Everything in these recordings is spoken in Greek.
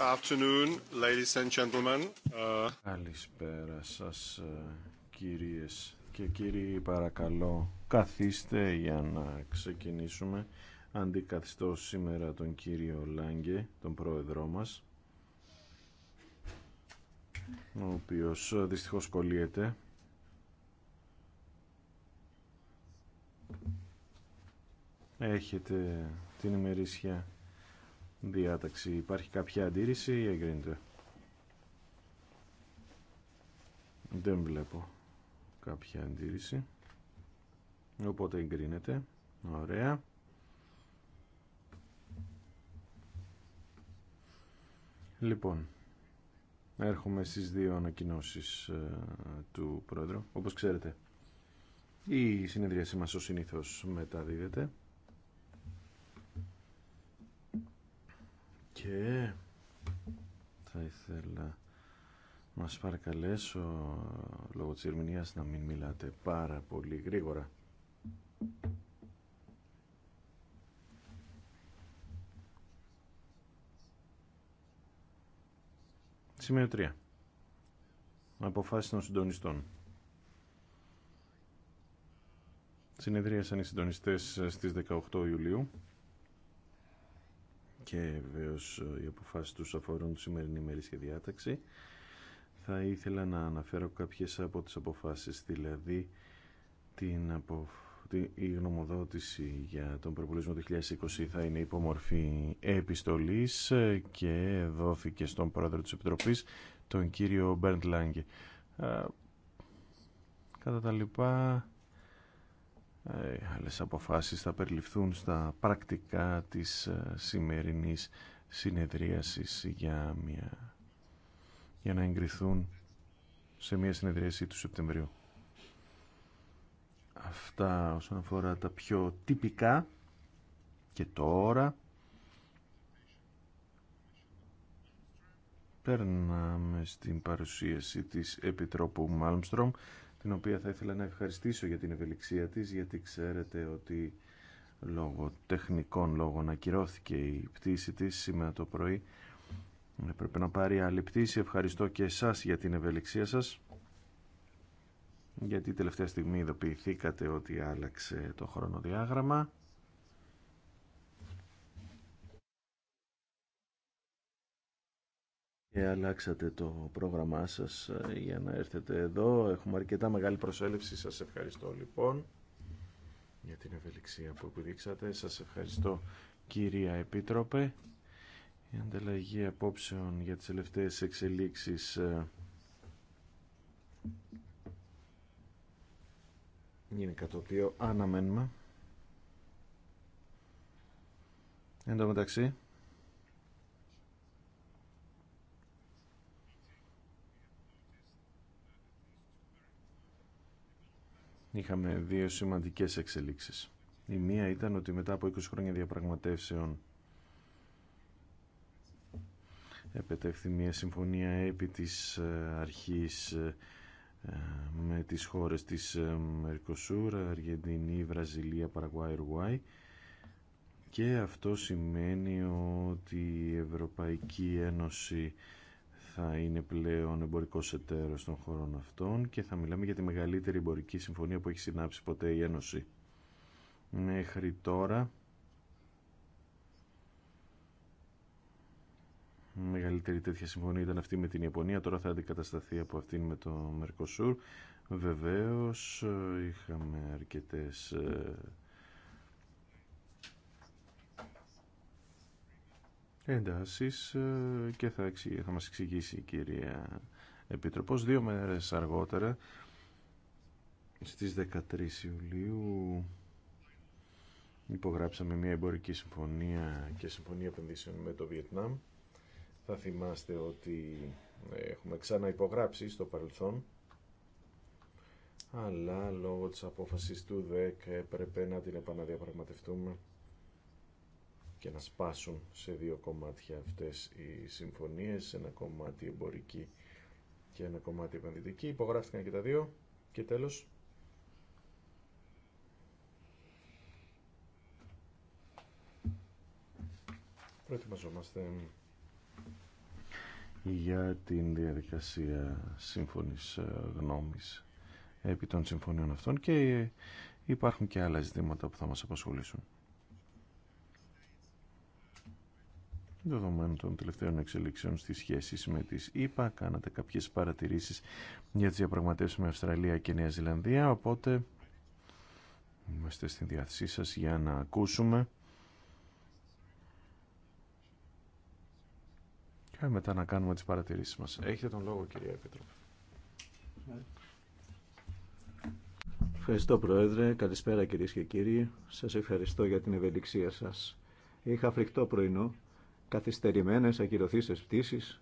afternoon, ladies uh, Καλησπέρα σας ε, κυρίες και κύριοι παρακαλώ καθίστε για να ξεκινήσουμε αντικαθιστώ σήμερα τον κύριο Λάγκε, τον πρόεδρό μα, ο οποίος ε, δυστυχώς κολλείεται έχετε την ημερήσια διάταξη. Υπάρχει κάποια αντίρρηση ή εγκρίνεται. Δεν βλέπω κάποια αντίρρηση. Οπότε εγκρίνεται. Ωραία. Λοιπόν, έρχομαι στις δύο ανακοινώσεις ε, του Πρόεδρου. Όπως ξέρετε, η συνεδρίαση μας ως συνήθως μεταδίδεται. και θα ήθελα να σας παρακαλέσω λόγω της ερμηνείας να μην μιλάτε πάρα πολύ γρήγορα. Σημείο 3. Αποφάσεις των συντονιστών. Συνεδρίασαν οι συντονιστές στις 18 Ιουλίου και βεβαίω ε, οι αποφάσεις του αφορούν τη σημερινή ημερήσια διάταξη. Θα ήθελα να αναφέρω κάποιες από τις αποφάσει, δηλαδή την απο... η γνωμοδότηση για τον προπολογισμό του 2020 θα είναι υπομορφή επιστολής ε, και δόθηκε στον πρόεδρο τη Επιτροπή, τον κύριο Μπέρντ Λάγκε. Ε, κατά τα λοιπά, ε, άλλες αποφάσεις θα περιληφθούν στα πρακτικά της ε, σημερινής συνεδρίασης για, μια... για να εγκριθούν σε μια συνεδρίαση του Σεπτεμβρίου. Αυτά όσον αφορά τα πιο τυπικά και τώρα περνάμε στην παρουσίαση της Επιτρόπου Μάλμστρομ την οποία θα ήθελα να ευχαριστήσω για την ευελιξία της, γιατί ξέρετε ότι λόγω τεχνικών λόγων ακυρώθηκε η πτήση της σήμερα το πρωί. Πρέπει να πάρει άλλη πτήση. Ευχαριστώ και εσάς για την ευελιξία σας, γιατί τελευταία στιγμή ειδοποιηθήκατε ότι άλλαξε το χρονοδιάγραμμα. και αλλάξατε το πρόγραμμά σας ε, για να έρθετε εδώ. Έχουμε αρκετά μεγάλη προσέλευση. Σας ευχαριστώ λοιπόν για την ευελιξία που επιδείξατε. Σας ευχαριστώ κυρία Επίτροπε. Η ανταλλαγή απόψεων για τις τελευταίες εξελίξεις ε, είναι κάτι το οποίο αναμένουμε. Εν τω μεταξύ, είχαμε δύο σημαντικές εξελίξεις. Η μία ήταν ότι μετά από 20 χρόνια διαπραγματεύσεων επετεύχθη μια συμφωνία επί της ε, αρχής ε, με τις χώρες της ε, Μερικοσούρ, Αργεντινή, Βραζιλία, Παραγουάι, Ρουάι και αυτό σημαίνει ότι η Ευρωπαϊκή Ένωση θα είναι πλέον εμπορικός εταίρος των χωρών αυτών και θα μιλάμε για τη μεγαλύτερη εμπορική συμφωνία που έχει συνάψει ποτέ η Ένωση. Μέχρι τώρα μεγαλύτερη τέτοια συμφωνία ήταν αυτή με την Ιαπωνία, τώρα θα αντικατασταθεί από αυτήν με το Μερκοσούρ. Βεβαίως είχαμε αρκετές ε, εντάσεις ε, και θα, μα θα μας εξηγήσει η κυρία Επίτροπος δύο μέρες αργότερα στις 13 Ιουλίου υπογράψαμε μια εμπορική συμφωνία και συμφωνία επενδύσεων με το Βιετνάμ θα θυμάστε ότι έχουμε ξανά υπογράψει στο παρελθόν αλλά λόγω της απόφασης του ΔΕΚ έπρεπε να την επαναδιαπραγματευτούμε και να σπάσουν σε δύο κομμάτια αυτές οι συμφωνίες, ένα κομμάτι εμπορική και ένα κομμάτι επενδυτική. Υπογράφηκαν και τα δύο και τέλος. Προετοιμαζόμαστε για την διαδικασία σύμφωνης ε, γνώμης επί των συμφωνίων αυτών και υπάρχουν και άλλα ζητήματα που θα μας απασχολήσουν. δεδομένου των τελευταίων εξελίξεων στις σχέσεις με τις ΗΠΑ. Κάνατε κάποιες παρατηρήσεις για τις διαπραγματεύσεις με Αυστραλία και Νέα Ζηλανδία, οπότε είμαστε στην διάθεσή σας για να ακούσουμε. Και μετά να κάνουμε τις παρατηρήσεις μας. Έχετε τον λόγο κυρία Επίτροπε. Ευχαριστώ Πρόεδρε, καλησπέρα κυρίες και κύριοι. Σας ευχαριστώ για την ευελιξία σας. Είχα φρικτό πρωινό καθυστερημένες ακυρωθήσεις πτήσεις.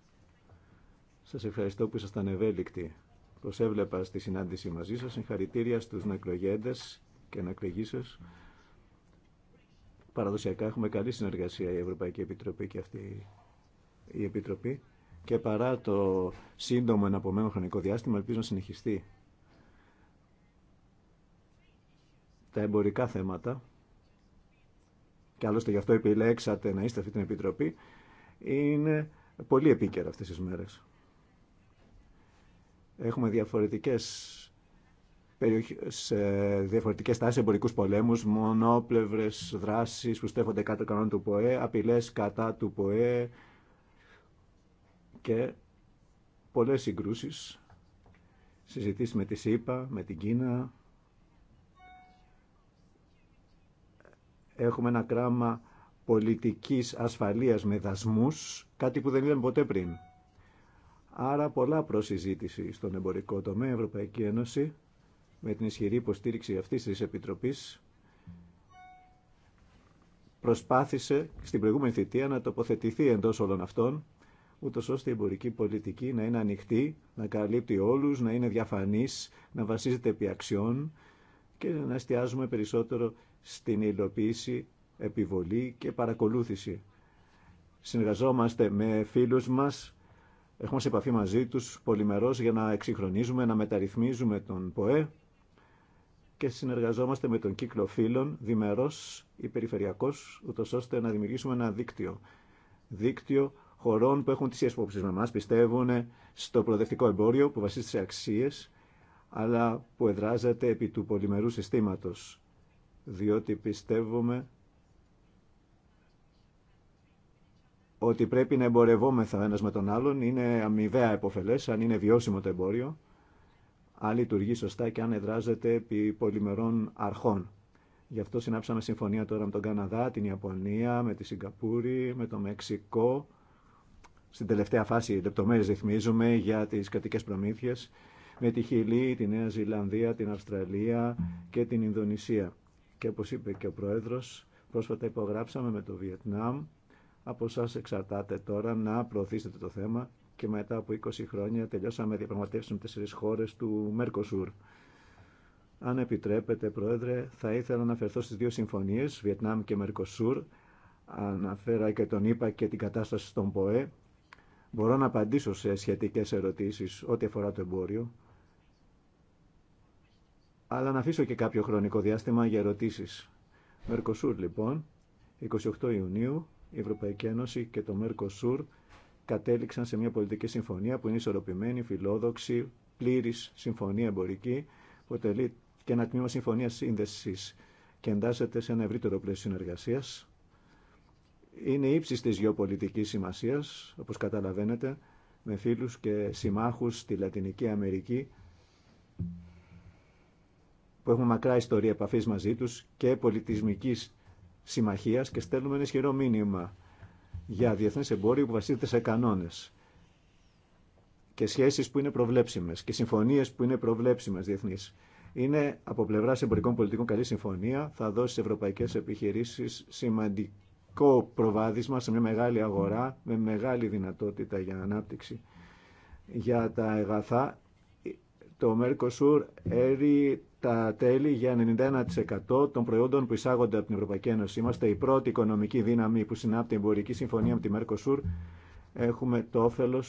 Σας ευχαριστώ που ήσασταν ευέλικτοι. έβλεπα στη συνάντηση μαζί σας. Συγχαρητήρια στους νεκρογέντες και νεκλογήσεις. Παραδοσιακά έχουμε καλή συνεργασία η Ευρωπαϊκή Επιτροπή και αυτή η Επιτροπή και παρά το σύντομο εναπομένο χρονικό διάστημα ελπίζω να συνεχιστεί. Τα εμπορικά θέματα και άλλωστε γι' αυτό επιλέξατε να είστε αυτή την Επιτροπή, είναι πολύ επίκαιρα αυτές τις μέρες. Έχουμε διαφορετικές σε διαφορετικές τάσεις εμπορικούς πολέμους, μονόπλευρες δράσεις που στέφονται κάτω κανόν του ΠΟΕ, απειλές κατά του ΠΟΕ και πολλές συγκρούσεις. Συζητήσεις με τη ΣΥΠΑ, με την Κίνα, έχουμε ένα κράμα πολιτικής ασφαλείας με δασμούς, κάτι που δεν είδαμε ποτέ πριν. Άρα πολλά προσυζήτηση στον εμπορικό τομέα Ευρωπαϊκή Ένωση με την ισχυρή υποστήριξη αυτής της Επιτροπής προσπάθησε στην προηγούμενη θητεία να τοποθετηθεί εντός όλων αυτών ούτως ώστε η εμπορική πολιτική να είναι ανοιχτή, να καλύπτει όλους, να είναι διαφανής, να βασίζεται επί αξιών και να εστιάζουμε περισσότερο στην υλοποίηση, επιβολή και παρακολούθηση. Συνεργαζόμαστε με φίλους μας, έχουμε σε επαφή μαζί τους πολυμερώς για να εξυγχρονίζουμε, να μεταρρυθμίζουμε τον ΠΟΕ και συνεργαζόμαστε με τον κύκλο φίλων, διμερός ή περιφερειακός, ούτως ώστε να δημιουργήσουμε ένα δίκτυο. Δίκτυο χωρών που έχουν τις ίδιες με μας, πιστεύουν στο προοδευτικό εμπόριο που βασίζεται σε αξίες, αλλά που εδράζεται επί του πολυμερού συστήματος διότι πιστεύουμε ότι πρέπει να εμπορευόμεθα ένας με τον άλλον, είναι αμοιβαία εποφελές αν είναι βιώσιμο το εμπόριο, αν λειτουργεί σωστά και αν εδράζεται επί πολυμερών αρχών. Γι' αυτό συνάψαμε συμφωνία τώρα με τον Καναδά, την Ιαπωνία, με τη Σιγκαπούρη, με το Μεξικό. Στην τελευταία φάση λεπτομέρειε ρυθμίζουμε για τι κρατικέ προμήθειε με τη Χιλή, τη Νέα Ζηλανδία, την Αυστραλία και την Ινδονησία και όπως είπε και ο Πρόεδρος, πρόσφατα υπογράψαμε με το Βιετνάμ. Από εσά εξαρτάται τώρα να προωθήσετε το θέμα και μετά από 20 χρόνια τελειώσαμε διαπραγματεύσεις με τέσσερις χώρες του Μέρκοσουρ. Αν επιτρέπετε, Πρόεδρε, θα ήθελα να αναφερθώ στις δύο συμφωνίες, Βιετνάμ και Μερκοσούρ. Αναφέρα και τον είπα και την κατάσταση στον ΠΟΕ. Μπορώ να απαντήσω σε σχετικές ερωτήσεις ό,τι αφορά το εμπόριο αλλά να αφήσω και κάποιο χρονικό διάστημα για ερωτήσεις. Μερκοσούρ λοιπόν, 28 Ιουνίου, η Ευρωπαϊκή Ένωση και το Μερκοσούρ κατέληξαν σε μια πολιτική συμφωνία που είναι ισορροπημένη, φιλόδοξη, πλήρης συμφωνία εμπορική, που αποτελεί και ένα τμήμα συμφωνίας σύνδεση και εντάσσεται σε ένα ευρύτερο πλαίσιο συνεργασία. Είναι ύψη τη γεωπολιτική σημασία, όπω καταλαβαίνετε, με φίλου και συμμάχους στη Λατινική Αμερική που έχουμε μακρά ιστορία επαφής μαζί τους και πολιτισμικής συμμαχίας και στέλνουμε ένα ισχυρό μήνυμα για διεθνές εμπόριο που βασίζεται σε κανόνες και σχέσεις που είναι προβλέψιμες και συμφωνίες που είναι προβλέψιμες διεθνείς. Είναι από πλευρά εμπορικών πολιτικών καλή συμφωνία, θα δώσει στι ευρωπαϊκέ επιχειρήσει σημαντικό προβάδισμα σε μια μεγάλη αγορά με μεγάλη δυνατότητα για ανάπτυξη. Για τα εγαθά το Mercosur έρει τα τέλη για 91% των προϊόντων που εισάγονται από την Ευρωπαϊκή Ένωση. Είμαστε η πρώτη οικονομική δύναμη που συνάπτει εμπορική συμφωνία με τη Mercosur. Έχουμε το όφελο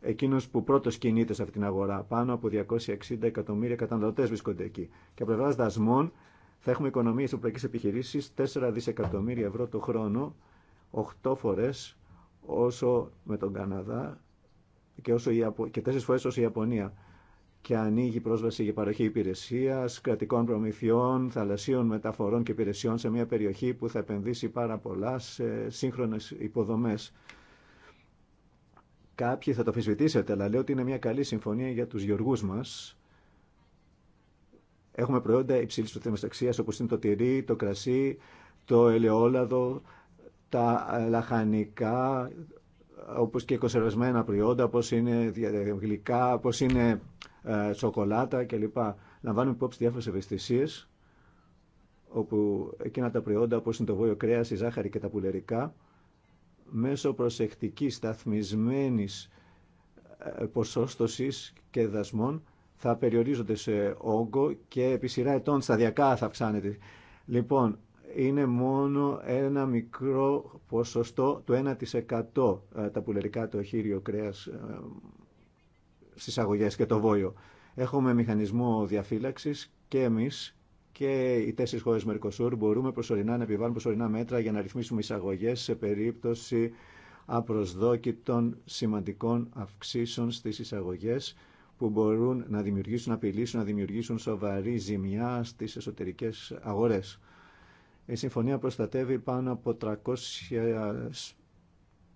εκείνο που πρώτο κινείται σε αυτήν την αγορά. Πάνω από 260 εκατομμύρια καταναλωτέ βρίσκονται εκεί. Και από πλευρά δασμών θα έχουμε οικονομίε ευρωπαϊκή επιχειρήσει 4 δισεκατομμύρια ευρώ το χρόνο, 8 φορέ όσο με τον Καναδά και, όσο και 4 φορέ όσο η Ιαπωνία και ανοίγει πρόσβαση για παροχή υπηρεσία, κρατικών προμηθειών, θαλασσίων μεταφορών και υπηρεσιών σε μια περιοχή που θα επενδύσει πάρα πολλά σε σύγχρονε υποδομέ. Κάποιοι θα το αφισβητήσετε, αλλά λέω ότι είναι μια καλή συμφωνία για του γεωργού μα. Έχουμε προϊόντα υψηλή προθυμισταξία όπω είναι το τυρί, το κρασί, το ελαιόλαδο, τα λαχανικά, όπως και κονσερβασμένα προϊόντα, όπως είναι γλυκά, όπως είναι ε, σοκολάτα κλπ. Να βάλουμε υπόψη διάφορε ευαισθησίε όπου εκείνα τα προϊόντα όπω είναι το βόλιο κρέα, η ζάχαρη και τα πουλερικά μέσω προσεκτική σταθμισμένη ε, ποσόστοσης και δασμών θα περιορίζονται σε όγκο και επί σειρά ετών σταδιακά θα αυξάνεται. Λοιπόν, είναι μόνο ένα μικρό ποσοστό, το 1% ε, τα πουλερικά, το χείριο κρέας στις αγωγέ και το βόλιο. Έχουμε μηχανισμό διαφύλαξης και εμείς και οι τέσσερι χώρε Μερικοσούρ μπορούμε προσωρινά να επιβάλλουμε προσωρινά μέτρα για να ρυθμίσουμε εισαγωγέ σε περίπτωση απροσδόκητων σημαντικών αυξήσεων στι εισαγωγέ που μπορούν να δημιουργήσουν, να απειλήσουν, να δημιουργήσουν σοβαρή ζημιά στι εσωτερικέ αγορέ. Η συμφωνία προστατεύει πάνω από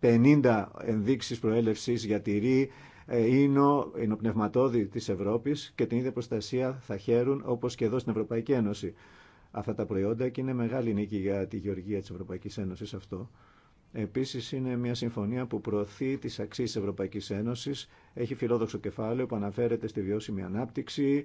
350 ενδείξεις προέλευση για ΡΗ, είναι ο πνευματόδη της Ευρώπης και την ίδια προστασία θα χαίρουν όπως και εδώ στην Ευρωπαϊκή Ένωση αυτά τα προϊόντα και είναι μεγάλη νίκη για τη γεωργία της Ευρωπαϊκής Ένωσης αυτό. Επίσης είναι μια συμφωνία που προωθεί τις αξίες της Ευρωπαϊκής Ένωσης, έχει φιλόδοξο κεφάλαιο που αναφέρεται στη βιώσιμη ανάπτυξη,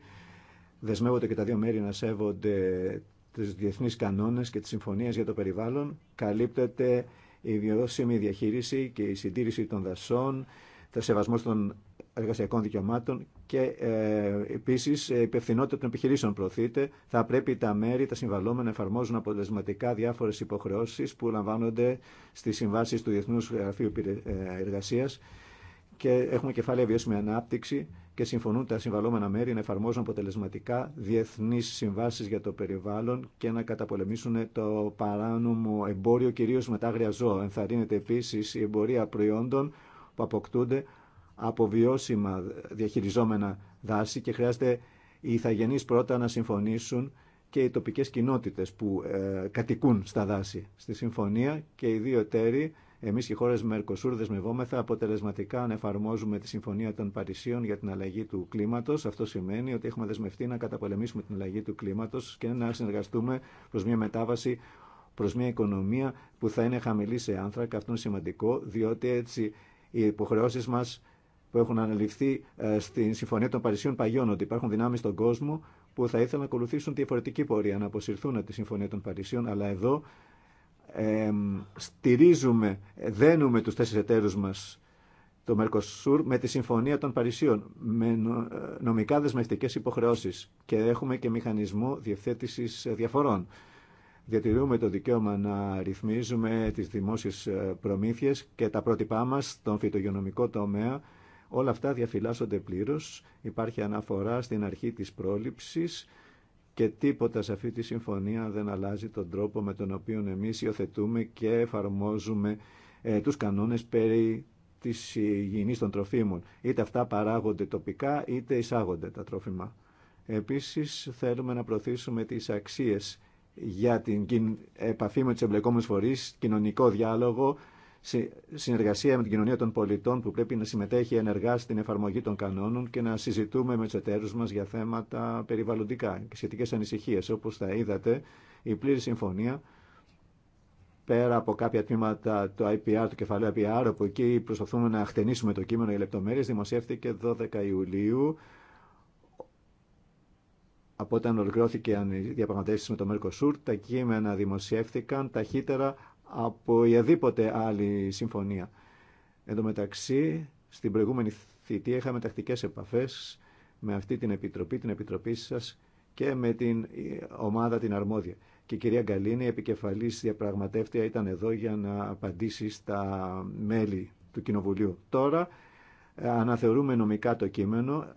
δεσμεύονται και τα δύο μέρη να σέβονται τις διεθνείς κανόνες και τις συμφωνίες για το περιβάλλον, καλύπτεται η βιώσιμη διαχείριση και η συντήρηση των δασών, το σεβασμό των εργασιακών δικαιωμάτων και ε, επίση η ε, υπευθυνότητα των επιχειρήσεων προωθείται. Θα πρέπει τα μέρη, τα συμβαλόμενα, να εφαρμόζουν αποτελεσματικά διάφορε υποχρεώσει που λαμβάνονται στι συμβάσει του Διεθνού Γραφείου ε, Εργασία και έχουμε κεφάλαια βιώσιμη ανάπτυξη και συμφωνούν τα συμβαλόμενα μέρη να εφαρμόζουν αποτελεσματικά διεθνεί συμβάσει για το περιβάλλον και να καταπολεμήσουν το παράνομο εμπόριο, κυρίω τα αγρια ζώα. Ενθαρρύνεται επίση η εμπορία προϊόντων που αποκτούνται από βιώσιμα διαχειριζόμενα δάση και χρειάζεται οι ηθαγενείς πρώτα να συμφωνήσουν και οι τοπικές κοινότητες που ε, κατοικούν στα δάση. Στη συμφωνία και οι δύο εταίροι, εμείς και οι χώρες Μερκοσούρ δεσμευόμεθα αποτελεσματικά να εφαρμόζουμε τη Συμφωνία των Παρισίων για την αλλαγή του κλίματος. Αυτό σημαίνει ότι έχουμε δεσμευτεί να καταπολεμήσουμε την αλλαγή του κλίματος και να συνεργαστούμε προς μια μετάβαση προς μια οικονομία που θα είναι χαμηλή σε άνθρακα. Αυτό είναι σημαντικό, διότι έτσι οι υποχρεώσει μα που έχουν αναλυφθεί ε, στην Συμφωνία των Παρισίων ότι Υπάρχουν δυνάμει στον κόσμο που θα ήθελαν να ακολουθήσουν διαφορετική πορεία, να αποσυρθούν από τη Συμφωνία των Παρισίων, αλλά εδώ στηρίζουμε, δένουμε τους τέσσερις εταίρου μα το Μερκοσούρ με τη Συμφωνία των Παρισίων, με ε, νομικά δεσμευτικέ υποχρεώσει και έχουμε και μηχανισμό διευθέτησης ε, διαφορών διατηρούμε το δικαίωμα να ρυθμίζουμε τις δημόσιες ε, προμήθειες και τα πρότυπά μας στον φυτογειονομικό τομέα. Όλα αυτά διαφυλάσσονται πλήρως. Υπάρχει αναφορά στην αρχή της πρόληψης και τίποτα σε αυτή τη συμφωνία δεν αλλάζει τον τρόπο με τον οποίο εμείς υιοθετούμε και εφαρμόζουμε ε, τους κανόνες περί της υγιεινής των τροφίμων. Είτε αυτά παράγονται τοπικά είτε εισάγονται τα τρόφιμα. Επίσης θέλουμε να προωθήσουμε τις αξίες για την επαφή με τους εμπλεκόμενους φορείς, κοινωνικό διάλογο, συνεργασία με την κοινωνία των πολιτών που πρέπει να συμμετέχει ενεργά στην εφαρμογή των κανόνων και να συζητούμε με του εταίρους μα για θέματα περιβαλλοντικά και σχετικέ ανησυχίες. Όπως θα είδατε, η πλήρη συμφωνία πέρα από κάποια τμήματα του IPR, του κεφαλαίου IPR, όπου εκεί προσπαθούμε να χτενίσουμε το κείμενο για λεπτομέρειε, δημοσιεύτηκε 12 Ιουλίου από όταν ολοκληρώθηκε οι διαπραγματεύσει με το Mercosur, τα κείμενα δημοσιεύθηκαν ταχύτερα από οποιαδήποτε άλλη συμφωνία. Εν τω μεταξύ, στην προηγούμενη θητεία είχαμε τακτικές επαφές με αυτή την επιτροπή, την επιτροπή σας και με την ομάδα την αρμόδια. Και η κυρία Γκαλίνη, επικεφαλή επικεφαλής διαπραγματεύτρια, ήταν εδώ για να απαντήσει στα μέλη του Κοινοβουλίου. Τώρα ε, αναθεωρούμε νομικά το κείμενο,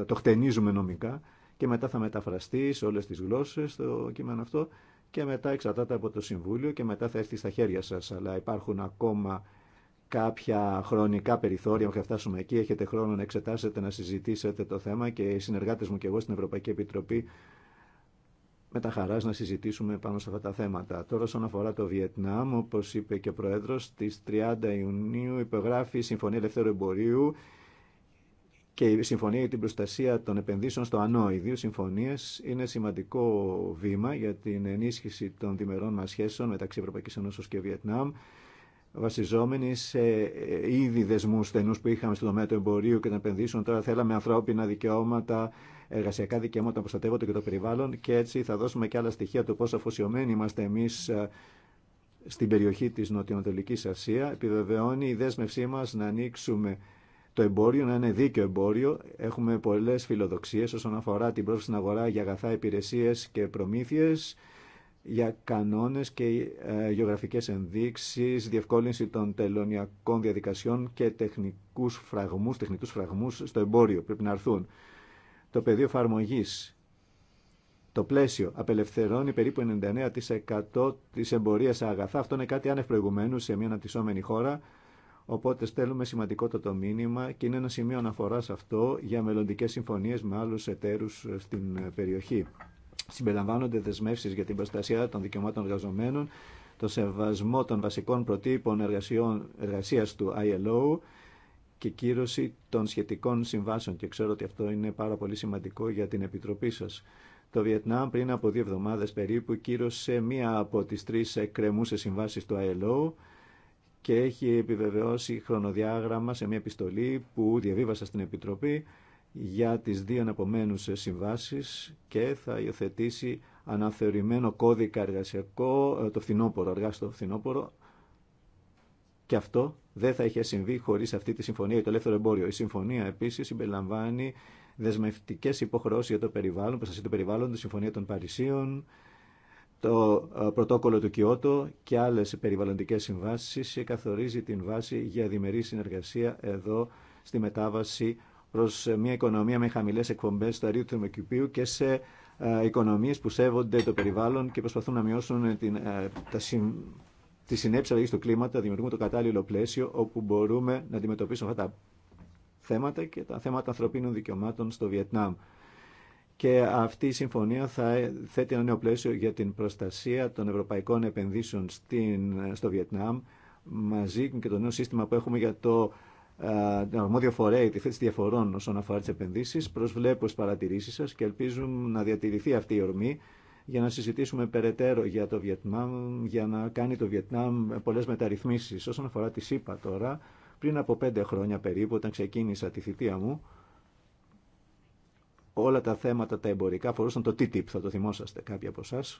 ε, το χτενίζουμε νομικά και μετά θα μεταφραστεί σε όλες τις γλώσσες το κείμενο αυτό και μετά εξαρτάται από το Συμβούλιο και μετά θα έρθει στα χέρια σας. Αλλά υπάρχουν ακόμα κάποια χρονικά περιθώρια, όχι φτάσουμε εκεί, έχετε χρόνο να εξετάσετε, να συζητήσετε το θέμα και οι συνεργάτες μου και εγώ στην Ευρωπαϊκή Επιτροπή με τα χαράς να συζητήσουμε πάνω σε αυτά τα θέματα. Τώρα, όσον αφορά το Βιετνάμ, όπω είπε και ο Προέδρο, στις 30 Ιουνίου υπεγράφει η Συμφωνία Ελευθέρου Εμπορίου και η συμφωνία για την προστασία των επενδύσεων στο ΑΝΟ. Οι δύο συμφωνίε είναι σημαντικό βήμα για την ενίσχυση των διμερών μα σχέσεων μεταξύ Ευρωπαϊκή Ένωση και Βιετνάμ, βασιζόμενοι σε ε, ήδη δεσμού στενού που είχαμε στον τομέα του εμπορίου και των επενδύσεων. Τώρα θέλαμε ανθρώπινα δικαιώματα, εργασιακά δικαιώματα να προστατεύονται και το περιβάλλον και έτσι θα δώσουμε και άλλα στοιχεία του πόσο αφοσιωμένοι είμαστε εμεί ε, στην περιοχή της Νοτιοανατολικής Ασία επιβεβαιώνει η δέσμευσή μας να ανοίξουμε το εμπόριο να είναι δίκαιο εμπόριο. Έχουμε πολλέ φιλοδοξίε όσον αφορά την πρόσφυση στην αγορά για αγαθά υπηρεσίε και προμήθειε, για κανόνε και ε, γεωγραφικέ ενδείξει, διευκόλυνση των τελωνιακών διαδικασιών και τεχνικού φραγμού, τεχνικού στο εμπόριο. Πρέπει να έρθουν. Το πεδίο εφαρμογή. Το πλαίσιο απελευθερώνει περίπου 99% τη εμπορία αγαθά. Αυτό είναι κάτι άνευ προηγουμένου σε μια αναπτυσσόμενη χώρα Οπότε στέλνουμε σημαντικότατο μήνυμα και είναι ένα σημείο αναφορά αυτό για μελλοντικέ συμφωνίε με άλλου εταίρους ε, στην ε, περιοχή. Συμπεριλαμβάνονται δεσμεύσει για την προστασία των δικαιωμάτων εργαζομένων, το σεβασμό των βασικών προτύπων εργασία του ILO και κύρωση των σχετικών συμβάσεων. Και ξέρω ότι αυτό είναι πάρα πολύ σημαντικό για την Επιτροπή σα. Το Βιετνάμ πριν από δύο εβδομάδε περίπου κύρωσε μία από τι τρει εκκρεμούσε συμβάσει του ILO και έχει επιβεβαιώσει χρονοδιάγραμμα σε μια επιστολή που διαβίβασα στην Επιτροπή για τις δύο αναπομένουσες συμβάσεις και θα υιοθετήσει αναθεωρημένο κώδικα εργασιακό ε, το φθινόπωρο, αργά στο φθινόπωρο και αυτό δεν θα είχε συμβεί χωρίς αυτή τη συμφωνία για το ελεύθερο εμπόριο. Η συμφωνία επίσης συμπεριλαμβάνει δεσμευτικές υποχρεώσεις για το περιβάλλον, προστασία του περιβάλλοντος, συμφωνία των Παρισίων, το ε, πρωτόκολλο του Κιώτο και άλλες περιβαλλοντικές συμβάσεις καθορίζει την βάση για διμερή συνεργασία εδώ στη μετάβαση προς ε, μια οικονομία με χαμηλές εκπομπές του αερίου θερμοκηπίου και σε ε, οικονομίες που σέβονται το περιβάλλον και προσπαθούν να μειώσουν την, τα τη συνέψη αλλαγή του κλίματα, δημιουργούν το κατάλληλο πλαίσιο όπου μπορούμε να αντιμετωπίσουμε αυτά τα θέματα και τα θέματα ανθρωπίνων δικαιωμάτων στο Βιετνάμ και αυτή η συμφωνία θα θέτει ένα νέο πλαίσιο για την προστασία των ευρωπαϊκών επενδύσεων στην, στο Βιετνάμ μαζί και το νέο σύστημα που έχουμε για το ε, αρμόδιο φορέα τη θέση διαφορών όσον αφορά τι επενδύσει. Προσβλέπω στι παρατηρήσει σα και ελπίζουμε να διατηρηθεί αυτή η ορμή για να συζητήσουμε περαιτέρω για το Βιετνάμ, για να κάνει το Βιετνάμ πολλέ μεταρρυθμίσει. Όσον αφορά τη ΣΥΠΑ τώρα, πριν από πέντε χρόνια περίπου, όταν ξεκίνησα τη θητεία μου, όλα τα θέματα τα εμπορικά αφορούσαν το TTIP, θα το θυμόσαστε κάποιοι από εσά.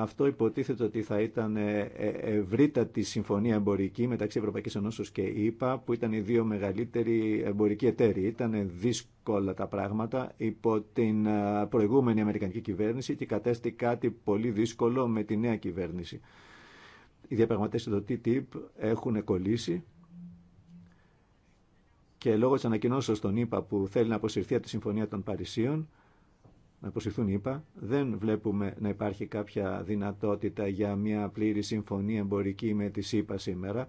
Αυτό υποτίθεται ότι θα ήταν ε, ε, ευρύτατη συμφωνία εμπορική μεταξύ Ευρωπαϊκής Ενώσεως και ΗΠΑ, ΕΕ που ήταν οι δύο μεγαλύτεροι εμπορικοί εταίροι. Ήταν δύσκολα τα πράγματα υπό την προηγούμενη Αμερικανική κυβέρνηση και κατέστη κάτι πολύ δύσκολο με τη νέα κυβέρνηση. Οι διαπραγματεύσει του TTIP έχουν κολλήσει και λόγω τη ανακοινώσεω των ΗΠΑ που θέλει να αποσυρθεί από τη Συμφωνία των Παρισίων, να αποσυρθούν οι ΗΠΑ, δεν βλέπουμε να υπάρχει κάποια δυνατότητα για μια πλήρη συμφωνία εμπορική με τη ΣΥΠΑ σήμερα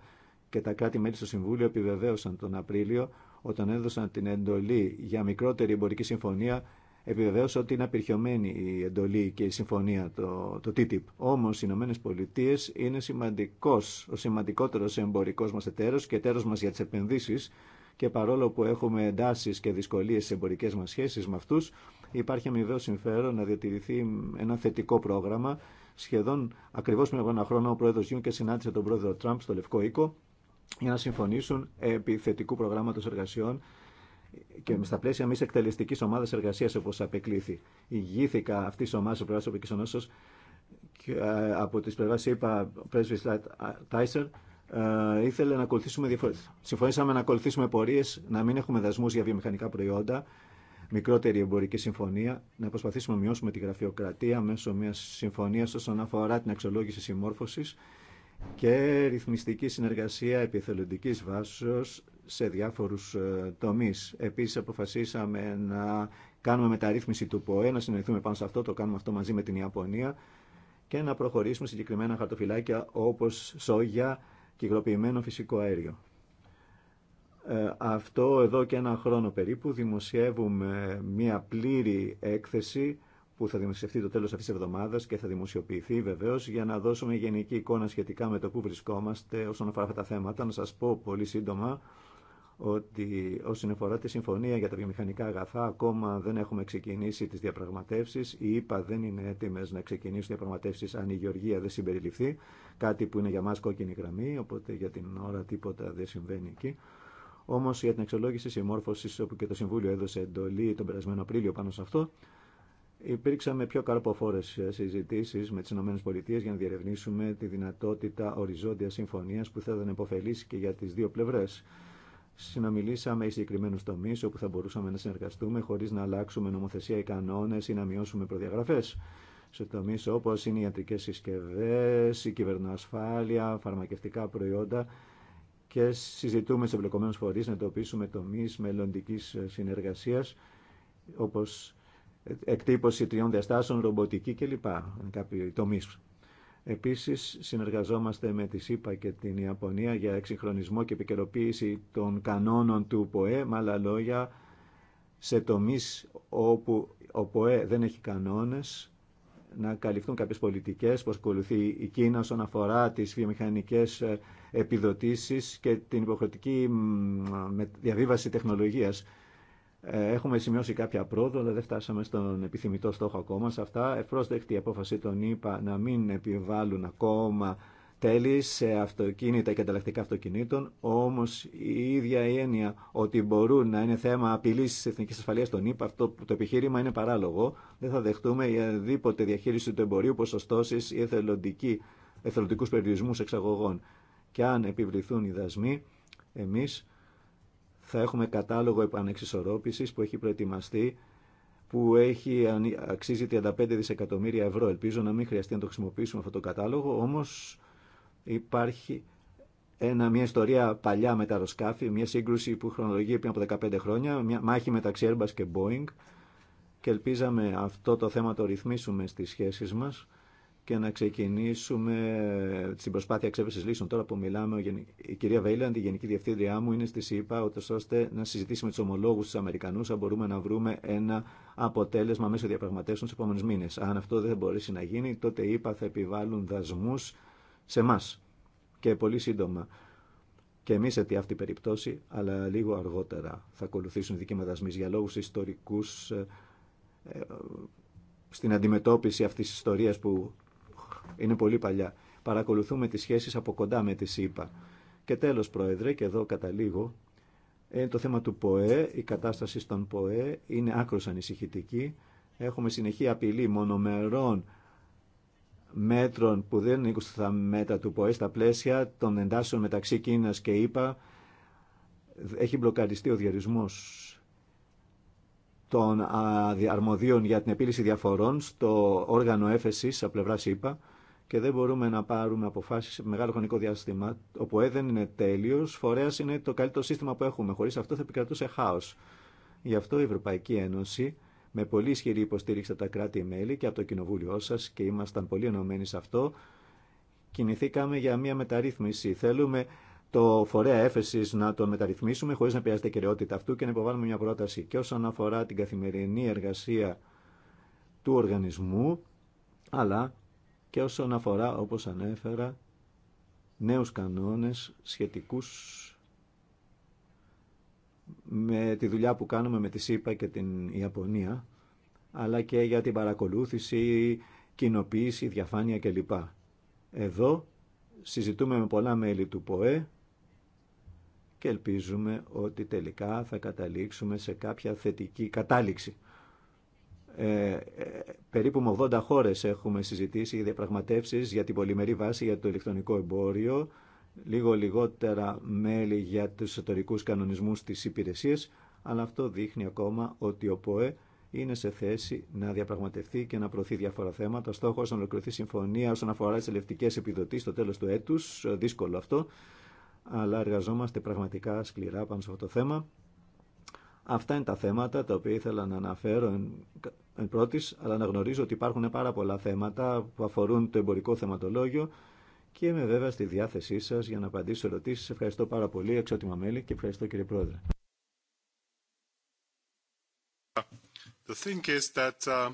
και τα κράτη-μέλη στο Συμβούλιο επιβεβαίωσαν τον Απρίλιο όταν έδωσαν την εντολή για μικρότερη εμπορική συμφωνία επιβεβαίωσε ότι είναι απειρχιωμένη η εντολή και η συμφωνία, το, το TTIP. Όμω οι Ηνωμένε Πολιτείε είναι σημαντικός, ο σημαντικότερο εμπορικό μα εταίρο και εταίρο μα για τι επενδύσει και παρόλο που έχουμε εντάσει και δυσκολίε σε εμπορικέ μα σχέσει με αυτού, υπάρχει αμοιβαίο συμφέρον να διατηρηθεί ένα θετικό πρόγραμμα. Σχεδόν ακριβώ πριν από ένα χρόνο, ο πρόεδρο Γιούν και συνάντησε τον πρόεδρο Τραμπ στο Λευκό Οίκο για να συμφωνήσουν επί θετικού προγράμματο εργασιών και στα πλαίσια μια εκτελεστική ομάδα εργασία, όπω απεκλήθη. Υγήθηκα αυτή τη ομάδα πλευρά Ευρωπαϊκή και από τι πλευρά, είπα, πρέσβη Τάισερ, ε, ήθελε να ακολουθήσουμε διαφορετικά. Συμφωνήσαμε να ακολουθήσουμε πορείε, να μην έχουμε δασμού για βιομηχανικά προϊόντα, μικρότερη εμπορική συμφωνία, να προσπαθήσουμε να μειώσουμε τη γραφειοκρατία μέσω μια συμφωνία όσον αφορά την αξιολόγηση συμμόρφωση και ρυθμιστική συνεργασία επιθελοντική βάσεω σε διάφορου ε, τομεί. Επίση, αποφασίσαμε να κάνουμε μεταρρύθμιση του ΠΟΕ, να συνεργαστούμε πάνω σε αυτό, το κάνουμε αυτό μαζί με την Ιαπωνία και να προχωρήσουμε συγκεκριμένα χαρτοφυλάκια όπως σόγια, και φυσικό αέριο. Ε, αυτό εδώ και ένα χρόνο περίπου δημοσιεύουμε μία πλήρη έκθεση που θα δημοσιευτεί το τέλος αυτής της εβδομάδας και θα δημοσιοποιηθεί βεβαίως για να δώσουμε γενική εικόνα σχετικά με το που βρισκόμαστε όσον αφορά αυτά τα θέματα. Να σας πω πολύ σύντομα ότι όσον αφορά τη συμφωνία για τα βιομηχανικά αγαθά, ακόμα δεν έχουμε ξεκινήσει τι διαπραγματεύσει. η ΕΠΑ δεν είναι έτοιμε να ξεκινήσουν διαπραγματεύσει αν η Γεωργία δεν συμπεριληφθεί. Κάτι που είναι για μα κόκκινη γραμμή, οπότε για την ώρα τίποτα δεν συμβαίνει εκεί. Όμω για την εξολόγηση συμμόρφωση, όπου και το Συμβούλιο έδωσε εντολή τον περασμένο Απρίλιο πάνω σε αυτό, υπήρξαμε πιο καρποφόρε συζητήσει με τι ΗΠΑ για να διερευνήσουμε τη δυνατότητα οριζόντια συμφωνία που θα ήταν και για τι δύο πλευρέ. Συνομιλήσαμε οι συγκεκριμένου τομεί όπου θα μπορούσαμε να συνεργαστούμε χωρί να αλλάξουμε νομοθεσία ή κανόνε ή να μειώσουμε προδιαγραφέ. Σε τομεί όπω είναι οι ιατρικέ συσκευέ, η κυβερνοασφάλεια, φαρμακευτικά προϊόντα και συζητούμε σε εμπλεκομένου φορεί να εντοπίσουμε τομεί μελλοντική συνεργασία όπω εκτύπωση τριών διαστάσεων, ρομποτική κλπ. Κάποιοι τομεί Επίσης, συνεργαζόμαστε με τη ΣΥΠΑ και την Ιαπωνία για εξυγχρονισμό και επικαιροποίηση των κανόνων του ΠΟΕ, με άλλα λόγια, σε τομείς όπου ο ΠΟΕ δεν έχει κανόνες, να καλυφθούν κάποιες πολιτικές που ακολουθεί η Κίνα όσον αφορά τις βιομηχανικές ε, επιδοτήσεις και την υποχρεωτική διαβίβαση τεχνολογίας. Ε, έχουμε σημειώσει κάποια πρόοδο, αλλά δεν φτάσαμε στον επιθυμητό στόχο ακόμα σε αυτά. Ευπρόσδεκτη η απόφαση των ΗΠΑ να μην επιβάλλουν ακόμα τέλη σε αυτοκίνητα και ανταλλακτικά αυτοκινήτων, όμω η ίδια η έννοια ότι μπορούν να είναι θέμα απειλή τη εθνική ασφαλεία των ΗΠΑ, αυτό το επιχείρημα είναι παράλογο. Δεν θα δεχτούμε η αδίποτε διαχείριση του εμπορίου, ποσοστώσει ή εθελοντικού περιορισμού εξαγωγών. Και αν επιβληθούν οι δασμοί, εμείς θα έχουμε κατάλογο επανεξισορρόπησης που έχει προετοιμαστεί που έχει, αξίζει 35 δισεκατομμύρια ευρώ. Ελπίζω να μην χρειαστεί να το χρησιμοποιήσουμε αυτό το κατάλογο, όμως υπάρχει μια ιστορία παλιά με τα αεροσκάφη, μια σύγκρουση που χρονολογεί πριν από 15 χρόνια, μια μάχη μεταξύ Airbus και Boeing και ελπίζαμε αυτό το θέμα το ρυθμίσουμε στις σχέσεις μας και να ξεκινήσουμε την προσπάθεια εξέβρεση λύσεων. Τώρα που μιλάμε, η κυρία Βέιλαντ, η Γενική Διευθύντριά μου, είναι στη ΣΥΠΑ, ώστε να συζητήσουμε του ομολόγου του Αμερικανού, αν μπορούμε να βρούμε ένα αποτέλεσμα μέσω διαπραγματεύσεων του επόμενου μήνε. Αν αυτό δεν μπορέσει να γίνει, τότε οι ΗΠΑ θα επιβάλλουν δασμού σε εμά. Και πολύ σύντομα. Και εμεί σε αυτή περίπτωση, αλλά λίγο αργότερα θα ακολουθήσουν δικοί μα δασμοί για λόγου ιστορικού ε, ε, στην αντιμετώπιση αυτής της ιστορίας που είναι πολύ παλιά. Παρακολουθούμε τις σχέσεις από κοντά με τη ΣΥΠΑ. Και τέλος, Πρόεδρε, και εδώ καταλήγω, ε, το θέμα του ΠΟΕ, η κατάσταση στον ΠΟΕ είναι άκρως ανησυχητική. Έχουμε συνεχή απειλή μονομερών μέτρων που δεν είναι στα μέτρα του ΠΟΕ στα πλαίσια των εντάσσεων μεταξύ Κίνας και ΗΠΑ. Έχει μπλοκαριστεί ο διαρισμός των αρμοδίων για την επίλυση διαφορών στο όργανο έφεση από πλευρά ΣΥΠΑ και δεν μπορούμε να πάρουμε αποφάσει σε μεγάλο χρονικό διάστημα. Όπου ε, δεν είναι τέλειο. φορέας είναι το καλύτερο σύστημα που έχουμε. Χωρί αυτό θα επικρατούσε χάο. Γι' αυτό η Ευρωπαϊκή Ένωση με πολύ ισχυρή υποστήριξη από τα κράτη-μέλη και από το κοινοβούλιο σα και ήμασταν πολύ ενωμένοι σε αυτό, κινηθήκαμε για μια μεταρρύθμιση. Θέλουμε το φορέα έφεση να τον μεταρρυθμίσουμε χωρί να πειράζεται η κυριότητα αυτού και να υποβάλουμε μια πρόταση. Και όσον αφορά την καθημερινή εργασία του οργανισμού, αλλά και όσον αφορά, όπως ανέφερα, νέους κανόνες σχετικούς με τη δουλειά που κάνουμε με τη ΣΥΠΑ και την Ιαπωνία, αλλά και για την παρακολούθηση, κοινοποίηση, διαφάνεια κλπ. Εδώ συζητούμε με πολλά μέλη του ΠΟΕ και ελπίζουμε ότι τελικά θα καταλήξουμε σε κάποια θετική κατάληξη. Ε, ε περίπου με 80 χώρες έχουμε συζητήσει για διαπραγματεύσεις για την πολυμερή βάση για το ηλεκτρονικό εμπόριο, λίγο λιγότερα μέλη για τους εσωτερικούς κανονισμούς της υπηρεσίας, αλλά αυτό δείχνει ακόμα ότι ο ΠΟΕ είναι σε θέση να διαπραγματευτεί και να προωθεί διάφορα θέματα. Στόχος να ολοκληρωθεί συμφωνία όσον αφορά τις ελευτικές επιδοτήσεις στο τέλος του έτους, Δύσκολο αυτό αλλά εργαζόμαστε πραγματικά σκληρά πάνω σε αυτό το θέμα. Αυτά είναι τα θέματα τα οποία ήθελα να αναφέρω εν πρώτης, αλλά να γνωρίζω ότι υπάρχουν πάρα πολλά θέματα που αφορούν το εμπορικό θεματολόγιο και είμαι βέβαια στη διάθεσή σας για να απαντήσω ερωτήσεις. Ευχαριστώ πάρα πολύ, εξότιμα μέλη και ευχαριστώ κύριε Πρόεδρε. The thing is that uh,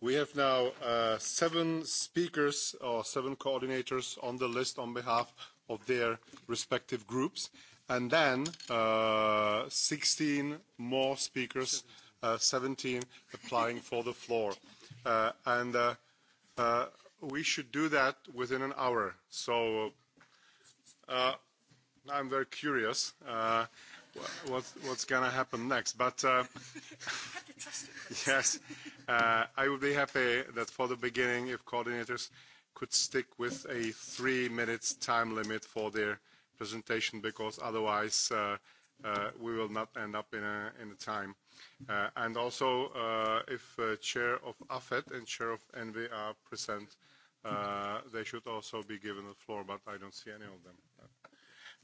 we have now uh, seven speakers or seven coordinators on the list on behalf of their respective groups. And then 16 more speakers, 17 applying for the floor. And we should do that within an hour. So I'm very curious what's what's going to happen next. But yes, I would be happy that for the beginning, if coordinators could stick with a three minutes time limit for their presentation because otherwise we will not end up in a time. And also, if chair of AFET and chair of ENVI are present, they should also be given the floor, but I don't see any of them.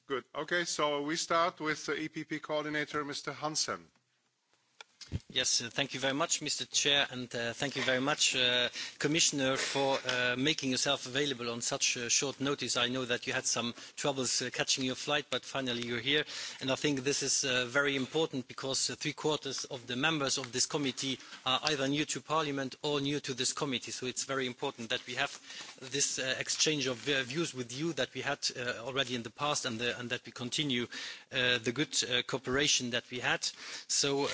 Good. Okay, so we start with the EPP coordinator, Mr. Hansen. Yes, thank you very much, Mr. Chair, and thank you very much, Commissioner, for making yourself available on such short notice. I know that you had some troubles catching your flight, but finally you're here. And I think this is very important because three-quarters of the members of this committee are either new to Parliament or new to this committee. So it's very important that we have this exchange of views with you that we had already in the past and that we continue the good cooperation that we had. So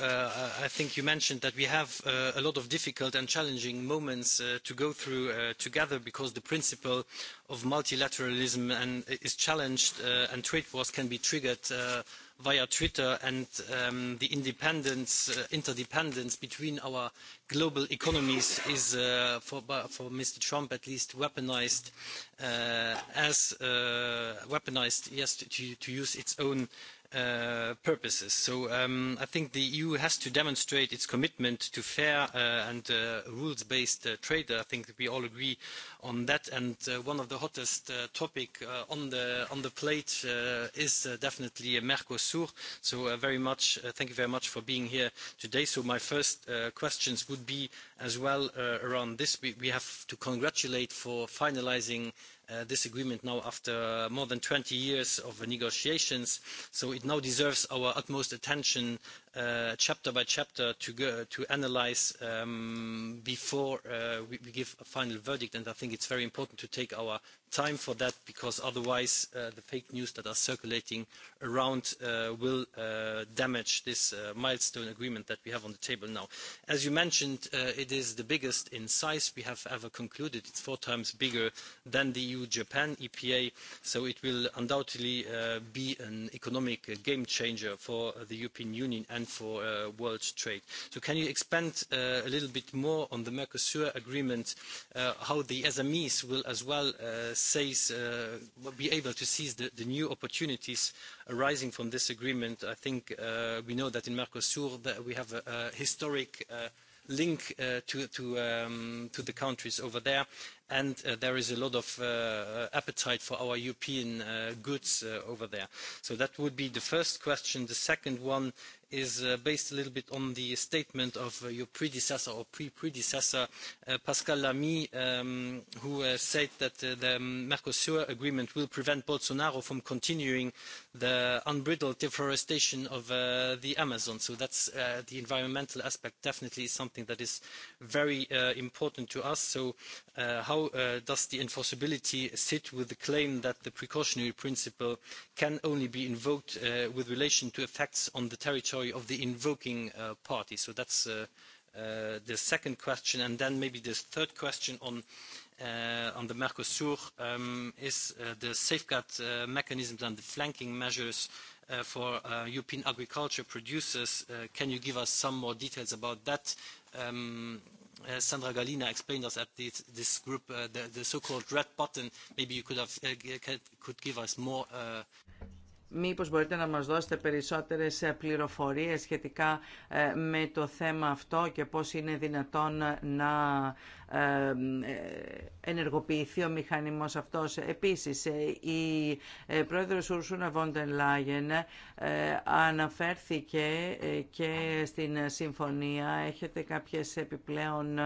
I I think you mentioned that we have a lot of difficult and challenging moments to go through together because the principle of multilateralism is challenged and trade wars can be triggered via Twitter and the independence, interdependence between our global economies is, for Mr. Trump at least, weaponized as weaponized, yes, to use its own purposes. So I think the EU has to demonstrate its commitment to fair and rules-based trade. I think we all agree on that. And one of the hottest topics on the plate is definitely Mercosur. So very much, thank you very much for being here today. So my first questions would be as well around this. We have to congratulate for finalising this agreement now after more than 20 years of negotiations, so it now deserves our utmost attention chapter by chapter to go to analyze before we give a final verdict and I think it's very important to take our time for that because otherwise the fake news that are circulating around will damage this milestone agreement that we have on the table now. As you mentioned, it is the biggest in size we have ever concluded. It's four times bigger than the EU-Japan EPA, so it will undoubtedly be an economic game changer for the European Union and for world trade. So can you expand a little bit more on the Mercosur agreement, how the SMEs will as well be able to seize the new opportunities arising from this agreement? I think we know that in Mercosur that we have a historic link to the countries over there and there is a lot of appetite for our European goods over there. So that would be the first question. The second one is based a little bit on the statement of your predecessor or pre-predecessor, Pascal Lamy, who said that the Mercosur agreement will prevent Bolsonaro from continuing the unbridled deforestation of the Amazon. So that's the environmental aspect definitely is something that is very important to us. So how how does the enforceability sit with the claim that the precautionary principle can only be invoked with relation to effects on the territory of the invoking party? So that's the second question. And then maybe the third question on the Mercosur is the safeguard mechanisms and the flanking measures for European agriculture producers. Can you give us some more details about that? Sandra Galina explained us at this group the so-called red button. Maybe you could give us more Μήπως μπορείτε να μας δώσετε περισσότερες ε, πληροφορίες σχετικά ε, με το θέμα αυτό και πώς είναι δυνατόν να ε, ενεργοποιηθεί ο μηχανισμός αυτός. Επίσης, η πρόεδρος Ούρσουνα Βόντεν Λάγεν αναφέρθηκε και στην συμφωνία. Έχετε κάποιες επιπλέον,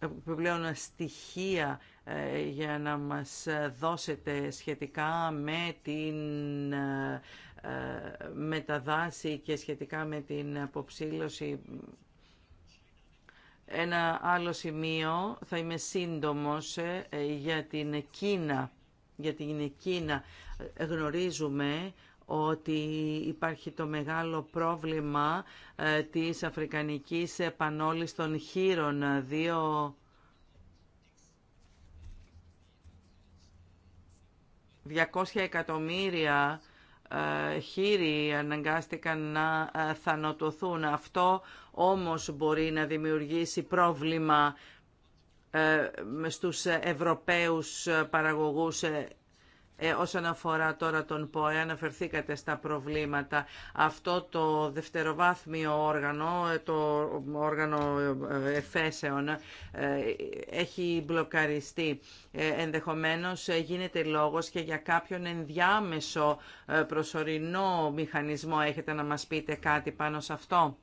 επιπλέον στοιχεία ε, για να μας δώσετε σχετικά με την ε, ε, μεταδάση και σχετικά με την αποψήλωση. Ένα άλλο σημείο, θα είμαι σύντομος, για την Κίνα. Για την Κίνα γνωρίζουμε ότι υπάρχει το μεγάλο πρόβλημα της αφρικανικής επανόλης των χείρων. Δύο 200 εκατομμύρια ε, χείροι αναγκάστηκαν να ε, θανατωθούν. Αυτό όμως μπορεί να δημιουργήσει πρόβλημα ε, στους Ευρωπαίους παραγωγούς ε, όσον αφορά τώρα τον ΠΟΕ, αναφερθήκατε στα προβλήματα. Αυτό το δευτεροβάθμιο όργανο, ε, το όργανο ε, εφέσεων, ε, έχει μπλοκαριστεί. Ενδεχομένως γίνεται λόγος και για κάποιον ενδιάμεσο προσωρινό μηχανισμό. Έχετε να μας πείτε κάτι πάνω σε αυτό.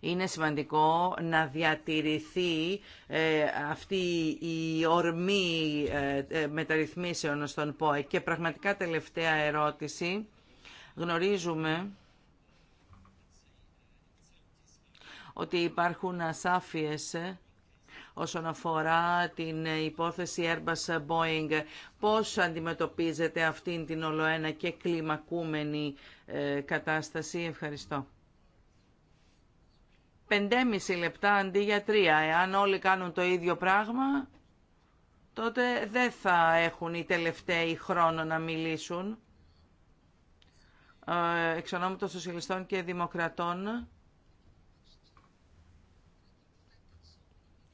Είναι σημαντικό να διατηρηθεί ε, αυτή η ορμή ε, ε, μεταρρυθμίσεων στον ΠΟΕ. Και πραγματικά τελευταία ερώτηση. Γνωρίζουμε ότι υπάρχουν ασάφειες όσον αφορά την υπόθεση Airbus Boeing. Πώς αντιμετωπίζετε αυτήν την ολοένα και κλιμακούμενη κατάσταση. Ευχαριστώ. 5,5 λεπτά αντί για 3. Εάν όλοι κάνουν το ίδιο πράγμα, τότε δεν θα έχουν οι τελευταίοι χρόνο να μιλήσουν. Ε, εξ των Σοσιαλιστών και Δημοκρατών.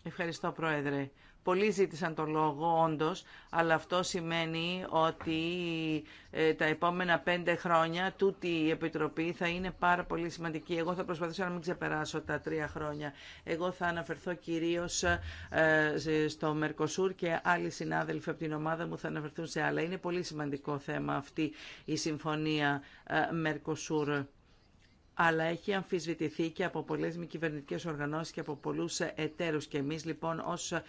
Ευχαριστώ, Πρόεδρε. Πολλοί ζήτησαν το λόγο, όντως, αλλά αυτό σημαίνει ότι ε, τα επόμενα πέντε χρόνια τούτη η Επιτροπή θα είναι πάρα πολύ σημαντική. Εγώ θα προσπαθήσω να μην ξεπεράσω τα τρία χρόνια. Εγώ θα αναφερθώ κυρίως ε, στο Μερκοσούρ και άλλοι συνάδελφοι από την ομάδα μου θα αναφερθούν σε άλλα. Είναι πολύ σημαντικό θέμα αυτή η συμφωνία ε, Μερκοσούρ αλλά έχει αμφισβητηθεί και από πολλέ μη κυβερνητικέ οργανώσεις και από πολλού ε, εταίρου. Και εμείς λοιπόν ως ε,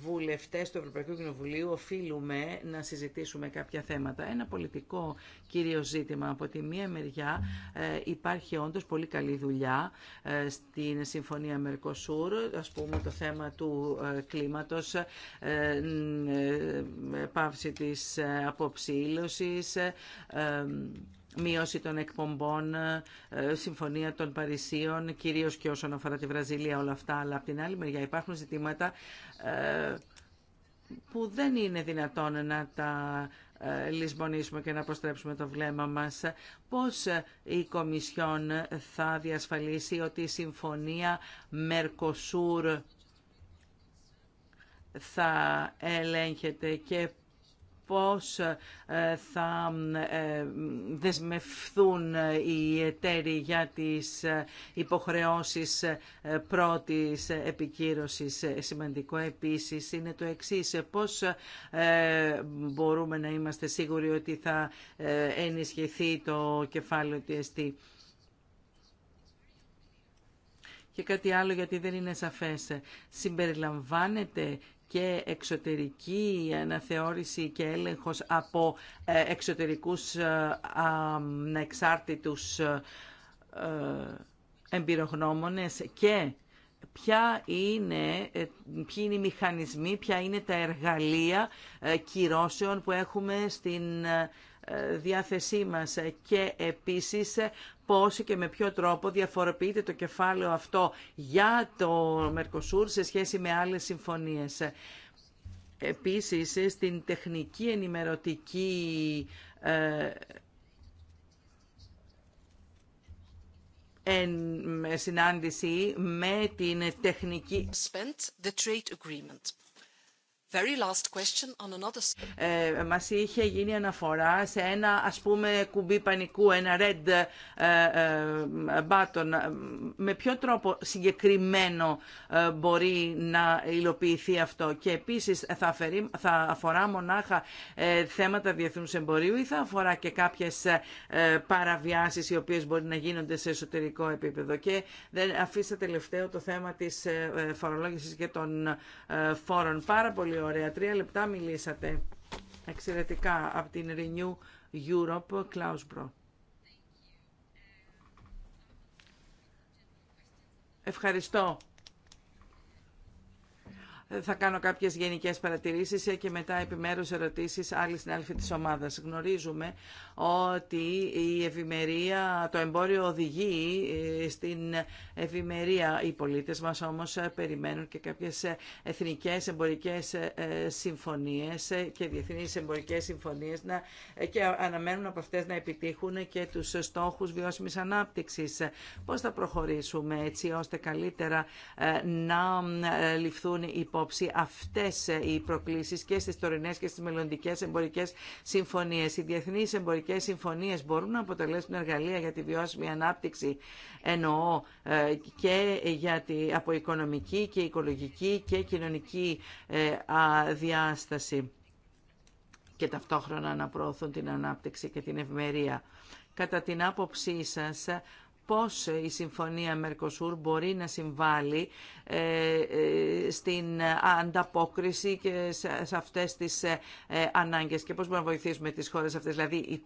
βουλευτές του Ευρωπαϊκού Κοινοβουλίου οφείλουμε να συζητήσουμε κάποια θέματα. Ένα πολιτικό κύριο ζήτημα. Από τη μία μεριά ε, υπάρχει όντω πολύ καλή δουλειά στην Συμφωνία Μερκοσούρ, ας πούμε το θέμα του κλίματος, πάυση της αποψήλωσης, μείωση των εκπομπών, ε, συμφωνία των Παρισίων, κυρίως και όσον αφορά τη Βραζιλία όλα αυτά, αλλά από την άλλη μεριά υπάρχουν ζητήματα ε, που δεν είναι δυνατόν να τα ε, λησμονήσουμε και να αποστρέψουμε το βλέμμα μας. Πώς η Κομισιόν θα διασφαλίσει ότι η συμφωνία Μερκοσούρ θα ελέγχεται και πώς ε, θα ε, δεσμευθούν ε, οι εταίροι για τις υποχρεώσεις πρώτης επικύρωσης. Σημαντικό επίσης είναι το εξής, πώς μπορούμε να είμαστε σίγουροι ότι θα ενισχυθεί το κεφάλαιο TST. Και κάτι άλλο γιατί δεν είναι σαφές. Συμπεριλαμβάνεται και εξωτερική αναθεώρηση και έλεγχος από ε, εξωτερικούς ε, ανεξάρτητους ε, εμπειρογνώμονες και ποια είναι, ποιοι είναι οι μηχανισμοί, ποια είναι τα εργαλεία κυρώσεων που έχουμε στην διάθεσή μας και επίσης πώς και με ποιο τρόπο διαφοροποιείται το κεφάλαιο αυτό για το Μερκοσούρ σε σχέση με άλλες συμφωνίες. Επίσης, στην τεχνική ενημερωτική ε, συνάντηση με την τεχνική... Very last question on another... Ε, μας είχε γίνει αναφορά σε ένα ας πούμε κουμπί πανικού, ένα red ε, ε, button. Με ποιο τρόπο συγκεκριμένο μπορεί να υλοποιηθεί αυτό και επίσης θα, θα αφορά μονάχα θέματα διεθνούς εμπορίου ή θα αφορά και κάποιες παραβιάσεις οι οποίες μπορεί να γίνονται σε εσωτερικό επίπεδο. Και δεν αφήσα τελευταίο το θέμα της φορολόγησης και των φόρων. Πάρα πολύ ωραία. Τρία λεπτά μιλήσατε εξαιρετικά από την Renew Europe, Bro. Ευχαριστώ. Θα κάνω κάποιες γενικές παρατηρήσεις και μετά επιμέρους ερωτήσεις άλλοι συνάδελφοι της ομάδας. Γνωρίζουμε ότι η ευημερία, το εμπόριο οδηγεί ε, στην ευημερία. Οι πολίτες μας όμως ε, περιμένουν και κάποιες ε, εθνικές εμπορικές συμφωνίες και διεθνείς εμπορικές συμφωνίες να, και αναμένουν από αυτές να επιτύχουν και τους στόχους βιώσιμης ανάπτυξης. Πώς θα προχωρήσουμε έτσι ώστε καλύτερα να ληφθούν υπόψη αυτές οι προκλήσεις και στις τωρινές και στις μελλοντικές εμπορικές συμφωνίες. Οι διεθνείς εμπορικές οι συμφωνίες μπορούν να αποτελέσουν εργαλεία για τη βιώσιμη ανάπτυξη, εννοώ ε, και για τη, από οικονομική και οικολογική και κοινωνική ε, διάσταση και ταυτόχρονα να προωθούν την ανάπτυξη και την ευημερία Κατά την άποψή σας, πώς η συμφωνία Μερκοσούρ μπορεί να συμβάλλει ε, στην ανταπόκριση και σε αυτές τις ανάγκες και πώς μπορούμε να βοηθήσουμε τις χώρες αυτές. Δηλαδή,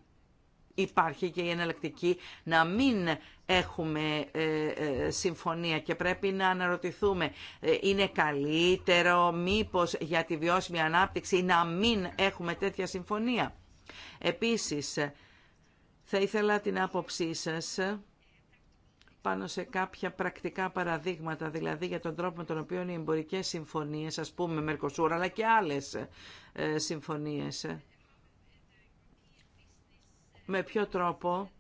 υπάρχει και η εναλλακτική να μην έχουμε ε, ε, συμφωνία και πρέπει να αναρωτηθούμε ε, είναι καλύτερο μήπως για τη βιώσιμη ανάπτυξη να μην έχουμε τέτοια συμφωνία. Επίσης, θα ήθελα την άποψή σας πάνω σε κάποια πρακτικά παραδείγματα, δηλαδή για τον τρόπο με τον οποίο οι εμπορικές συμφωνίες, ας πούμε Μερκοσούρα, αλλά και άλλες συμφωνίες με ποιο τρόπο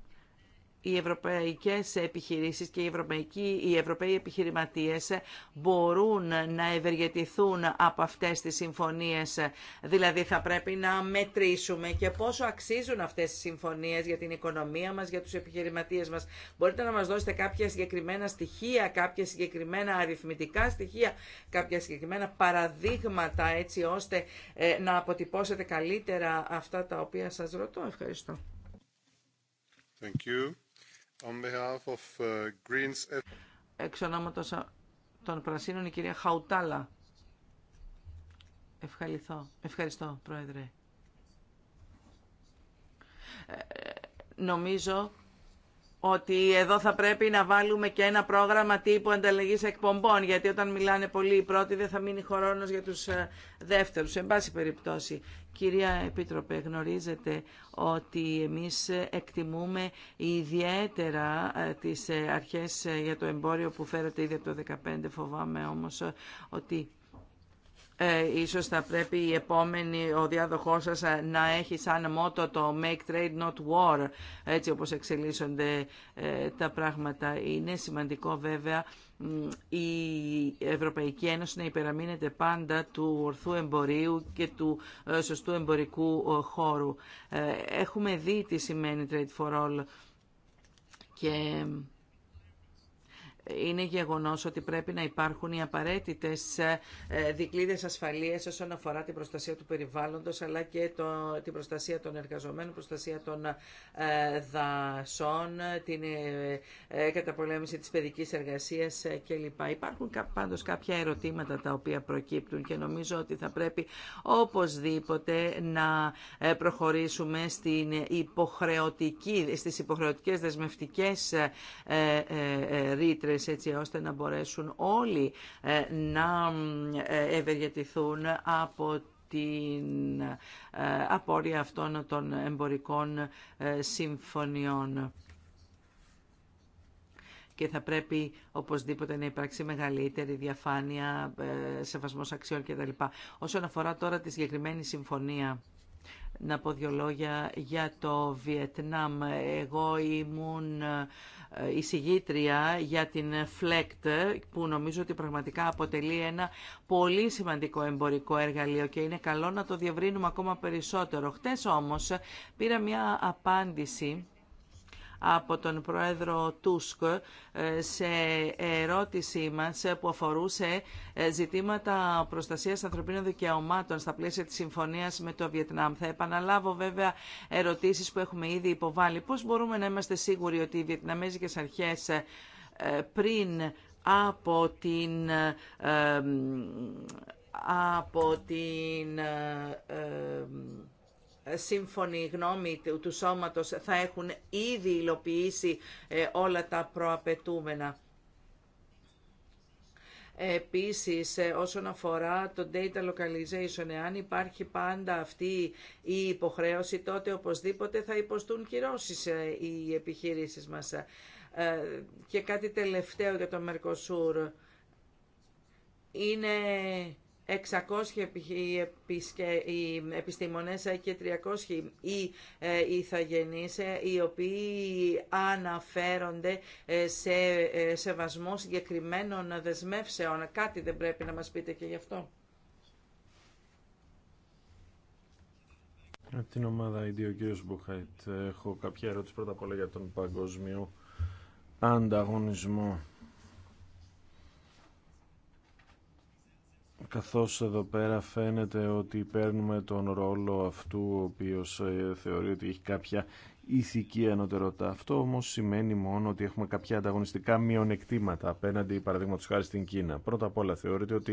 οι ευρωπαϊκές επιχειρήσεις και οι, ευρωπαϊκοί, οι ευρωπαίοι επιχειρηματίες μπορούν να ευεργετηθούν από αυτές τις συμφωνίες. Δηλαδή θα πρέπει να μετρήσουμε και πόσο αξίζουν αυτές οι συμφωνίες για την οικονομία μας, για τους επιχειρηματίες μας. Μπορείτε να μας δώσετε κάποια συγκεκριμένα στοιχεία, κάποια συγκεκριμένα αριθμητικά στοιχεία, κάποια συγκεκριμένα παραδείγματα έτσι ώστε ε, να αποτυπώσετε καλύτερα αυτά τα οποία σας ρωτώ. Ευχαριστώ. Thank uh, Εξ ονόματος των Πρασίνων, η κυρία Χαουτάλα. Ευχαριστώ, Ευχαριστώ Πρόεδρε. Ε, νομίζω ότι εδώ θα πρέπει να βάλουμε και ένα πρόγραμμα τύπου ανταλλαγής εκπομπών, γιατί όταν μιλάνε πολύ οι πρώτοι δεν θα μείνει χρόνος για τους ε, δεύτερους. Εν πάση περιπτώσει, κυρία Επίτροπε, γνωρίζετε ότι εμείς εκτιμούμε ιδιαίτερα ε, τις ε, αρχές για το εμπόριο που φέρετε ήδη από το 2015. Φοβάμαι όμως ότι ε, ίσως θα πρέπει η επόμενη, ο διάδοχός σας ε, να έχει σαν μότο το Make Trade Not War, έτσι όπως εξελίσσονται ε, τα πράγματα. Είναι σημαντικό βέβαια η Ευρωπαϊκή Ένωση να υπεραμείνεται πάντα του ορθού εμπορίου και του ε, σωστού εμπορικού χώρου. Έχουμε δει τι σημαίνει Trade for All και είναι γεγονός ότι πρέπει να υπάρχουν οι απαραίτητες ε, δικλείδες ασφαλείας όσον αφορά την προστασία του περιβάλλοντος αλλά και το, την προστασία των εργαζομένων, προστασία των ε, δασών, την ε, ε, καταπολέμηση της παιδικής εργασίας ε, κλπ. Υπάρχουν πάντως κάποια ερωτήματα τα οποία προκύπτουν και νομίζω ότι θα πρέπει οπωσδήποτε να προχωρήσουμε στην υποχρεωτική, στις υποχρεωτικές δεσμευτικές έτσι ώστε να μπορέσουν όλοι ε, να ε, ευεργετηθούν από την ε, απόρρια αυτών των εμπορικών συμφωνιών και θα πρέπει οπωσδήποτε να υπάρξει μεγαλύτερη διαφάνεια, σεβασμός αξιών κτλ. Όσον αφορά τώρα τη συγκεκριμένη συμφωνία, να πω δύο λόγια για το Βιετνάμ. Εγώ ήμουν ε, εισηγήτρια για την FLECT που νομίζω ότι πραγματικά αποτελεί ένα πολύ σημαντικό εμπορικό εργαλείο και είναι καλό να το διευρύνουμε ακόμα περισσότερο. Χτες όμως πήρα μια απάντηση από τον πρόεδρο Τούσκ ε, σε ερώτησή μας ε, που αφορούσε ε, ζητήματα προστασίας ανθρωπίνων δικαιωμάτων στα πλαίσια της συμφωνίας με το Βιετνάμ. Θα επαναλάβω βέβαια ερωτήσεις που έχουμε ήδη υποβάλει. Πώς μπορούμε να είμαστε σίγουροι ότι οι βιετναμέζικες αρχές πριν από την από την σύμφωνη γνώμη του σώματος θα έχουν ήδη υλοποιήσει ε, όλα τα προαπαιτούμενα. Επίσης, ε, όσον αφορά το data localization, εάν υπάρχει πάντα αυτή η υποχρέωση, τότε οπωσδήποτε θα υποστούν κυρώσεις ε, οι επιχειρήσεις μας. Και κάτι τελευταίο για το Mercosur. Είναι 600 οι επιστήμονες και 300 οι ε, ηθαγενείς ε, οι οποίοι αναφέρονται ε, σε σεβασμό συγκεκριμένων δεσμεύσεων. Κάτι δεν πρέπει να μας πείτε και γι' αυτό. Από την ομάδα ID ο κύριος έχω κάποια ερώτηση πρώτα απ' όλα για τον παγκόσμιο ανταγωνισμό καθώς εδώ πέρα φαίνεται ότι παίρνουμε τον ρόλο αυτού ο οποίος ε, θεωρεί ότι έχει κάποια ηθική ανωτερότητα. Αυτό όμως σημαίνει μόνο ότι έχουμε κάποια ανταγωνιστικά μειονεκτήματα απέναντι παραδείγματος χάρη στην Κίνα. Πρώτα απ' όλα θεωρείται ότι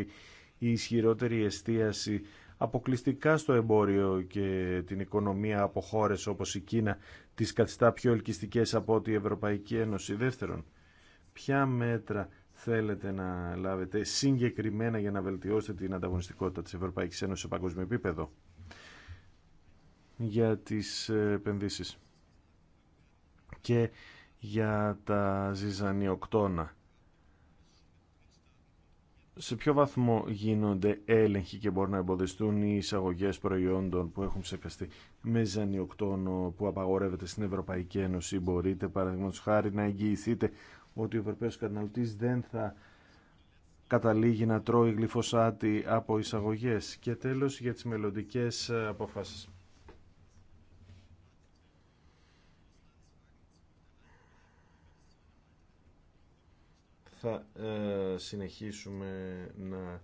η ισχυρότερη εστίαση αποκλειστικά στο εμπόριο και την οικονομία από χώρε όπως η Κίνα τις καθιστά πιο ελκυστικές από ό,τι η Ευρωπαϊκή Ένωση. Δεύτερον, ποια μέτρα θέλετε να λάβετε συγκεκριμένα για να βελτιώσετε την ανταγωνιστικότητα της Ευρωπαϊκής Ένωσης σε παγκόσμιο επίπεδο για τις ε, επενδύσει. και για τα ζυζανιοκτώνα. Σε ποιο βαθμό γίνονται έλεγχοι και μπορούν να εμποδιστούν οι εισαγωγές προϊόντων που έχουν ψεκαστεί με ζανιοκτόνο που απαγορεύεται στην Ευρωπαϊκή Ένωση. Μπορείτε παραδείγματος χάρη να εγγυηθείτε ότι ο Ευρωπαίος καταναλωτής δεν θα καταλήγει να τρώει γλυφοσάτη από εισαγωγές. Και τέλος για τις μελλοντικέ ε, αποφάσεις. Θα ε, συνεχίσουμε να...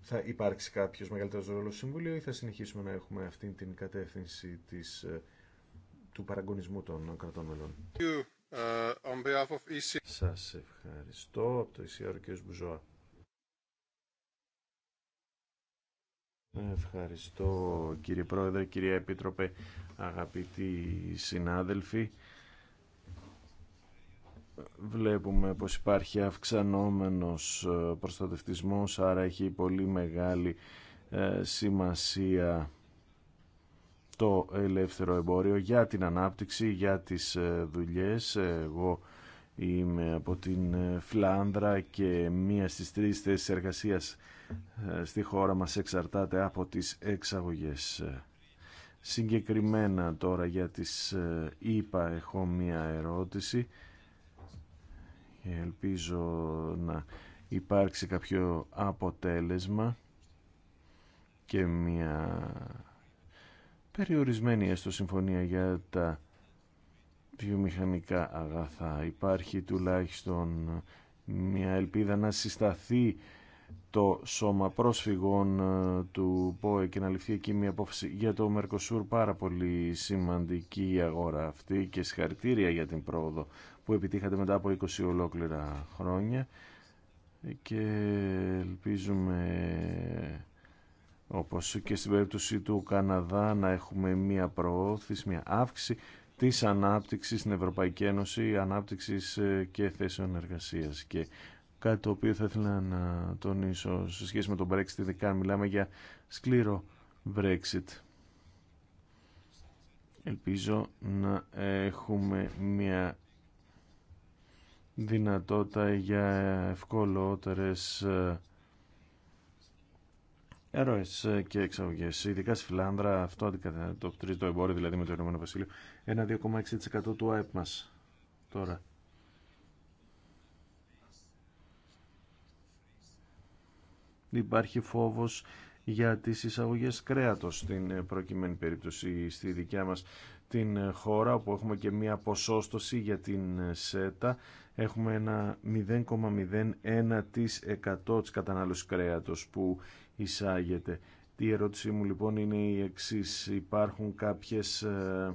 Θα υπάρξει κάποιος μεγαλύτερος ρόλος συμβουλίου. ή θα συνεχίσουμε να έχουμε αυτή την κατεύθυνση της, ε, του παραγωνισμού των κρατών μελών. Ε, on e Σας ευχαριστώ από το ECR Μπουζόα. Ευχαριστώ κύριε Πρόεδρε, κύριε Επίτροπε, αγαπητοί συνάδελφοι. Βλέπουμε πως υπάρχει αυξανόμενος ε, προστατευτισμός, άρα έχει πολύ μεγάλη ε, σημασία το ελεύθερο εμπόριο για την ανάπτυξη, για τις ε, δουλειές. Εγώ είμαι από την ε, Φλάνδρα και μία στις τρεις θέσεις εργασίας ε, στη χώρα μας εξαρτάται από τις εξαγωγές. Συγκεκριμένα τώρα για τις ΙΠΑ έχω μία ερώτηση ελπίζω να υπάρξει κάποιο αποτέλεσμα και μία περιορισμένη έστω συμφωνία για τα βιομηχανικά αγαθά. Υπάρχει τουλάχιστον μια ελπίδα να συσταθεί το σώμα πρόσφυγων ε, του ΠΟΕ και να ληφθεί εκεί μια απόφαση για το Μερκοσούρ πάρα πολύ σημαντική η αγορά αυτή και συγχαρητήρια για την πρόοδο που επιτύχατε μετά από 20 ολόκληρα χρόνια και ελπίζουμε όπως και στην περίπτωση του Καναδά να έχουμε μία προώθηση, μία αύξηση της ανάπτυξης στην Ευρωπαϊκή Ένωση, ανάπτυξης ε, και θέσεων εργασίας. Και κάτι το οποίο θα ήθελα να τονίσω σε σχέση με τον Brexit, ειδικά μιλάμε για σκληρό Brexit. Ελπίζω να έχουμε μία δυνατότητα για ευκολότερες ε, Ερώε και εξαγωγέ. Ειδικά στη Φιλάνδρα, αυτό αντικατοπτρίζει το εμπόριο δηλαδή με το Ηνωμένο Βασίλειο. Ένα 2,6% του ΑΕΠ μα τώρα. Υπάρχει φόβος για τις εισαγωγές κρέατος στην προκειμένη περίπτωση στη δικιά μας την χώρα όπου έχουμε και μία ποσόστοση για την ΣΕΤΑ έχουμε ένα 0,01% τη κατανάλωση κρέατος που εισάγεται. Τη ερώτησή μου λοιπόν είναι η εξής. Υπάρχουν κάποιες ε,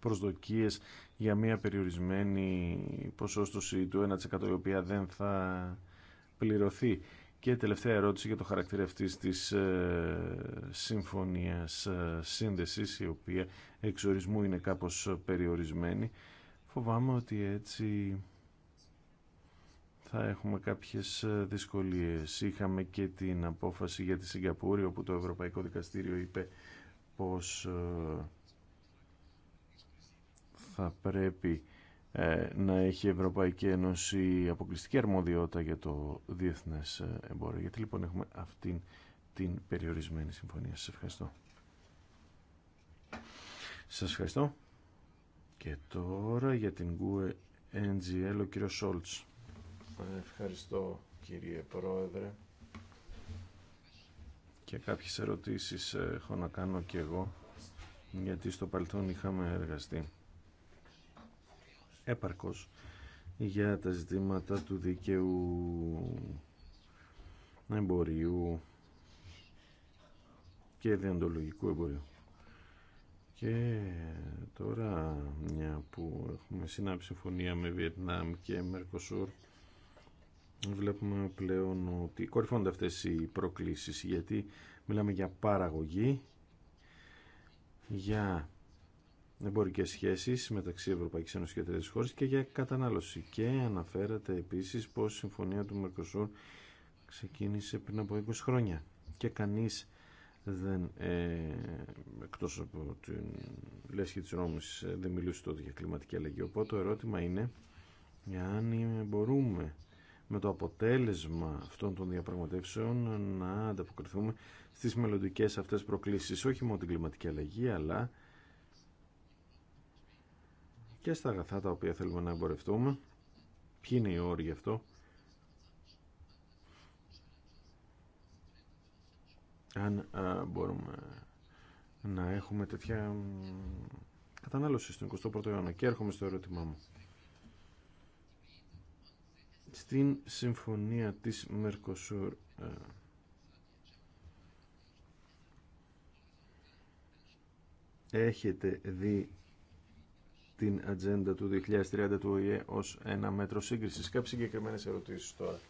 προσδοκίες για μια περιορισμένη ποσόστοση του 1% η οποία δεν θα πληρωθεί. Και τελευταία ερώτηση για το χαρακτήρα αυτής της ε, συμφωνίας ε, σύνδεσης η οποία εξορισμού είναι κάπως περιορισμένη. Φοβάμαι ότι έτσι θα έχουμε κάποιες ε, δυσκολίες. Είχαμε και την απόφαση για τη Σιγκαπούρη όπου το Ευρωπαϊκό Δικαστήριο είπε πως ε, θα πρέπει ε, να έχει η Ευρωπαϊκή Ένωση αποκλειστική αρμοδιότητα για το διεθνές εμπόριο. Γιατί λοιπόν έχουμε αυτήν την περιορισμένη συμφωνία. Σας ευχαριστώ. Σας ευχαριστώ. Και τώρα για την GUE ο κύριος Σόλτς. Ευχαριστώ κύριε Πρόεδρε. Και κάποιες ερωτήσεις ε, έχω να κάνω και εγώ, γιατί στο παρελθόν είχαμε εργαστεί έπαρκος για τα ζητήματα του δίκαιου εμπορίου και διαντολογικού εμπορίου. Και τώρα, μια που έχουμε συνάψει συμφωνία με Βιετνάμ και Μερκοσούρ, βλέπουμε πλέον ότι κορυφώνται αυτές οι προκλήσεις γιατί μιλάμε για παραγωγή, για εμπορικές σχέσεις μεταξύ Ευρωπαϊκής Ένωσης και τρίτης χώρες και για κατανάλωση. Και αναφέρατε επίσης πως η συμφωνία του Μερκοσούρ ξεκίνησε πριν από 20 χρόνια και κανείς δεν, ε, εκτός από την λέσχη της Ρώμης ε, δεν μιλούσε τότε για κλιματική αλλαγή. Οπότε το ερώτημα είναι αν μπορούμε με το αποτέλεσμα αυτών των διαπραγματεύσεων να ανταποκριθούμε στις μελλοντικέ αυτές προκλήσεις, όχι μόνο την κλιματική αλλαγή, αλλά και στα αγαθά τα οποία θέλουμε να εμπορευτούμε. Ποιοι είναι οι όροι γι' αυτό. Αν μπορούμε να έχουμε τέτοια κατανάλωση στον 21ο αιώνα. Και έρχομαι στο ερώτημά μου στην συμφωνία της Μερκοσούρ έχετε δει την ατζέντα του 2030 του ΟΗΕ ως ένα μέτρο σύγκρισης. Κάποιες συγκεκριμένε ερωτήσεις τώρα.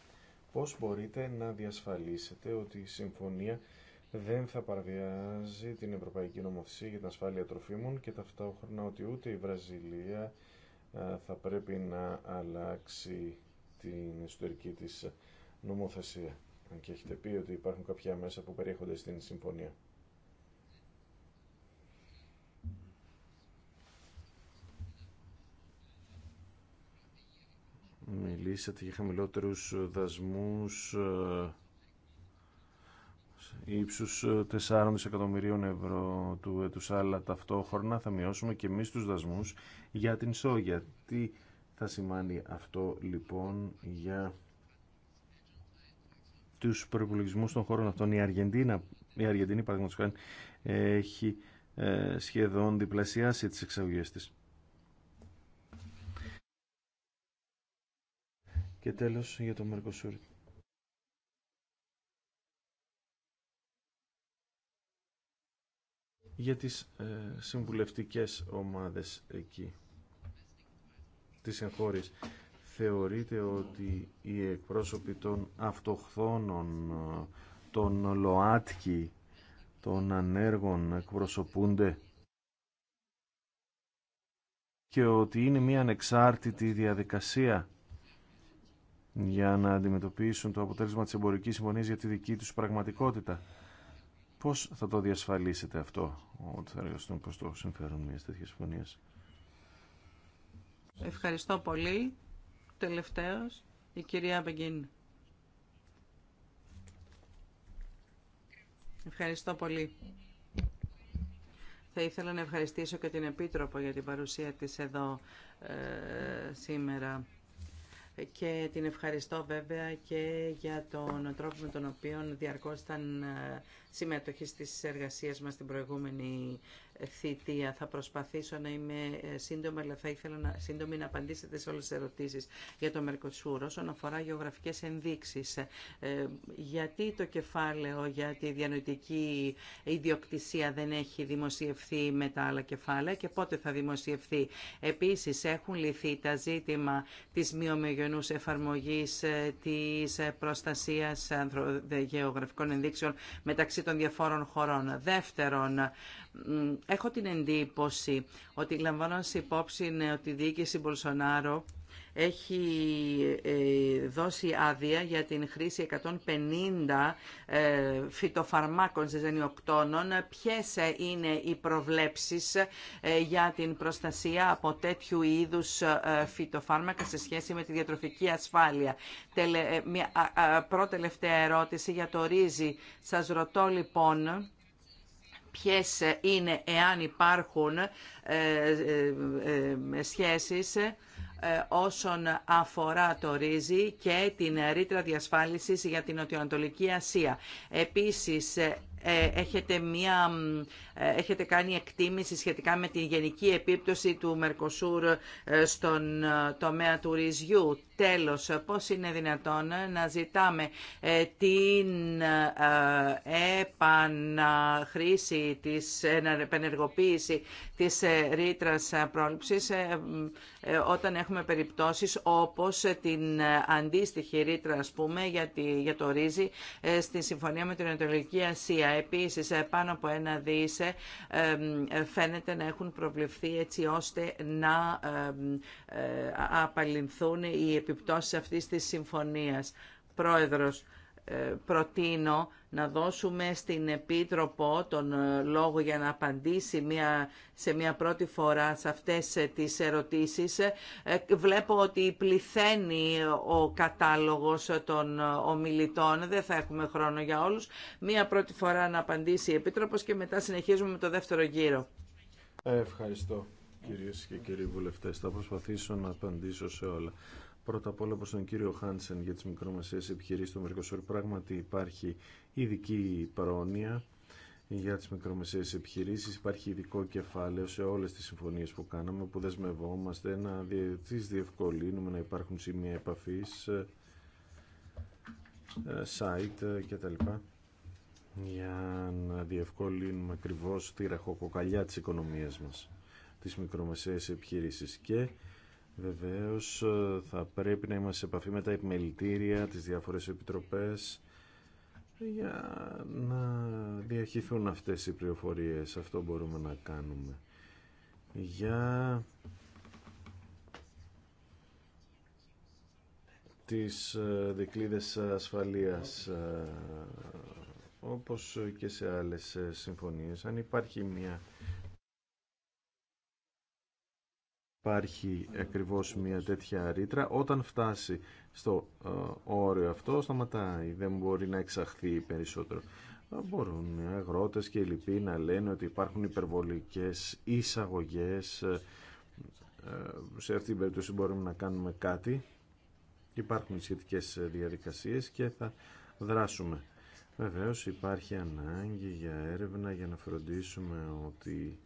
Πώς μπορείτε να διασφαλίσετε ότι η συμφωνία δεν θα παραβιάζει την Ευρωπαϊκή Νομοθεσία για την ασφάλεια τροφίμων και ταυτόχρονα ότι ούτε η Βραζιλία ε, θα πρέπει να αλλάξει την εσωτερική της νομοθεσία. Αν και έχετε πει ότι υπάρχουν κάποια μέσα που περιέχονται στην συμφωνία. Μιλήσατε για χαμηλότερου δασμούς ε, ύψους 4 ε, δισεκατομμυρίων ευρώ του έτους, αλλά ταυτόχρονα θα μειώσουμε και εμείς τους δασμούς για την σόγια. Τι θα σημάνει αυτό λοιπόν για τους προπολογισμού των χώρων αυτών. Η Αργεντίνα, η Αργεντινή παραδείγματος χάρη, έχει ε, σχεδόν διπλασιάσει τις εξαγωγές της. Και τέλος για το Μερκοσούρι Για τις ε, συμβουλευτικές ομάδες εκεί της εγχώρης. θεωρείτε ότι οι εκπρόσωποι των αυτοχθόνων, των ΛΟΑΤΚΙ, των ανέργων εκπροσωπούνται και ότι είναι μια ανεξάρτητη διαδικασία για να αντιμετωπίσουν το αποτέλεσμα της εμπορικής συμφωνίας για τη δική τους πραγματικότητα. Πώς θα το διασφαλίσετε αυτό, ότι θα εργαστούν προς το συμφέρον μιας τέτοιας συμφωνίας. Ευχαριστώ πολύ. Τελευταίος, η κυρία Μπεγκίν. Ευχαριστώ πολύ. Θα ήθελα να ευχαριστήσω και την Επίτροπο για την παρουσία της εδώ ε, σήμερα και την ευχαριστώ βέβαια και για τον τρόπο με τον οποίο διαρκώς ήταν ε, συμμετοχή στις εργασίες μας την προηγούμενη θα προσπαθήσω να είμαι ε, σύντομη, αλλά θα ήθελα να, σύντομη να απαντήσετε σε όλες τις ερωτήσεις για το Μερκοσούρ. Όσον αφορά γεωγραφικές ενδείξεις, ε, γιατί το κεφάλαιο για τη διανοητική ιδιοκτησία δεν έχει δημοσιευθεί με τα άλλα κεφάλαια και πότε θα δημοσιευθεί. Επίσης, έχουν λυθεί τα ζήτημα της μειομεγενούς εφαρμογής ε, της προστασίας γεωγραφικών ενδείξεων μεταξύ των διαφόρων χωρών. Δεύτερον, έχω την εντύπωση ότι λαμβάνοντας υπόψη ότι η διοίκηση Μπολσονάρο έχει ε, δώσει άδεια για την χρήση 150 ε, φυτοφαρμάκων ζεζανιοκτώνων. Ποιες ε, είναι οι προβλέψεις για την προστασία από τέτοιου είδους φυτοφάρμακα σε σχέση με τη διατροφική ασφάλεια. Τελε, μια τελευταία ερώτηση για το ρύζι. Σας ρωτώ λοιπόν ποιες είναι εάν υπάρχουν ε, ε, ε, σχέσεις όσον αφορά το ρύζι και την ρήτρα διασφάλισης για την Νοτιοανατολική Ασία. Επίσης, έχετε, έχετε κάνει εκτίμηση σχετικά με την γενική επίπτωση του Μερκοσούρ στον τομέα του ρυζιού. Τέλος, πώς είναι δυνατόν να ζητάμε ε, την ε, επαναχρήση, της, ε, επενεργοποίηση της ρήτρα πρόληψης όταν έχουμε περιπτώσεις όπως την αντίστοιχη ρήτρα, ας πούμε, για, για το ρύζι στη Συμφωνία με την Ανατολική Ασία. Επίσης, πάνω από ένα δίσε φαίνεται να έχουν προβλεφθεί έτσι ώστε να απαλληλθούν οι επιπτώσεις αυτής της συμφωνίας. Πρόεδρος, ε, προτείνω να δώσουμε στην Επίτροπο τον ε, λόγο για να απαντήσει μια, σε μια πρώτη φορά σε αυτές ε, τις ερωτήσεις. Βλέπω ότι πληθαίνει ο κατάλογος των ομιλητών. Δεν θα έχουμε χρόνο για όλους. Μια πρώτη φορά να απαντήσει η Επίτροπος και μετά συνεχίζουμε με το δεύτερο γύρο. Ευχαριστώ κυρίες και κύριοι βουλευτές. Θα προσπαθήσω να απαντήσω σε όλα. Πρώτα απ' όλα προς τον κύριο Χάνσεν για τις μικρομεσαίες επιχειρήσεις του Μερκοσούρ. Πράγματι υπάρχει ειδική παρόνοια για τις μικρομεσαίες επιχειρήσεις. Υπάρχει ειδικό κεφάλαιο σε όλες τις συμφωνίες που κάναμε που δεσμευόμαστε να τις διευκολύνουμε να υπάρχουν σημεία επαφής, ε, ε, site ε, κτλ. Για να διευκολύνουμε ακριβώ τη ραχοκοκαλιά της οικονομίας μας, τις μικρομεσαίες επιχειρήσεις και Βεβαίως ε, θα πρέπει να είμαστε σε επαφή με τα επιμελητήρια, τις διάφορες επιτροπές για να διαχειριστούν αυτές οι πληροφορίες. Αυτό μπορούμε να κάνουμε. Για τις ε, δικλείδες ασφαλείας ε, όπως και σε άλλες συμφωνίες. Αν υπάρχει μια υπάρχει ακριβώς μια τέτοια ρήτρα. Όταν φτάσει στο ε, όριο αυτό σταματάει, δεν μπορεί να εξαχθεί περισσότερο. Ε, μπορούν οι αγρότες και οι λοιποί να λένε ότι υπάρχουν υπερβολικές εισαγωγές. Ε, σε αυτή την περίπτωση μπορούμε να κάνουμε κάτι. Υπάρχουν σχετικές διαδικασίες και θα δράσουμε. Βεβαίως υπάρχει ανάγκη για έρευνα για να φροντίσουμε ότι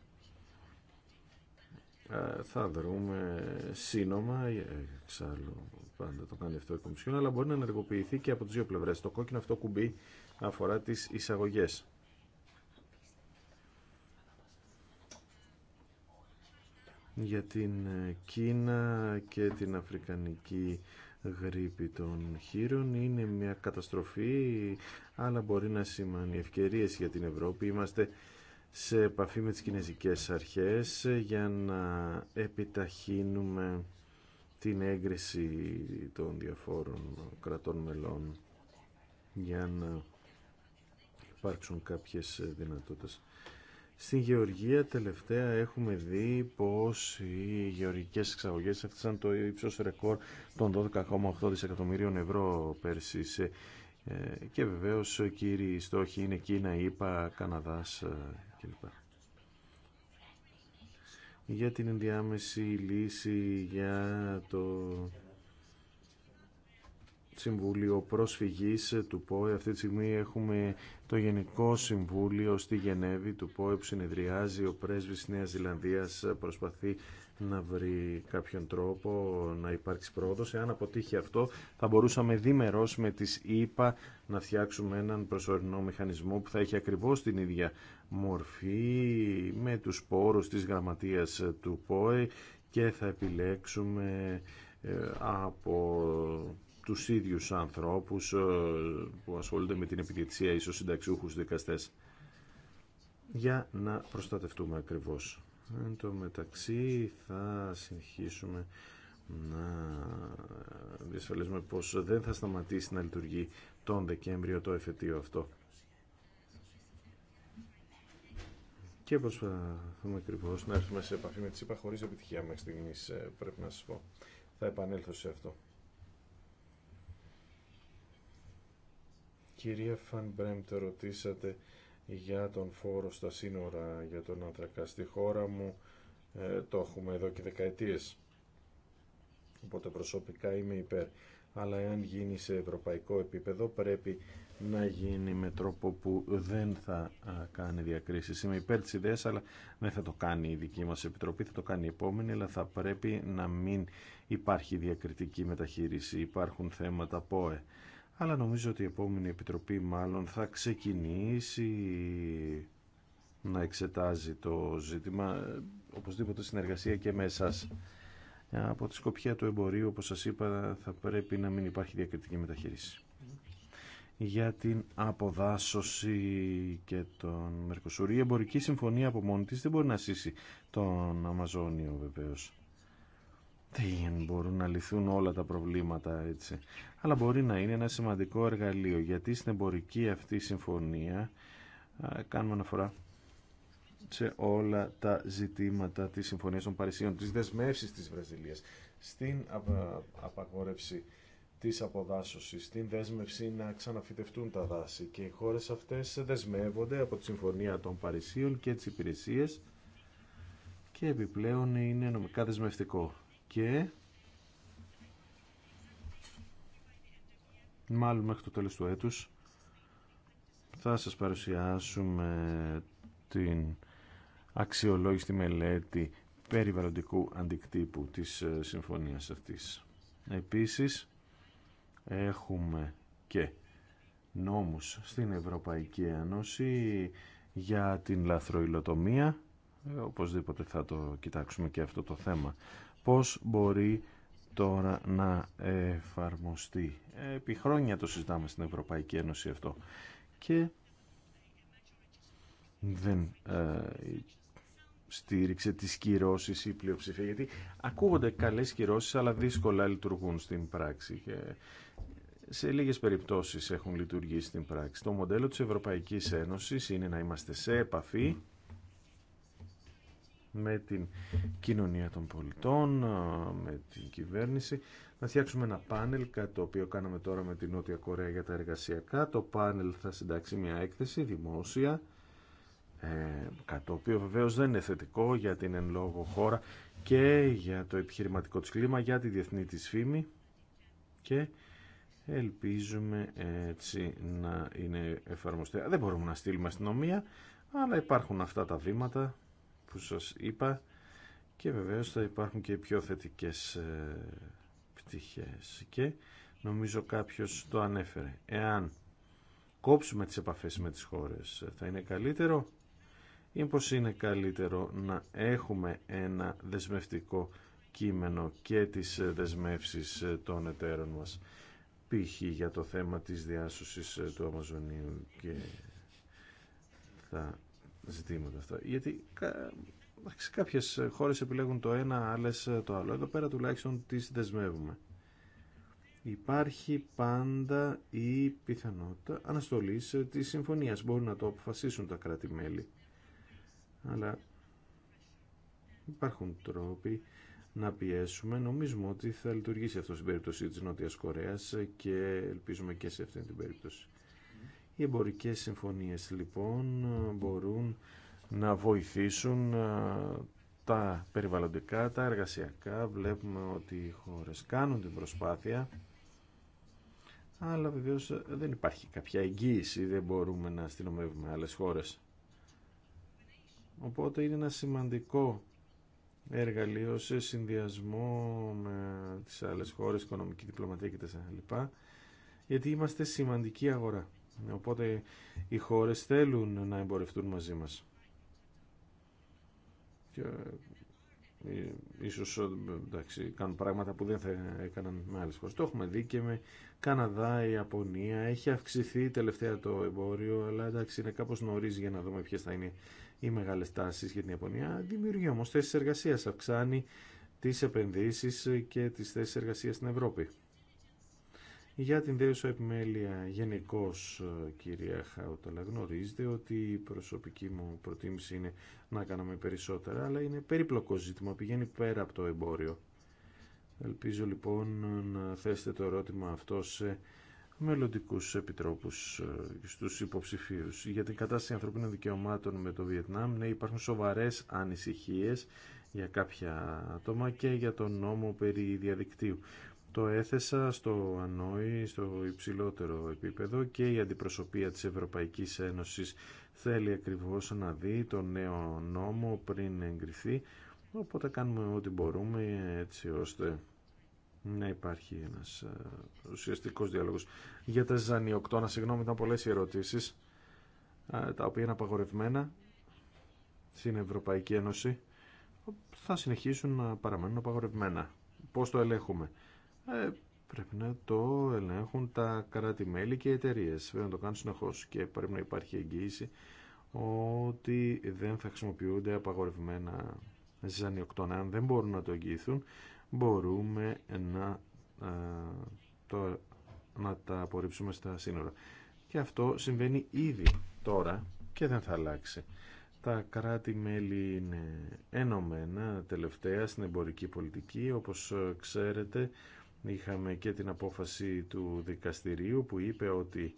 ε, θα δρούμε σύνομα, ε, εξάλλου πάντα το κάνει αυτό η Κομισιόν, αλλά μπορεί να ενεργοποιηθεί και από τις δύο πλευρές. Το κόκκινο αυτό κουμπί αφορά τις εισαγωγές. για την Κίνα και την Αφρικανική γρήπη των χείρων είναι μια καταστροφή αλλά μπορεί να σημαίνει ευκαιρίες για την Ευρώπη είμαστε σε επαφή με τις κινέζικες αρχές για να επιταχύνουμε την έγκριση των διαφόρων κρατών μελών για να υπάρξουν κάποιες δυνατότητες. Στην Γεωργία τελευταία έχουμε δει πως οι γεωργικές εξαγωγές έφτασαν το ύψος ρεκόρ των 12,8 δισεκατομμυρίων ευρώ πέρσι ε, και βεβαίως κύριοι στόχοι είναι Κίνα, ΗΠΑ, Καναδάς για την ενδιάμεση λύση για το Συμβούλιο Πρόσφυγής του ΠΟΕ. Αυτή τη στιγμή έχουμε το Γενικό Συμβούλιο στη Γενέβη του ΠΟΕ που συνεδριάζει. Ο πρέσβης Νέας Ζηλανδίας προσπαθεί να βρει κάποιον τρόπο να υπάρξει πρόοδος. Εάν αποτύχει αυτό θα μπορούσαμε διμερώς με τις ΙΠΑ να φτιάξουμε έναν προσωρινό μηχανισμό που θα έχει ακριβώς την ίδια μορφή με τους πόρους της γραμματείας του ΠΟΕ και θα επιλέξουμε ε, από τους ίδιους ανθρώπους ε, που ασχολούνται με την επιδιαιτησία ίσως συνταξιούχους δικαστές για να προστατευτούμε ακριβώς. Εν τω μεταξύ θα συνεχίσουμε να διασφαλίσουμε πως δεν θα σταματήσει να λειτουργεί τον Δεκέμβριο το εφετείο αυτό. και προσπαθούμε ακριβώ να έρθουμε σε επαφή με τη ΣΥΠΑ χωρί επιτυχία μέχρι στιγμή, ε, πρέπει να σα πω. Θα επανέλθω σε αυτό. Κυρία Φαν ρωτήσατε για τον φόρο στα σύνορα για τον άνθρακα στη χώρα μου. Ε, το έχουμε εδώ και δεκαετίες. Οπότε προσωπικά είμαι υπέρ αλλά εάν γίνει σε ευρωπαϊκό επίπεδο πρέπει να γίνει με τρόπο που δεν θα κάνει διακρίσεις. Είμαι υπέρ τη ιδέα, αλλά δεν θα το κάνει η δική μας επιτροπή, θα το κάνει η επόμενη, αλλά θα πρέπει να μην υπάρχει διακριτική μεταχείριση. Υπάρχουν θέματα ΠΟΕ. Αλλά νομίζω ότι η επόμενη επιτροπή μάλλον θα ξεκινήσει να εξετάζει το ζήτημα, ε, οπωσδήποτε συνεργασία και με από τη σκοπιά του εμπορίου, όπως σας είπα, θα πρέπει να μην υπάρχει διακριτική μεταχείριση. Για την αποδάσωση και τον Μερκοσουρή, η εμπορική συμφωνία από μόνη της δεν μπορεί να σύσει τον Αμαζόνιο βεβαίως. Δεν μπορούν να λυθούν όλα τα προβλήματα έτσι. Αλλά μπορεί να είναι ένα σημαντικό εργαλείο, γιατί στην εμπορική αυτή συμφωνία κάνουμε αναφορά σε όλα τα ζητήματα της Συμφωνίας των Παρισίων, της δεσμεύσεις της Βραζιλίας, στην απαγόρευση της αποδάσωσης, στην δέσμευση να ξαναφυτευτούν τα δάση και οι χώρες αυτές δεσμεύονται από τη Συμφωνία των Παρισίων και τις υπηρεσίες και επιπλέον είναι νομικά δεσμευτικό. Και μάλλον μέχρι το τέλος του έτους θα σας παρουσιάσουμε την αξιολόγηση μελέτη περιβαλλοντικού αντικτύπου της ε, συμφωνίας αυτής. Επίσης, έχουμε και νόμους στην Ευρωπαϊκή Ένωση για την λαθροϊλοτομία. Ε, οπωσδήποτε θα το κοιτάξουμε και αυτό το θέμα. Πώς μπορεί τώρα να εφαρμοστεί. Επί χρόνια το συζητάμε στην Ευρωπαϊκή Ένωση αυτό. Και δεν ε, στήριξε τις κυρώσεις η πλειοψηφία γιατί ακούγονται καλές κυρώσεις αλλά δύσκολα λειτουργούν στην πράξη και σε λίγες περιπτώσεις έχουν λειτουργήσει στην πράξη. Το μοντέλο της Ευρωπαϊκής Ένωσης είναι να είμαστε σε επαφή με την κοινωνία των πολιτών, με την κυβέρνηση. Να φτιάξουμε ένα πάνελ, κάτι το οποίο κάναμε τώρα με την Νότια Κορέα για τα εργασιακά. Το πάνελ θα συντάξει μια έκθεση δημόσια ε, κάτι το οποίο βεβαίως δεν είναι θετικό για την εν λόγω χώρα και για το επιχειρηματικό της κλίμα, για τη διεθνή της φήμη και ελπίζουμε έτσι να είναι εφαρμοστέα. Δεν μπορούμε να στείλουμε αστυνομία, αλλά υπάρχουν αυτά τα βήματα που σας είπα και βεβαίως θα υπάρχουν και πιο θετικές ε, πτυχές και νομίζω κάποιος το ανέφερε. Εάν κόψουμε τις επαφές με τις χώρες ε, θα είναι καλύτερο ή πως είναι καλύτερο να έχουμε ένα δεσμευτικό κείμενο και τις δεσμεύσεις των εταίρων μας π.χ. για το θέμα της διάσωσης του Αμαζονίου και τα ζητήματα αυτά. Γιατί κάποιες χώρες επιλέγουν το ένα, άλλες το άλλο. Εδώ πέρα τουλάχιστον τις δεσμεύουμε. Υπάρχει πάντα η πιθανότητα αναστολής της συμφωνίας. Μπορούν να το αποφασίσουν τα κράτη-μέλη αλλά υπάρχουν τρόποι να πιέσουμε. Νομίζουμε ότι θα λειτουργήσει αυτό στην περίπτωση της Νότιας Κορέας και ελπίζουμε και σε αυτή την περίπτωση. Οι εμπορικές συμφωνίες λοιπόν μπορούν να βοηθήσουν τα περιβαλλοντικά, τα εργασιακά. Βλέπουμε ότι οι χώρες κάνουν την προσπάθεια, αλλά βεβαίως δεν υπάρχει κάποια εγγύηση, δεν μπορούμε να αστυνομεύουμε άλλες χώρες. Οπότε είναι ένα σημαντικό εργαλείο σε συνδυασμό με τις άλλες χώρες, οικονομική διπλωματία και γιατί είμαστε σημαντική αγορά. Οπότε οι χώρες θέλουν να εμπορευτούν μαζί μας. Ε, ίσως ε, κάνουν πράγματα που δεν θα έκαναν με άλλες χώρες. Το έχουμε δει και με Καναδά, η Ιαπωνία. Έχει αυξηθεί τελευταία το εμπόριο, αλλά εντάξει είναι κάπως νωρίς για να δούμε ποιες θα είναι οι μεγάλες τάσεις για την Ιαπωνία. Δημιουργεί όμως θέσεις εργασίας, αυξάνει τις επενδύσεις και τις θέσεις εργασίας στην Ευρώπη. Για την δέουσα επιμέλεια γενικώ, ε, κυρία Χαουταλά, γνωρίζετε ότι η προσωπική μου προτίμηση είναι να κάνουμε περισσότερα, αλλά είναι περίπλοκο ζήτημα, πηγαίνει πέρα από το εμπόριο. Ελπίζω λοιπόν να θέσετε το ερώτημα αυτό σε μελλοντικού επιτρόπου ε, στου υποψηφίου. Για την κατάσταση ανθρωπίνων δικαιωμάτων με το Βιετνάμ, ναι, υπάρχουν σοβαρέ ανησυχίε για κάποια άτομα και για τον νόμο περί διαδικτύου. Το έθεσα στο Ανόη, στο υψηλότερο επίπεδο και η αντιπροσωπεία της Ευρωπαϊκής Ένωσης θέλει ακριβώς να δει το νέο νόμο πριν εγκριθεί, οπότε κάνουμε ό,τι μπορούμε έτσι ώστε να υπάρχει ένας ε, ουσιαστικός διάλογος. Για τα ζανιοκτώνα, συγγνώμη, ήταν πολλές ερωτήσεις, ε, τα οποία είναι απαγορευμένα στην Ευρωπαϊκή Ένωση, θα συνεχίσουν να παραμένουν απαγορευμένα. Πώς το ελέγχουμε. Ε, πρέπει να το ελέγχουν τα κράτη-μέλη και οι εταιρείε. Πρέπει να το κάνουν συνεχώ και πρέπει να υπάρχει εγγύηση ότι δεν θα χρησιμοποιούνται απαγορευμένα ζανιοκτώνα. Αν δεν μπορούν να το εγγυηθούν, μπορούμε να, ε, να τα απορρίψουμε στα σύνορα. Και αυτό συμβαίνει ήδη τώρα και δεν θα αλλάξει. Τα κράτη-μέλη είναι ενωμένα τελευταία στην εμπορική πολιτική. Όπως ε, ξέρετε, Είχαμε και την απόφαση του δικαστηρίου που είπε ότι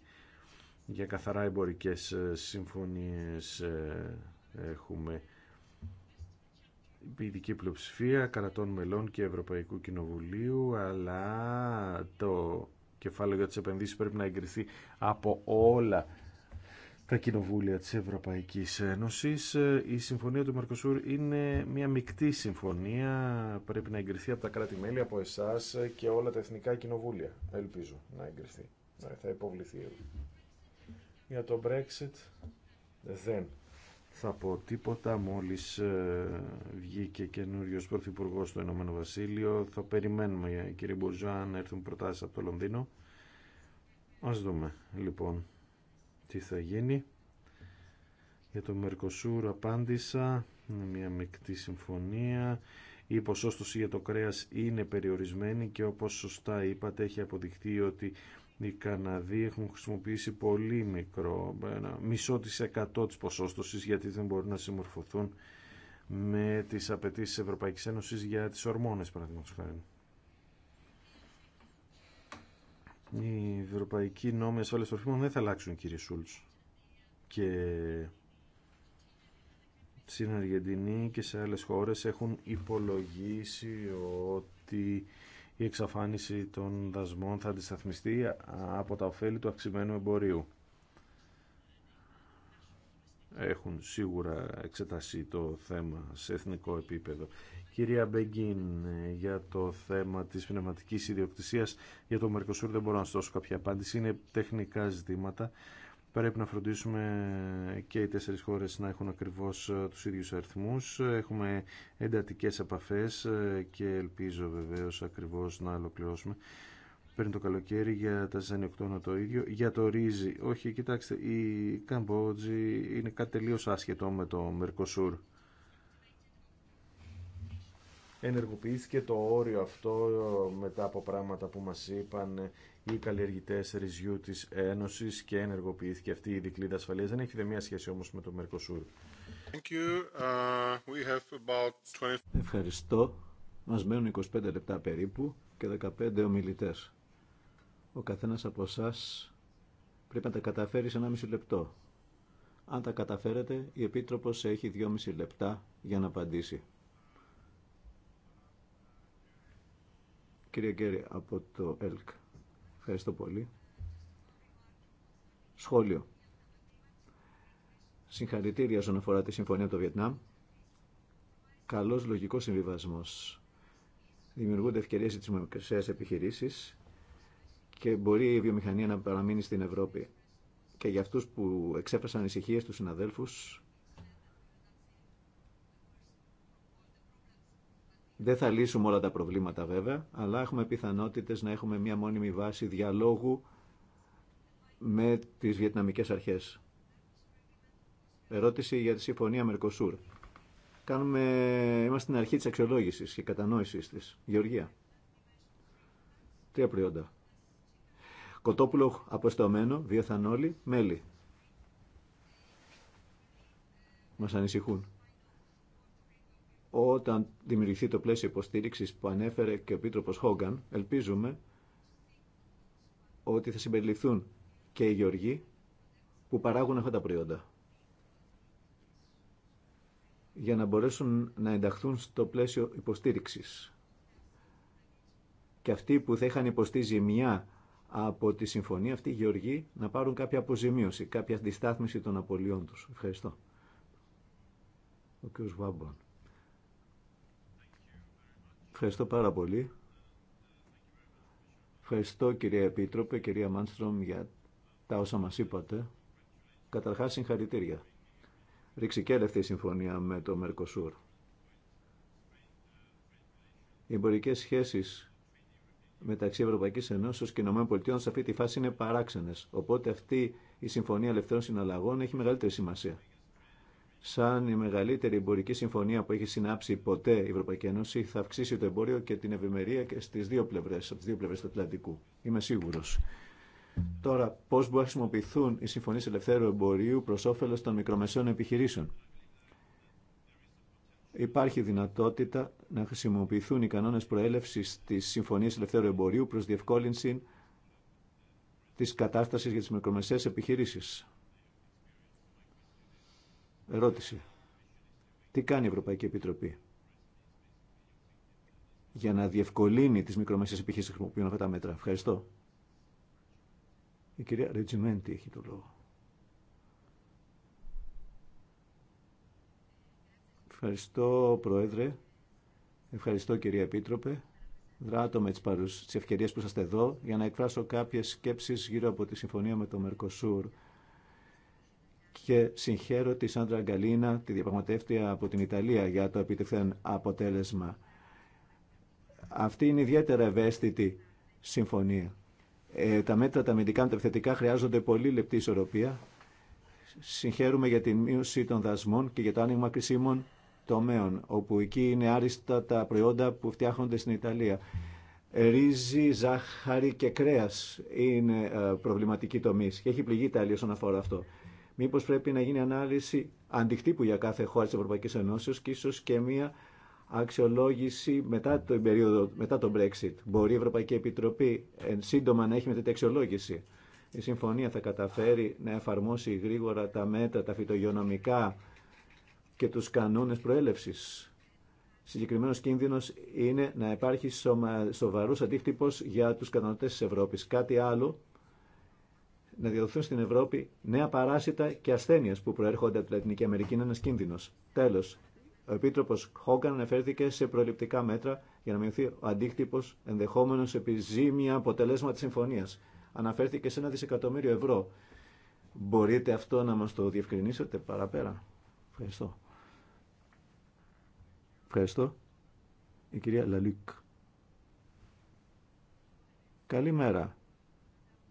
για καθαρά εμπορικές ε, συμφωνίες ε, έχουμε ειδική πλειοψηφία κρατών μελών και Ευρωπαϊκού Κοινοβουλίου αλλά το κεφάλαιο για τις επενδύσεις πρέπει να εγκριθεί από όλα τα κοινοβούλια της Ευρωπαϊκής Ένωσης. Ε, η συμφωνία του Μαρκοσούρ είναι μια μεικτή συμφωνία, πρέπει να εγκριθεί από τα κράτη-μέλη, από εσάς και όλα τα εθνικά κοινοβούλια. Ελπίζω να εγκριθεί. Ναι, θα υποβληθεί. Για το Brexit δεν θα πω τίποτα. Μόλις ε, βγήκε καινούριος πρωθυπουργό στο Ηνωμένο Βασίλειο, θα περιμένουμε ε, κύριε Μπορζά να έρθουν προτάσεις από το Λονδίνο. Ας δούμε λοιπόν τι θα γίνει. Για το Μερκοσούρ απάντησα, είναι μια μεικτή συμφωνία. Η ποσόστοση για το κρέας είναι περιορισμένη και όπως σωστά είπατε έχει αποδειχτεί ότι οι Καναδοί έχουν χρησιμοποιήσει πολύ μικρό, ένα μισό της εκατό της ποσόστοσης γιατί δεν μπορούν να συμμορφωθούν με τις απαιτήσεις της Ευρωπαϊκής Ένωσης για τις ορμόνες παραδείγματος Οι ευρωπαϊκοί νόμοι ασφάλεια τροφίμων δεν θα αλλάξουν, κύριε Σούλτ. Και στην Αργεντινή και σε άλλες χώρες έχουν υπολογίσει ότι η εξαφάνιση των δασμών θα αντισταθμιστεί από τα ωφέλη του αυξημένου εμπορίου. Έχουν σίγουρα εξετάσει το θέμα σε εθνικό επίπεδο. Κυρία Μπεγκίν, για το θέμα της πνευματικής ιδιοκτησίας για το Μερκοσούρ δεν μπορώ να σας δώσω κάποια απάντηση. Είναι τεχνικά ζητήματα. Πρέπει να φροντίσουμε και οι τέσσερις χώρες να έχουν ακριβώς ε, τους ίδιους αριθμούς. Έχουμε εντατικές επαφές ε, και ελπίζω βεβαίως ακριβώς να ολοκληρώσουμε πριν το καλοκαίρι για τα ζανιοκτώνα το ίδιο. Για το ρύζι, όχι, κοιτάξτε, η Καμπότζη είναι κάτι τελείως άσχετο με το Μερκοσούρ ενεργοποιήθηκε το όριο αυτό μετά από πράγματα που μας είπαν οι καλλιεργητές ρυζιού της Ένωσης και ενεργοποιήθηκε αυτή η δικλίδα ασφαλείας. Δεν έχει δε μία σχέση όμως με το Μερκοσούρ. Uh, Ευχαριστώ. Μας μένουν 25 λεπτά περίπου και 15 ομιλητές. Ο καθένας από εσά πρέπει να τα καταφέρει σε 1,5 λεπτό. Αν τα καταφέρετε, η Επίτροπος έχει 2,5 λεπτά για να απαντήσει. Κύριε Γκέρι από το ΕΛΚ. Ευχαριστώ πολύ. Σχόλιο. Συγχαρητήρια όσον αφορά τη συμφωνία του το Βιετνάμ. Καλός λογικός συμβιβασμός. Δημιουργούνται ευκαιρίες στις μικρές επιχειρήσεις και μπορεί η βιομηχανία να παραμείνει στην Ευρώπη. Και για αυτούς που εξέφρασαν ανησυχίες τους συναδέλφους, Δεν θα λύσουμε όλα τα προβλήματα βέβαια, αλλά έχουμε πιθανότητες να έχουμε μια μόνιμη βάση διαλόγου με τις βιετναμικές αρχές. Ερώτηση για τη Συμφωνία Μερκοσούρ. Κάνουμε... Είμαστε στην αρχή της αξιολόγησης και κατανόησης της. Γεωργία. Τρία προϊόντα. Κοτόπουλο αποστομένο, βιοθανόλι, μέλι. Μας ανησυχούν όταν δημιουργηθεί το πλαίσιο υποστήριξης που ανέφερε και ο Επίτροπος Χόγκαν, ελπίζουμε ότι θα συμπεριληφθούν και οι γεωργοί που παράγουν αυτά τα προϊόντα για να μπορέσουν να ενταχθούν στο πλαίσιο υποστήριξης. Και αυτοί που θα είχαν υποστεί ζημιά από τη συμφωνία αυτή, οι γεωργοί, να πάρουν κάποια αποζημίωση, κάποια αντιστάθμιση των απολειών τους. Ευχαριστώ. Ο κ. Βάμπον. Ευχαριστώ πάρα πολύ. Ευχαριστώ κυρία Επίτροπε, κυρία Μάνστρομ για τα όσα μας είπατε. Καταρχάς συγχαρητήρια. Ρηξικέλευτη η συμφωνία με το Μερκοσούρ. Οι εμπορικές σχέσεις μεταξύ Ευρωπαϊκής Ενώσεως και ΗΠΑ σε αυτή τη φάση είναι παράξενες. Οπότε αυτή η Συμφωνία Ελευθερών Συναλλαγών έχει μεγαλύτερη σημασία σαν η μεγαλύτερη εμπορική συμφωνία που έχει συνάψει ποτέ η Ευρωπαϊκή Ένωση, θα αυξήσει το εμπόριο και την ευημερία και στις δύο πλευρές, από τις δύο πλευρές του Ατλαντικού. Είμαι σίγουρος. Τώρα, πώς μπορούν να χρησιμοποιηθούν οι συμφωνίες ελευθέρου εμπορίου προς όφελος των μικρομεσαίων επιχειρήσεων. Υπάρχει δυνατότητα να χρησιμοποιηθούν οι κανόνες προέλευση τη συμφωνίας Ελευθέρου Εμπορίου προς διευκόλυνση τη κατάσταση για τι μικρομεσαίες επιχειρήσει. Ερώτηση. Τι κάνει η Ευρωπαϊκή Επιτροπή για να διευκολύνει τις μικρομεσαίες επιχείρησεις που χρησιμοποιούν αυτά τα μέτρα. Ευχαριστώ. Η κυρία Ρετζιμέντη έχει το λόγο. Ευχαριστώ, Πρόεδρε. Ευχαριστώ, κυρία Επίτροπε. Δράτω με τις, παρουσ... τις ευκαιρίες που είσαστε εδώ για να εκφράσω κάποιες σκέψεις γύρω από τη συμφωνία με το Μερκοσούρ και συγχαίρω τη Σάντρα Γκαλίνα, τη διαπραγματεύτρια από την Ιταλία για το επιτευχθέν αποτέλεσμα. Αυτή είναι ιδιαίτερα ευαίσθητη συμφωνία. Ε, τα μέτρα τα αμυντικά τα επιθετικά χρειάζονται πολύ λεπτή ισορροπία. Συγχαίρουμε για τη μείωση των δασμών και για το άνοιγμα κρισίμων τομέων, όπου εκεί είναι άριστα τα προϊόντα που φτιάχνονται στην Ιταλία. Ρύζι, ζάχαρη και κρέας είναι ε, προβληματική τομεί και έχει πληγεί η Ιταλία όσον αφορά αυτό. Μήπως πρέπει να γίνει ανάλυση αντικτύπου για κάθε χώρα τη Ευρωπαϊκή Ένωση, και ίσω και μία αξιολόγηση μετά, το περίοδο, μετά τον Brexit. Μπορεί η Ευρωπαϊκή Επιτροπή εν σύντομα να έχει με τέτοια αξιολόγηση. Η συμφωνία θα καταφέρει να εφαρμόσει γρήγορα τα μέτρα, τα φυτογειονομικά και τους κανόνες προέλευσης. Συγκεκριμένο κίνδυνο είναι να υπάρχει σοβαρό αντίκτυπο για του καταναλωτέ τη Ευρώπη, Κάτι άλλο να διαδοθούν στην Ευρώπη νέα παράσιτα και ασθένειε που προέρχονται από τη Λατινική Αμερική είναι ένα κίνδυνο. Τέλο, ο Επίτροπο Χόγκαν αναφέρθηκε σε προληπτικά μέτρα για να μειωθεί ο αντίκτυπο ενδεχόμενο επιζήμια αποτελέσμα τη συμφωνία. Αναφέρθηκε σε ένα δισεκατομμύριο ευρώ. Μπορείτε αυτό να μα το διευκρινίσετε παραπέρα. Ευχαριστώ. Ευχαριστώ. Η κυρία Λαλίκ. Καλημέρα.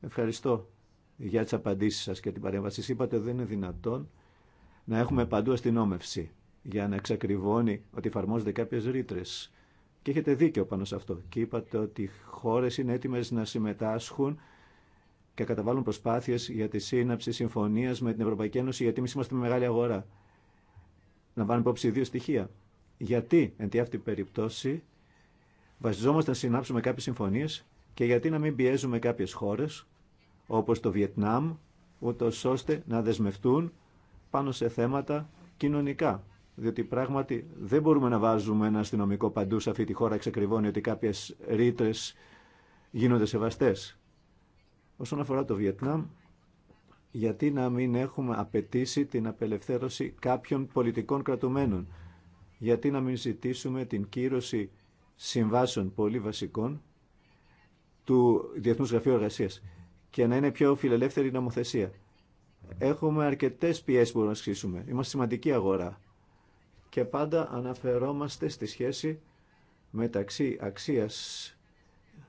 Ευχαριστώ για τις απαντήσεις σας και την παρέμβαση. Είπατε ότι δεν είναι δυνατόν να έχουμε παντού αστυνόμευση για να εξακριβώνει ότι εφαρμόζονται κάποιες ρήτρε. Και έχετε δίκιο πάνω σε αυτό. Και είπατε ότι οι χώρες είναι έτοιμες να συμμετάσχουν και καταβάλουν προσπάθειες για τη σύναψη συμφωνίας με την Ευρωπαϊκή Ένωση γιατί εμείς είμαστε μεγάλη αγορά. Να βάλουμε υπόψη δύο στοιχεία. Γιατί, εν τη αυτή περιπτώση, βασιζόμαστε να συνάψουμε κάποιες συμφωνίες και γιατί να μην πιέζουμε κάποιες χώρες όπως το Βιετνάμ, ούτω ώστε να δεσμευτούν πάνω σε θέματα κοινωνικά. Διότι πράγματι δεν μπορούμε να βάζουμε ένα αστυνομικό παντού σε αυτή τη χώρα εξακριβώνει ότι κάποιες ρήτρε γίνονται σεβαστές. Όσον αφορά το Βιετνάμ, γιατί να μην έχουμε απαιτήσει την απελευθέρωση κάποιων πολιτικών κρατουμένων. Γιατί να μην ζητήσουμε την κύρωση συμβάσεων πολύ βασικών του Διεθνούς Γραφείου Εργασίας και να είναι πιο φιλελεύθερη η νομοθεσία. Έχουμε αρκετέ πιέσει που μπορούμε να ασκήσουμε. Είμαστε σημαντική αγορά. Και πάντα αναφερόμαστε στη σχέση μεταξύ αξία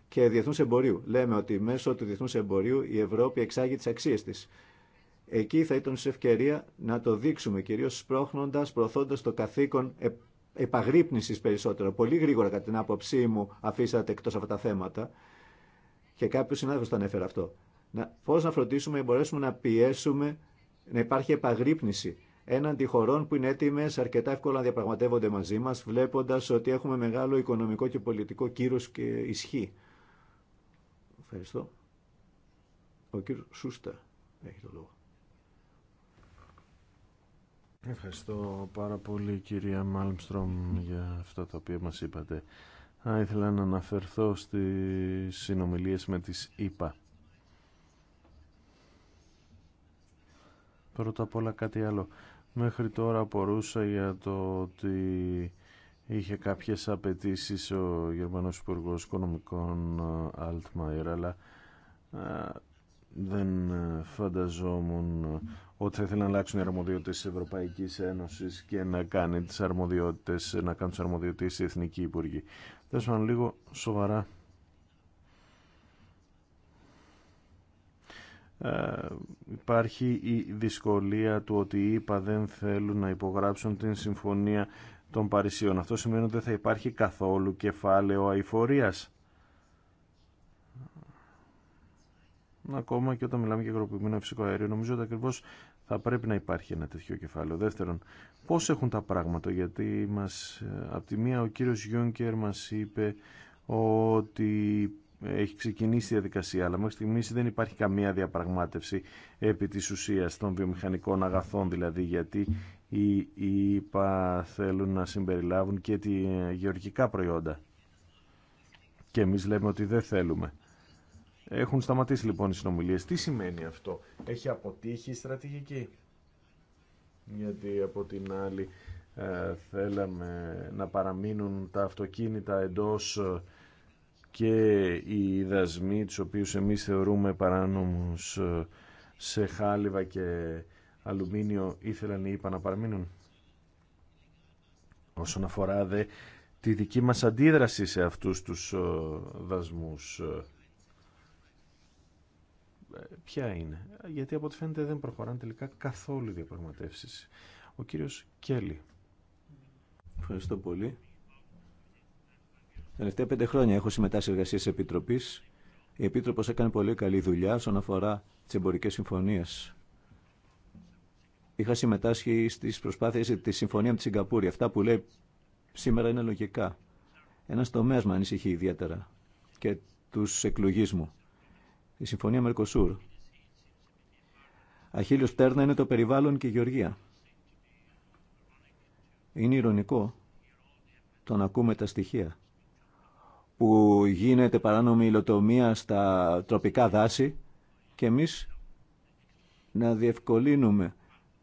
και διεθνού εμπορίου. Λέμε ότι μέσω του διεθνούς εμπορίου η Ευρώπη εξάγει τις αξίες τη. Εκεί θα ήταν σε ευκαιρία να το δείξουμε, κυρίω σπρώχνοντα προωθώντας το καθήκον ε, επαγρύπνησης περισσότερο. Πολύ γρήγορα, κατά την άποψή μου, αφήσατε εκτό αυτά τα θέματα. Και κάποιο συνάδελφο το ανέφερε αυτό να, πώς να φροντίσουμε να μπορέσουμε να πιέσουμε να υπάρχει επαγρύπνηση έναντι χωρών που είναι έτοιμε αρκετά εύκολα να διαπραγματεύονται μαζί μα, βλέποντα ότι έχουμε μεγάλο οικονομικό και πολιτικό κύρος και ισχύ. Ευχαριστώ. Ο κύριο Σούστα έχει το λόγο. Ευχαριστώ πάρα πολύ κυρία Μάλμστρομ για αυτά τα οποία μας είπατε. Θα ήθελα να αναφερθώ στις συνομιλίες με τις ΙΠΑ. Πρώτα απ' όλα κάτι άλλο. Μέχρι τώρα απορούσα για το ότι είχε κάποιες απαιτήσει ο Γερμανός υπουργό Οικονομικών Altmaier, αλλά ε, δεν φανταζόμουν ότι θα ήθελα να αλλάξουν οι αρμοδιότητες της Ευρωπαϊκής Ένωσης και να κάνει τις αρμοδιότητες, να κάνουν τις αρμοδιότητες οι εθνικοί υπουργοί. να λίγο σοβαρά Ε, υπάρχει η δυσκολία του ότι οι ΙΠΑ δεν θέλουν να υπογράψουν την Συμφωνία των Παρισίων. Αυτό σημαίνει ότι δεν θα υπάρχει καθόλου κεφάλαιο αηφορίας. Ακόμα και όταν μιλάμε για αγροποιημένο φυσικό αέριο, νομίζω ότι ακριβώ θα πρέπει να υπάρχει ένα τέτοιο κεφάλαιο. Δεύτερον, πώ έχουν τα πράγματα, γιατί μας, ε, από τη μία ο κύριο Γιούνκερ μα είπε ότι έχει ξεκινήσει η διαδικασία, αλλά μέχρι στιγμής δεν υπάρχει καμία διαπραγμάτευση επί της ουσίας των βιομηχανικών αγαθών, δηλαδή γιατί οι ΙΠΑ θέλουν να συμπεριλάβουν και τη γεωργικά προϊόντα. Και εμείς λέμε ότι δεν θέλουμε. Έχουν σταματήσει λοιπόν οι συνομιλίες. Τι σημαίνει αυτό. Έχει αποτύχει η στρατηγική. Γιατί από την άλλη ε, θέλαμε να παραμείνουν τα αυτοκίνητα εντός ε, και οι δασμοί τους οποίους εμείς θεωρούμε παράνομους ε, σε χάλιβα και αλουμίνιο ήθελαν ή ήπα να παραμείνουν. Όσον αφορά δε τη δική μας αντίδραση σε αυτούς τους ε, δασμούς ε, ποια είναι. Γιατί από ό,τι φαίνεται δεν προχωράνε τελικά καθόλου οι διαπραγματεύσεις. Ο κύριος Κέλλη. Ευχαριστώ πολύ τελευταία πέντε χρόνια έχω συμμετάσχει σε εργασίε τη Επιτροπή. Η Επίτροπο έκανε πολύ καλή δουλειά όσον αφορά τι εμπορικέ συμφωνίε. Είχα συμμετάσχει στι προσπάθειε τη συμφωνία με τη Σιγκαπούρη. Αυτά που λέει σήμερα είναι λογικά. Ένα τομέα με ανησυχεί ιδιαίτερα και του εκλογεί μου. Η συμφωνία Μερκοσούρ. Αχίλιο Πτέρνα είναι το περιβάλλον και η γεωργία. Είναι ηρωνικό το να ακούμε τα στοιχεία που γίνεται παράνομη υλοτομία στα τροπικά δάση και εμείς να διευκολύνουμε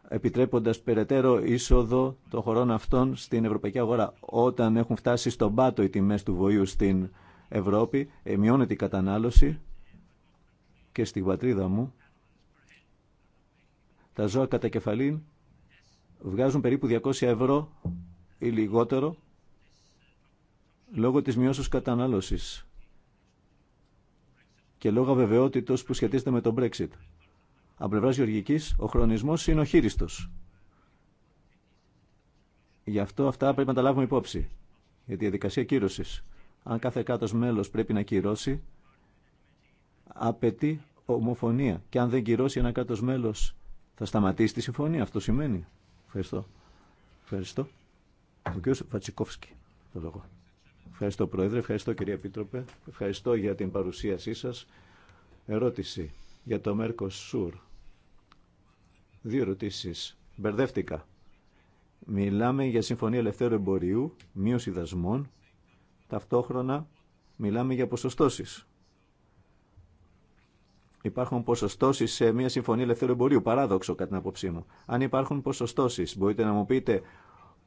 επιτρέποντας περαιτέρω είσοδο των χωρών αυτών στην ευρωπαϊκή αγορά. Όταν έχουν φτάσει στον πάτο οι τιμές του βοήου στην Ευρώπη, ε, μειώνεται η κατανάλωση και στη πατρίδα μου τα ζώα κατά κεφαλήν βγάζουν περίπου 200 ευρώ ή λιγότερο λόγω της μειώσεως κατανάλωσης και λόγω βεβαιότητος που σχετίζεται με τον Brexit. Από πλευράς γεωργικής, ο χρονισμός είναι ο χείριστος. Γι' αυτό αυτά πρέπει να τα λάβουμε υπόψη. Γιατί η διαδικασία κύρωσης. Αν κάθε κάτος μέλος πρέπει να κυρώσει, απαιτεί ομοφωνία. Και αν δεν κυρώσει ένα κάτος μέλος, θα σταματήσει τη συμφωνία. Αυτό σημαίνει. Ευχαριστώ. Ευχαριστώ. Ο κ. Βατσικόφσκι. Το λόγο. Ευχαριστώ Πρόεδρε, ευχαριστώ κυρία Επίτροπε, ευχαριστώ για την παρουσίασή σας. Ερώτηση για το Mercosur. Δύο ερωτήσεις. Μπερδεύτηκα. Μιλάμε για Συμφωνία Ελευθέρου Εμπορίου, μείωση δασμών. Ταυτόχρονα μιλάμε για ποσοστώσεις. Υπάρχουν ποσοστώσεις σε μια Συμφωνία Ελευθέρου Εμπορίου. Παράδοξο κατά την απόψή μου. Αν υπάρχουν ποσοστώσεις, μπορείτε να μου πείτε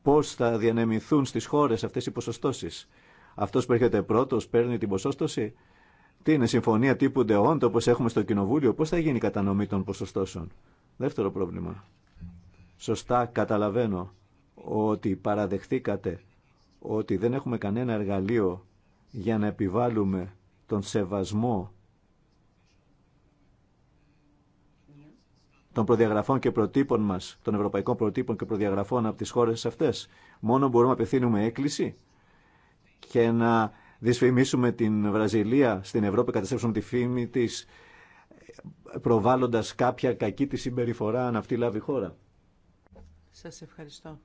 πώς θα διανεμηθούν στις χώρες αυτές οι ποσοστώσεις αυτός που έρχεται πρώτος παίρνει την ποσόστοση. Τι είναι, συμφωνία τύπου ντεόντα όπως έχουμε στο Κοινοβούλιο, πώς θα γίνει η κατανομή των ποσοστώσεων. Δεύτερο πρόβλημα. Σωστά καταλαβαίνω ότι παραδεχθήκατε ότι δεν έχουμε κανένα εργαλείο για να επιβάλλουμε τον σεβασμό των προδιαγραφών και προτύπων μας, των ευρωπαϊκών προτύπων και προδιαγραφών από τις χώρες αυτές. Μόνο μπορούμε να απευθύνουμε έκκληση και να δυσφημίσουμε την Βραζιλία στην Ευρώπη, καταστρέψουμε τη φήμη της, προβάλλοντας κάποια κακή τη συμπεριφορά αν αυτή λάβει χώρα. Σας ευχαριστώ.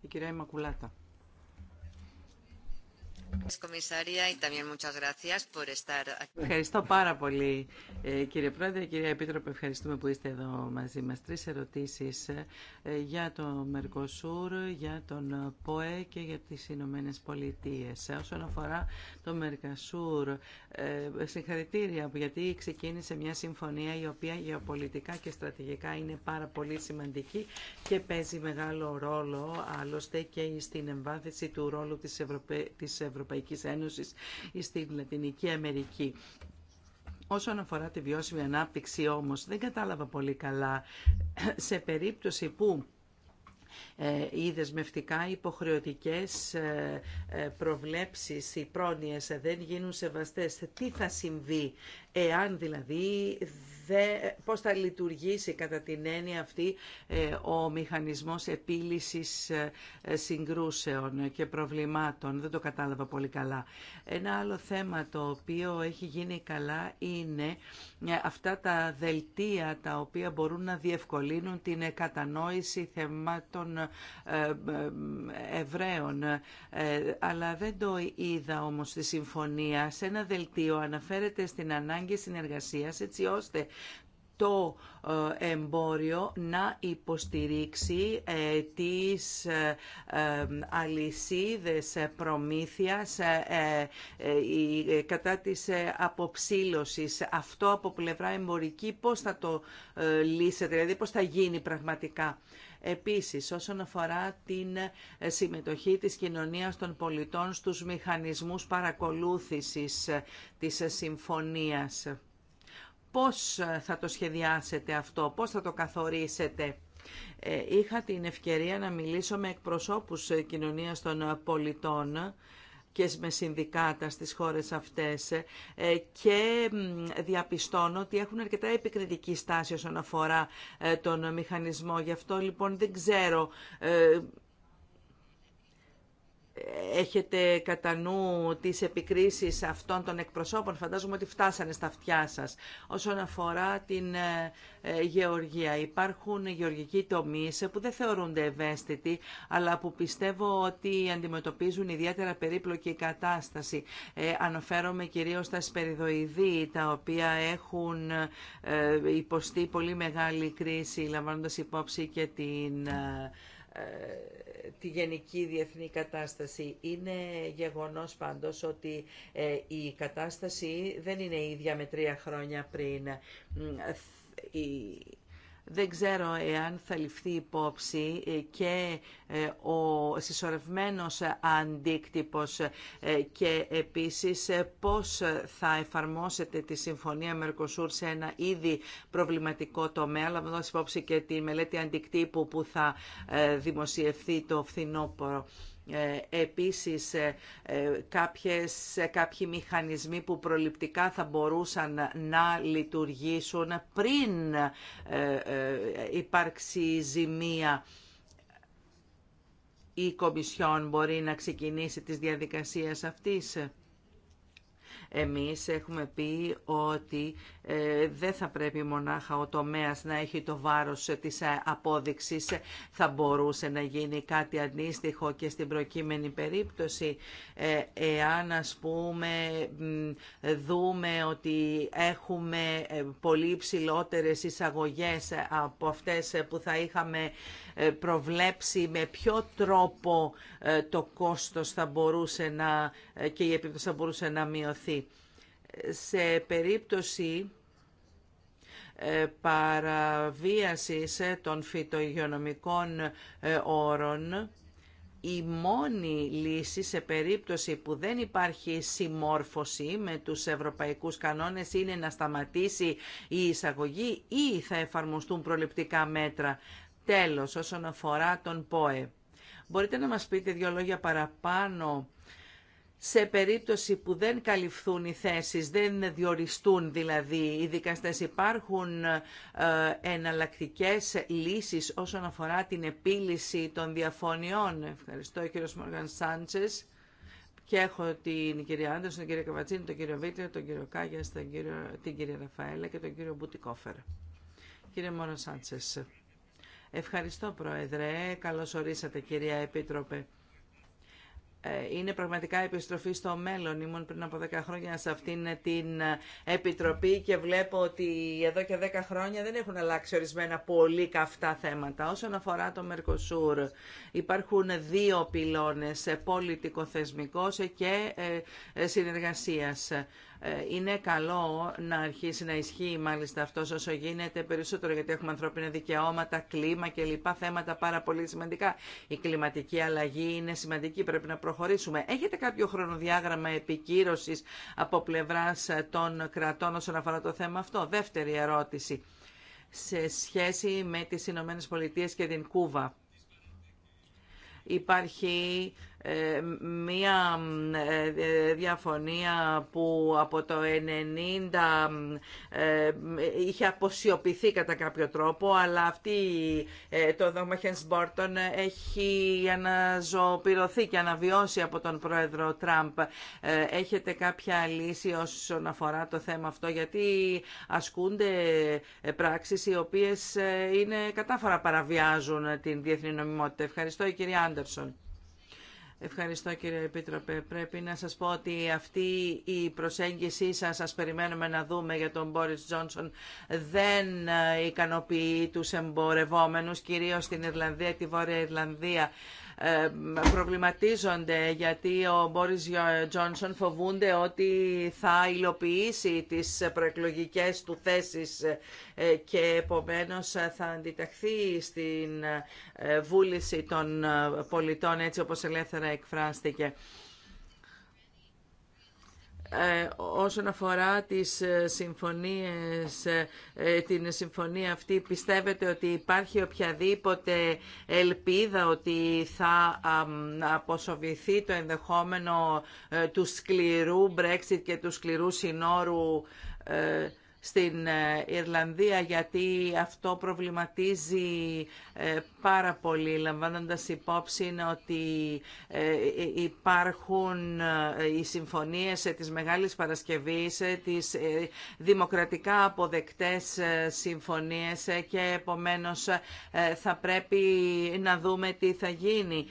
Η κυρία Μακουλάτα. Ευχαριστώ πάρα πολύ ε, κύριε Πρόεδρε, κυρία Επίτροπε, ευχαριστούμε που είστε εδώ μαζί μας. Τρεις ερωτήσεις ε, για το Μερκοσούρ, για τον ΠΟΕ και για τις Ηνωμένε Πολιτείε. Ε, όσον αφορά το Μερκασούρ, συγχαρητήρια γιατί ξεκίνησε μια συμφωνία η οποία γεωπολιτικά και στρατηγικά είναι πάρα πολύ σημαντική και παίζει μεγάλο ρόλο άλλωστε και στην εμβάθυνση του ρόλου της Ευρωπαϊκής Ευρωπαϊκής Ένωσης στην Λατινική Αμερική. Όσον αφορά τη βιώσιμη ανάπτυξη όμως, δεν κατάλαβα πολύ καλά σε περίπτωση που ε, οι δεσμευτικά υποχρεωτικές ε, ε, προβλέψεις, οι πρόνοιες δεν γίνουν σεβαστές. Τι θα συμβεί εάν δηλαδή πώς θα λειτουργήσει κατά την έννοια αυτή ε, ο μηχανισμός επίλυσης ε, συγκρούσεων και προβλημάτων. Δεν το κατάλαβα πολύ καλά. Ένα άλλο θέμα το οποίο έχει γίνει καλά είναι ε, αυτά τα δελτία τα οποία μπορούν να διευκολύνουν την κατανόηση θεμάτων Εβραίων. Αλλά δεν το είδα όμως στη συμφωνία. Σε ένα δελτίο αναφέρεται στην ανάγκη συνεργασίας έτσι ώστε το ε, εμπόριο να υποστηρίξει ε, τις ε, αλυσίδες προμήθειας κατά της αποψήλωσης. Αυτό από πλευρά εμπορική πώς θα το λύσετε, δηλαδή πώς θα γίνει πραγματικά. Επίσης, όσον αφορά την συμμετοχή της κοινωνίας των πολιτών στους μηχανισμούς παρακολούθησης της συμφωνίας. Πώς ε, θα το σχεδιάσετε αυτό, πώς θα το καθορίσετε. Ε, είχα την ευκαιρία να μιλήσω με εκπροσώπους ε, κοινωνίας των πολιτών και με συνδικάτα στις χώρες αυτές και διαπιστώνω ότι έχουν αρκετά επικριτική στάση όσον αφορά τον μηχανισμό. Γι' αυτό λοιπόν δεν ξέρω έχετε κατά νου τις επικρίσεις αυτών των εκπροσώπων. Φαντάζομαι ότι φτάσανε στα αυτιά σας. Όσον αφορά την ε, ε, γεωργία, υπάρχουν γεωργικοί τομείς που δεν θεωρούνται ευαίσθητοι, αλλά που πιστεύω ότι αντιμετωπίζουν ιδιαίτερα περίπλοκη κατάσταση. Ε, αναφέρομαι κυρίως στα σπεριδοειδή, τα οποία έχουν ε, υποστεί πολύ μεγάλη κρίση, λαμβάνοντας υπόψη και την ε, τη γενική διεθνή κατάσταση. Είναι γεγονός πάντως ότι ε, η κατάσταση δεν είναι ίδια με τρία χρόνια πριν. Ε, δεν ξέρω εάν θα ληφθεί υπόψη ε, και ε, ο συσσωρευμένος αντίκτυπος ε, και επίσης πώς θα εφαρμόσετε τη Συμφωνία Μερκοσούρ σε ένα ήδη προβληματικό τομέα, αλλά δώσει υπόψη και τη μελέτη αντικτύπου που θα δημοσιευθεί το φθινόπωρο. Ε, επίσης, ε, ε, κάποιες, κάποιοι μηχανισμοί που προληπτικά θα μπορούσαν να λειτουργήσουν πριν υπάρξει ζημία η Κομισιόν μπορεί να ξεκινήσει τις διαδικασίες αυτής. Εμείς έχουμε πει ότι ε, δεν θα πρέπει μονάχα ο τομέας να έχει το βάρος της ε, απόδειξης. Θα μπορούσε να γίνει κάτι αντίστοιχο και στην προκείμενη περίπτωση. Ε, εάν, ας πούμε, δούμε ότι έχουμε πολύ ψηλότερες εισαγωγές από αυτές που θα είχαμε ε, προβλέψει με ποιο τρόπο ε, το κόστος θα μπορούσε να, ε, και η επίπτωση θα μπορούσε να μειωθεί. Σε περίπτωση παραβίασης των φυτογειονομικών όρων, η μόνη λύση σε περίπτωση που δεν υπάρχει συμμόρφωση με τους ευρωπαϊκούς κανόνες είναι να σταματήσει η εισαγωγή ή θα εφαρμοστούν προληπτικά μέτρα. Τέλος, όσον αφορά τον ΠΟΕ. Μπορείτε να μας πείτε δύο λόγια παραπάνω σε περίπτωση που δεν καλυφθούν οι θέσεις, δεν διοριστούν δηλαδή οι δικαστές, υπάρχουν ε, εναλλακτικές λύσεις όσον αφορά την επίλυση των διαφωνιών. Ευχαριστώ κύριο Μόργαν Σάντσες και έχω την κυρία Άντερς, τον κύριο Καβατσίνη, τον κύριο Βίτρια, τον κύριο Κάγιας, τον κύριο, την κυρία Ραφαέλα και τον κύριο Μπουτικόφερ. Κύριε Μόργαν Σάντσες. Ευχαριστώ Πρόεδρε. Καλώς ορίσατε κυρία Επίτροπε. Ε, είναι πραγματικά επιστροφή στο μέλλον. Ήμουν πριν από 10 χρόνια σε αυτήν την επιτροπή και βλέπω ότι εδώ και 10 χρόνια δεν έχουν αλλάξει ορισμένα πολύ καυτά θέματα. Όσον αφορά το Μερκοσούρ, υπάρχουν δύο πυλώνες, ε, πολιτικοθεσμικός και ε, συνεργασίας. Ε, είναι καλό να αρχίσει να ισχύει μάλιστα αυτό όσο γίνεται περισσότερο, γιατί έχουμε ανθρώπινα δικαιώματα, κλίμα και λοιπά Θέματα πάρα πολύ σημαντικά. Η κλιματική αλλαγή είναι σημαντική, πρέπει να προχωρήσουμε. Έχετε κάποιο χρονοδιάγραμμα επικύρωσης από πλευρά των κρατών όσον αφορά το θέμα αυτό. Δεύτερη ερώτηση. Σε σχέση με τις Ηνωμένε Πολιτείες και την Κούβα. Υπάρχει ε, μία ε, διαφωνία που από το 90 ε, είχε αποσιωπηθεί κατά κάποιο τρόπο, αλλά αυτή το δόγμα Χένς Μπόρτον έχει αναζωοποιηθεί και αναβιώσει από τον πρόεδρο Τραμπ. Έχετε κάποια λύση όσον αφορά το θέμα αυτό, γιατί ασκούνται πράξεις οι οποίες είναι κατάφορα παραβιάζουν την διεθνή νομιμότητα. Ευχαριστώ η κυρία Άντερσον. Ευχαριστώ κύριε Επίτροπε. Πρέπει να σας πω ότι αυτή η προσέγγιση σας, σας περιμένουμε να δούμε για τον Μπόρις Τζόνσον, δεν ε, ικανοποιεί τους εμπορευόμενους, κυρίως στην Ιρλανδία, τη Βόρεια Ιρλανδία. Ε, προβληματίζονται γιατί ο Μπόρις Τζόνσον φοβούνται ότι θα υλοποιήσει τις προεκλογικές του θέσεις ε, και επομένως θα αντιταχθεί στην ε, βούληση των πολιτών έτσι όπως ελεύθερα εκφράστηκε. Ε, όσον αφορά τις ε, συμφωνίες, ε, την συμφωνία αυτή, πιστεύετε ότι υπάρχει οποιαδήποτε ελπίδα ότι θα αποσοβηθεί το ενδεχόμενο του σκληρού Brexit και του σκληρού συνόρου στην ε, Ιρλανδία γιατί αυτό προβληματίζει ε, πάρα πολύ λαμβάνοντας υπόψη ότι ε, υπάρχουν οι συμφωνίες της Μεγάλης Παρασκευής, τις δημοκρατικά αποδεκτές συμφωνίες και επομένως θα πρέπει να δούμε τι θα γίνει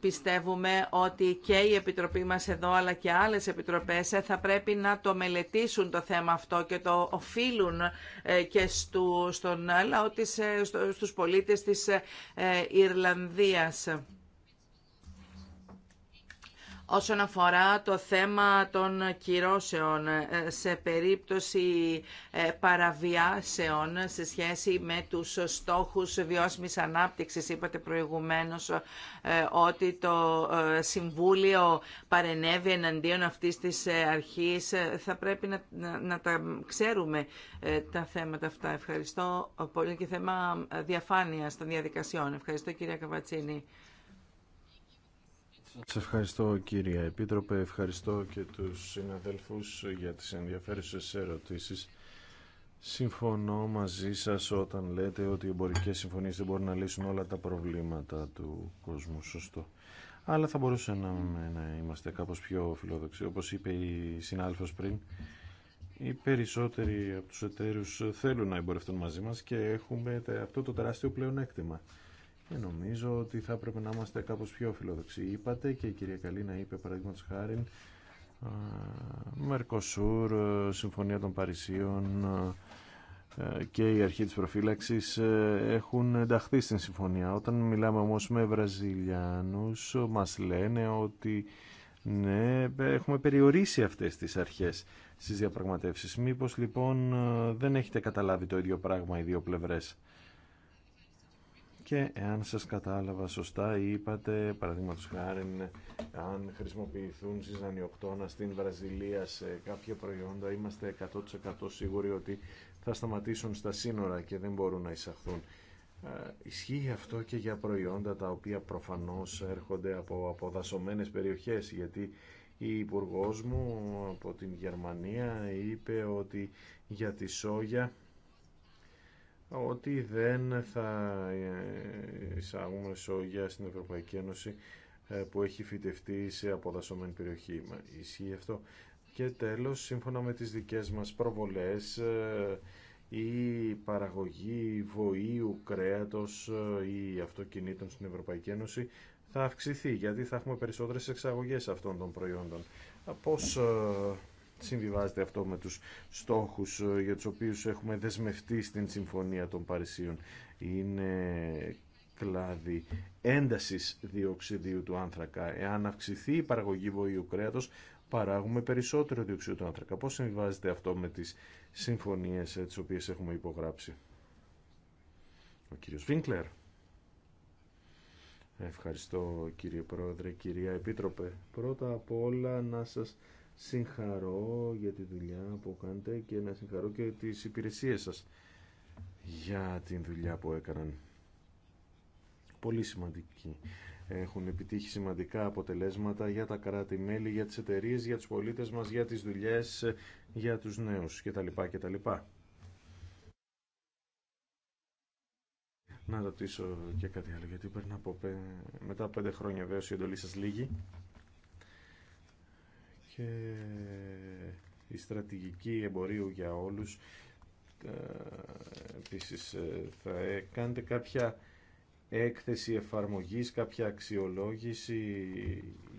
πιστεύουμε ότι και η Επιτροπή μας εδώ αλλά και άλλες επιτροπές ε, θα πρέπει να το μελετήσουν το θέμα αυτό και το οφείλουν ε, και στου στον λαό της, ε, στους πολίτες της Ιρλανδίας όσον αφορά το θέμα των κυρώσεων ε, σε περίπτωση ε, παραβιάσεων σε σχέση με τους στόχους βιώσιμης ανάπτυξης. Είπατε προηγουμένως ε, ότι το Συμβούλιο παρενέβη εναντίον αυτής της αρχής. Θα πρέπει να, τα ξέρουμε τα θέματα αυτά. Ευχαριστώ πολύ και θέμα διαφάνειας των διαδικασιών. Ευχαριστώ κυρία Καβατσίνη. Σα ευχαριστώ κύριε Επίτροπε, ευχαριστώ και τους συναδέλφους για τις ενδιαφέρουσες ερωτήσεις. Συμφωνώ μαζί σας όταν λέτε ότι οι εμπορικέ συμφωνίες δεν μπορούν να λύσουν όλα τα προβλήματα του κόσμου, σωστό. Αλλά θα μπορούσαμε να είμαστε κάπως πιο φιλόδοξοι. Όπως είπε η συνάδελφος πριν, οι περισσότεροι από τους εταίρους θέλουν να εμπορευτούν μαζί μας και έχουμε αυτό το τεράστιο πλεονέκτημα. Και ε, νομίζω ότι θα έπρεπε να είμαστε κάπως πιο φιλοδοξοί. Είπατε και η κυρία Καλίνα είπε παραδείγματος χάρη Μερκοσούρ, ε, Συμφωνία των Παρισίων ε, και η αρχή της προφύλαξης έχουν ενταχθεί στην συμφωνία. Όταν μιλάμε όμως με Βραζιλιάνους μας λένε ότι ναι, έχουμε περιορίσει αυτές τις αρχές στις διαπραγματεύσεις. Μήπως λοιπόν δεν έχετε καταλάβει το ίδιο πράγμα οι δύο πλευρές και εάν σας κατάλαβα σωστά είπατε παραδείγματο χάρη αν χρησιμοποιηθούν ζυζανιοκτώνα στην Βραζιλία σε κάποια προϊόντα είμαστε 100% σίγουροι ότι θα σταματήσουν στα σύνορα και δεν μπορούν να εισαχθούν. Ε, ισχύει αυτό και για προϊόντα τα οποία προφανώς έρχονται από αποδασωμένες περιοχές γιατί η υπουργό μου από την Γερμανία είπε ότι για τη σόγια ότι δεν θα ε, εισάγουμε σόγια στην Ευρωπαϊκή Ένωση ε, που έχει φυτευτεί σε αποδασωμένη περιοχή. ισχύει αυτό. Και τέλος, σύμφωνα με τις δικές μας προβολές, ε, η παραγωγή βοήου κρέατος ή αυτοκινήτων στην Ευρωπαϊκή Ένωση θα αυξηθεί, γιατί θα έχουμε περισσότερες εξαγωγές αυτών των προϊόντων. Πώς συμβιβάζεται αυτό με τους στόχους ε, για τους οποίους έχουμε δεσμευτεί στην Συμφωνία των Παρισίων. Είναι κλάδι έντασης διοξιδίου του άνθρακα. Εάν αυξηθεί η παραγωγή βοήου κρέατος, παράγουμε περισσότερο διοξιδίου του άνθρακα. Πώς συμβιβάζεται αυτό με τις συμφωνίες ε, τις οποίες έχουμε υπογράψει. Ο κύριος Βίνκλερ. Ευχαριστώ κύριε Πρόεδρε, κυρία Επίτροπε. Πρώτα απ' όλα να σας συγχαρώ για τη δουλειά που κάνετε και να συγχαρώ και τις υπηρεσίες σας για την δουλειά που έκαναν. Πολύ σημαντική. Έχουν επιτύχει σημαντικά αποτελέσματα για τα κράτη-μέλη, για τις εταιρείες, για τους πολίτες μας, για τις δουλειές, για τους νέους κτλ. κτλ. Να ρωτήσω και κάτι άλλο, γιατί πρέπει από μετά από πέντε χρόνια βέβαια η εντολή σας λίγη και η στρατηγική εμπορίου για όλους ε, επίσης ε, θα ε, κάνετε κάποια έκθεση εφαρμογής, κάποια αξιολόγηση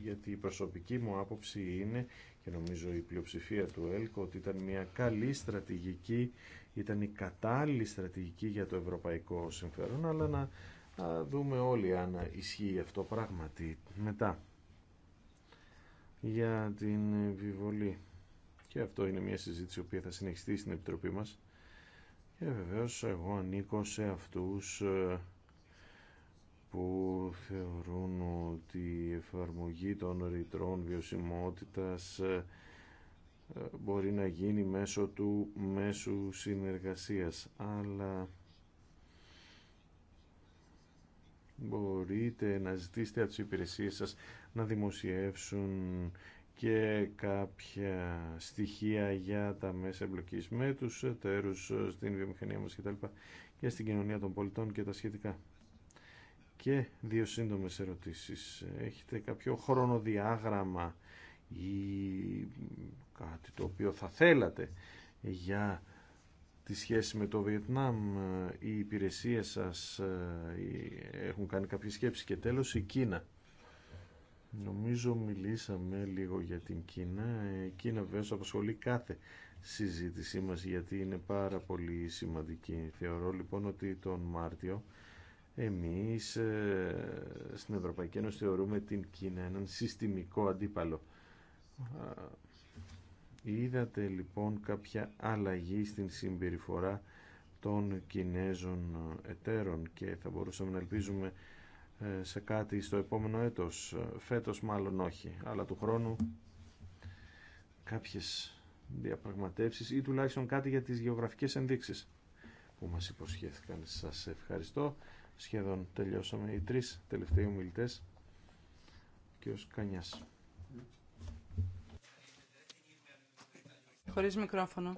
γιατί η προσωπική μου άποψη είναι και νομίζω η πλειοψηφία του ΕΛΚΟ ότι ήταν μια καλή στρατηγική ήταν η κατάλληλη στρατηγική για το ευρωπαϊκό συμφέρον αλλά να δούμε όλοι αν ισχύει αυτό πράγματι μετά για την επιβολή. Και αυτό είναι μια συζήτηση που θα συνεχιστεί στην Επιτροπή μας. Και βεβαίως εγώ ανήκω σε αυτούς ε, που θεωρούν ότι η εφαρμογή των ρητρών βιωσιμότητας ε, ε, μπορεί να γίνει μέσω του μέσου συνεργασίας αλλά μπορείτε να ζητήσετε από τις υπηρεσίες σας να δημοσιεύσουν και κάποια στοιχεία για τα μέσα εμπλοκής με τους εταίρους στην βιομηχανία μας κτλ. και στην κοινωνία των πολιτών και τα σχετικά. Και δύο σύντομε ερωτήσεις. Έχετε κάποιο χρονοδιάγραμμα ή κάτι το οποίο θα θέλατε για τη σχέση με το Βιετνάμ, ε, οι υπηρεσίε σας ε, έχουν κάνει κάποιες σκέψη. και τέλο. η Κίνα. Νομίζω μιλήσαμε λίγο για την Κίνα. Η Κίνα βέβαια απασχολεί κάθε συζήτησή μας γιατί είναι πάρα πολύ σημαντική. Θεωρώ λοιπόν ότι τον Μάρτιο εμείς ε, στην Ευρωπαϊκή Ένωση θεωρούμε την Κίνα έναν συστημικό αντίπαλο Είδατε λοιπόν κάποια αλλαγή στην συμπεριφορά των Κινέζων εταίρων και θα μπορούσαμε να ελπίζουμε ε, σε κάτι στο επόμενο έτος. Φέτος μάλλον όχι, αλλά του χρόνου κάποιες διαπραγματεύσεις ή τουλάχιστον κάτι για τις γεωγραφικές ενδείξεις που μας υποσχέθηκαν. Σας ευχαριστώ. Σχεδόν τελειώσαμε οι τρεις τελευταίοι ομιλητές και ως κανιάς. χωρίς μικρόφωνο.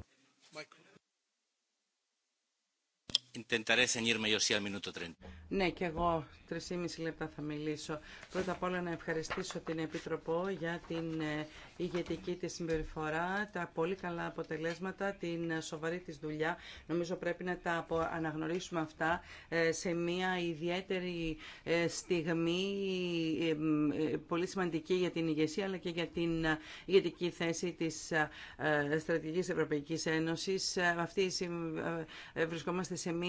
Intentaré ceñirme yo sí al minuto 30. Ναι, και εγώ 3,5 λεπτά θα μιλήσω. Πρώτα απ' όλα να ευχαριστήσω την Επίτροπο για την ε, ηγετική της συμπεριφορά, τα πολύ καλά αποτελέσματα, την ε, σοβαρή της δουλειά. Νομίζω πρέπει να τα αναγνωρίσουμε αυτά ε, σε μια ιδιαίτερη στιγμή πολύ σημαντική για την ηγεσία αλλά και για την ηγετική θέση της Στρατηγικής Ευρωπαϊκής Ένωσης. Αυτή βρισκόμαστε σε μια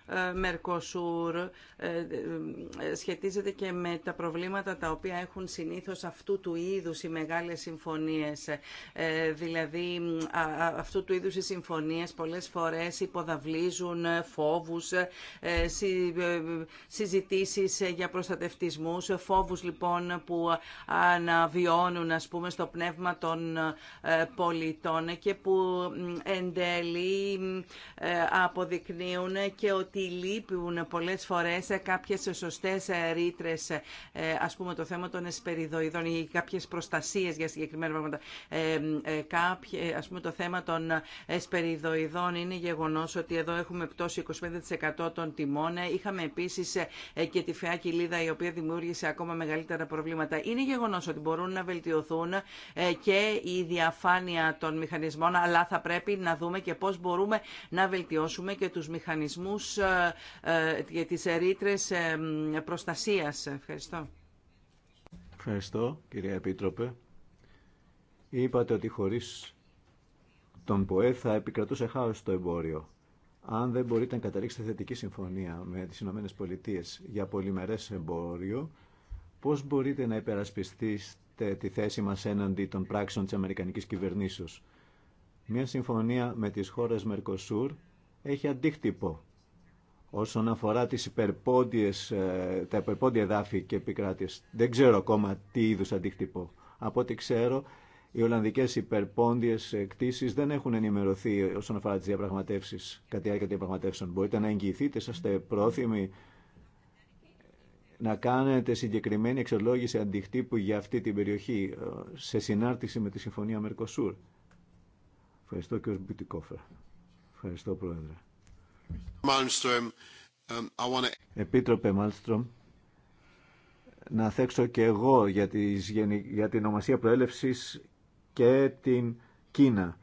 Ε, Μερκοσούρ ε, ε, σχετίζεται και με τα προβλήματα τα οποία έχουν συνήθως αυτού του είδους οι μεγάλες συμφωνίες. Δηλαδή αυτού του είδους οι συμφωνίες πολλές φορές υποδαβλίζουν φόβους, συζητήσεις για προστατευτισμούς, φόβους λοιπόν που αναβιώνουν ας πούμε στο πνεύμα των πολιτών και που εν τέλει αποδεικνύουν και ότι λείπουν πολλές φορές κάποιες σωστές ρήτρε, ε, ας πούμε το θέμα των εσπεριδοειδών ή κάποιες προστασίες για συγκεκριμένα πράγματα. Ε, ε, κάποιες, ας πούμε το θέμα των εσπεριδοειδών είναι γεγονός ότι εδώ έχουμε πτώση 25% των τιμών. Είχαμε επίσης και τη φαιά κοιλίδα η οποία δημιούργησε ακόμα μεγαλύτερα προβλήματα. Είναι γεγονός ότι μπορούν να βελτιωθούν και η διαφάνεια των μηχανισμών, αλλά θα πρέπει να δούμε και πώς μπορούμε να βελτιώσουμε και τους μηχανισμούς ε, ε, για τις ρήτρες ε, προστασίας. Ευχαριστώ. Ευχαριστώ, κυρία Επίτροπε. Είπατε ότι χωρίς τον ΠΟΕ θα επικρατούσε χάος στο εμπόριο. Αν δεν μπορείτε να καταλήξετε θετική συμφωνία με τις ΗΠΑ για πολυμερές εμπόριο, πώς μπορείτε να υπερασπιστείτε τη θέση μας έναντι των πράξεων της Αμερικανικής κυβερνήσεως. Μια συμφωνία με τις χώρες Μερκοσούρ έχει αντίκτυπο όσον αφορά τις υπερπόντιες, ε, τα υπερπόντια εδάφη και επικράτειες. Δεν ξέρω ακόμα τι είδους αντίκτυπο. Από ό,τι ξέρω, οι Ολλανδικές υπερπόντιες εκτίσεις δεν έχουν ενημερωθεί όσον αφορά τις διαπραγματεύσεις, κατά τη διάρκεια διαπραγματεύσεων. Μπορείτε να εγγυηθείτε, είστε πρόθυμοι να κάνετε συγκεκριμένη εξολόγηση αντικτύπου για αυτή την περιοχή ε, σε συνάρτηση με τη Συμφωνία Μερκοσούρ. Ευχαριστώ κ. Μπιτικόφερ. Ευχαριστώ Πρόεδρε. Um, Επίτροπε Μάλστρομ, να θέξω και εγώ για, την ομασία προέλευσης και την Κίνα.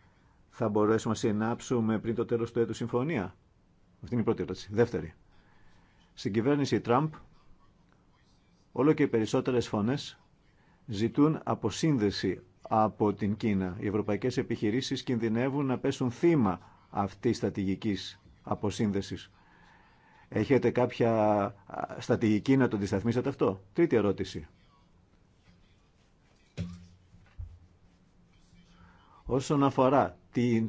Θα μπορέσουμε να συνάψουμε πριν το τέλος του έτου συμφωνία. Αυτή είναι η πρώτη ερώτηση. Δεύτερη. Στην κυβέρνηση Τραμπ, όλο και οι περισσότερες φωνές ζητούν αποσύνδεση από την Κίνα. Οι ευρωπαϊκές επιχειρήσεις κινδυνεύουν να πέσουν θύμα αυτής στρατηγικής αποσύνδεσης. Έχετε κάποια στατηγική να το αντισταθμίσετε αυτό. Τρίτη ερώτηση. Όσον αφορά τη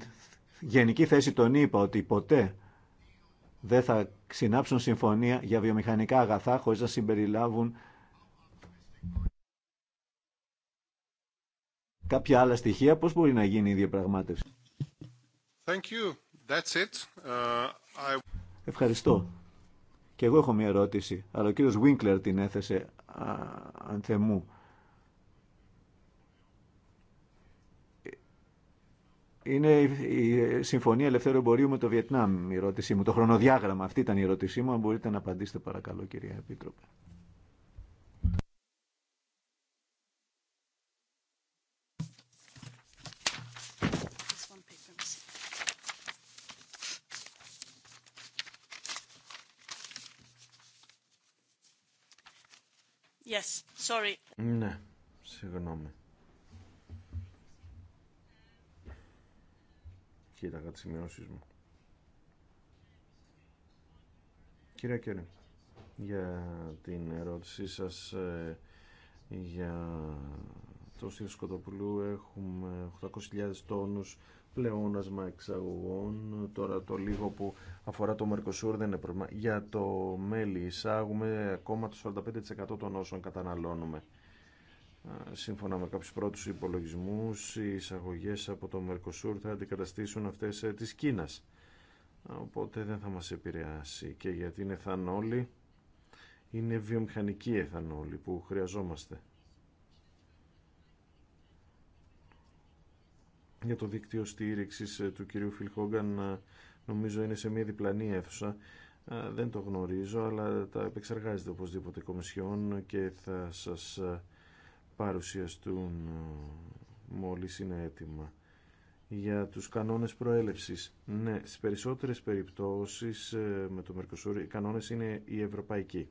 γενική θέση των είπα ότι ποτέ δεν θα συνάψουν συμφωνία για βιομηχανικά αγαθά χωρίς να συμπεριλάβουν κάποια άλλα στοιχεία, πώς μπορεί να γίνει η διαπραγμάτευση. Thank Uh, Ευχαριστώ. Και εγώ έχω μια ερώτηση, αλλά ο κύριος Βίνκλερ την έθεσε α, θεμού. Είναι η Συμφωνία Ελευθέρου Εμπορίου με το Βιετνάμ η ερώτησή μου. Το χρονοδιάγραμμα αυτή ήταν η ερώτησή μου. Αν μπορείτε να απαντήσετε παρακαλώ κυρία Επίτροπε. sorry. Ναι, συγγνώμη. Κοίταγα τις σημειώσεις μου. Κύριε Κέρι, για την ερώτησή σας ε, για το Σύριο Σκοτοπουλού έχουμε 800.000 τόνους πλεόνασμα εξαγωγών. Τώρα το λίγο που αφορά το Μερκοσούρ δεν είναι πρόβλημα. Για το μέλι εισάγουμε ακόμα το 45% των όσων καταναλώνουμε. Σύμφωνα με κάποιους πρώτους υπολογισμούς, οι εισαγωγές από το Μερκοσούρ θα αντικαταστήσουν αυτές ε, της Κίνας. Οπότε δεν θα μας επηρεάσει. Και γιατί είναι εθανόλη, είναι βιομηχανική εθανόλη που χρειαζόμαστε. για το δίκτυο στήριξης ε, του κυρίου Φιλχόγκαν ε, νομίζω είναι σε μια διπλανή αίθουσα. Ε, δεν το γνωρίζω, αλλά τα επεξεργάζεται οπωσδήποτε η Κομισιόν και θα σας παρουσιαστούν μόλις είναι έτοιμα. Για τους κανόνες προέλευσης. Ναι, στις περισσότερες περιπτώσεις με το Μερκοσούρ οι κανόνες είναι οι ευρωπαϊκοί.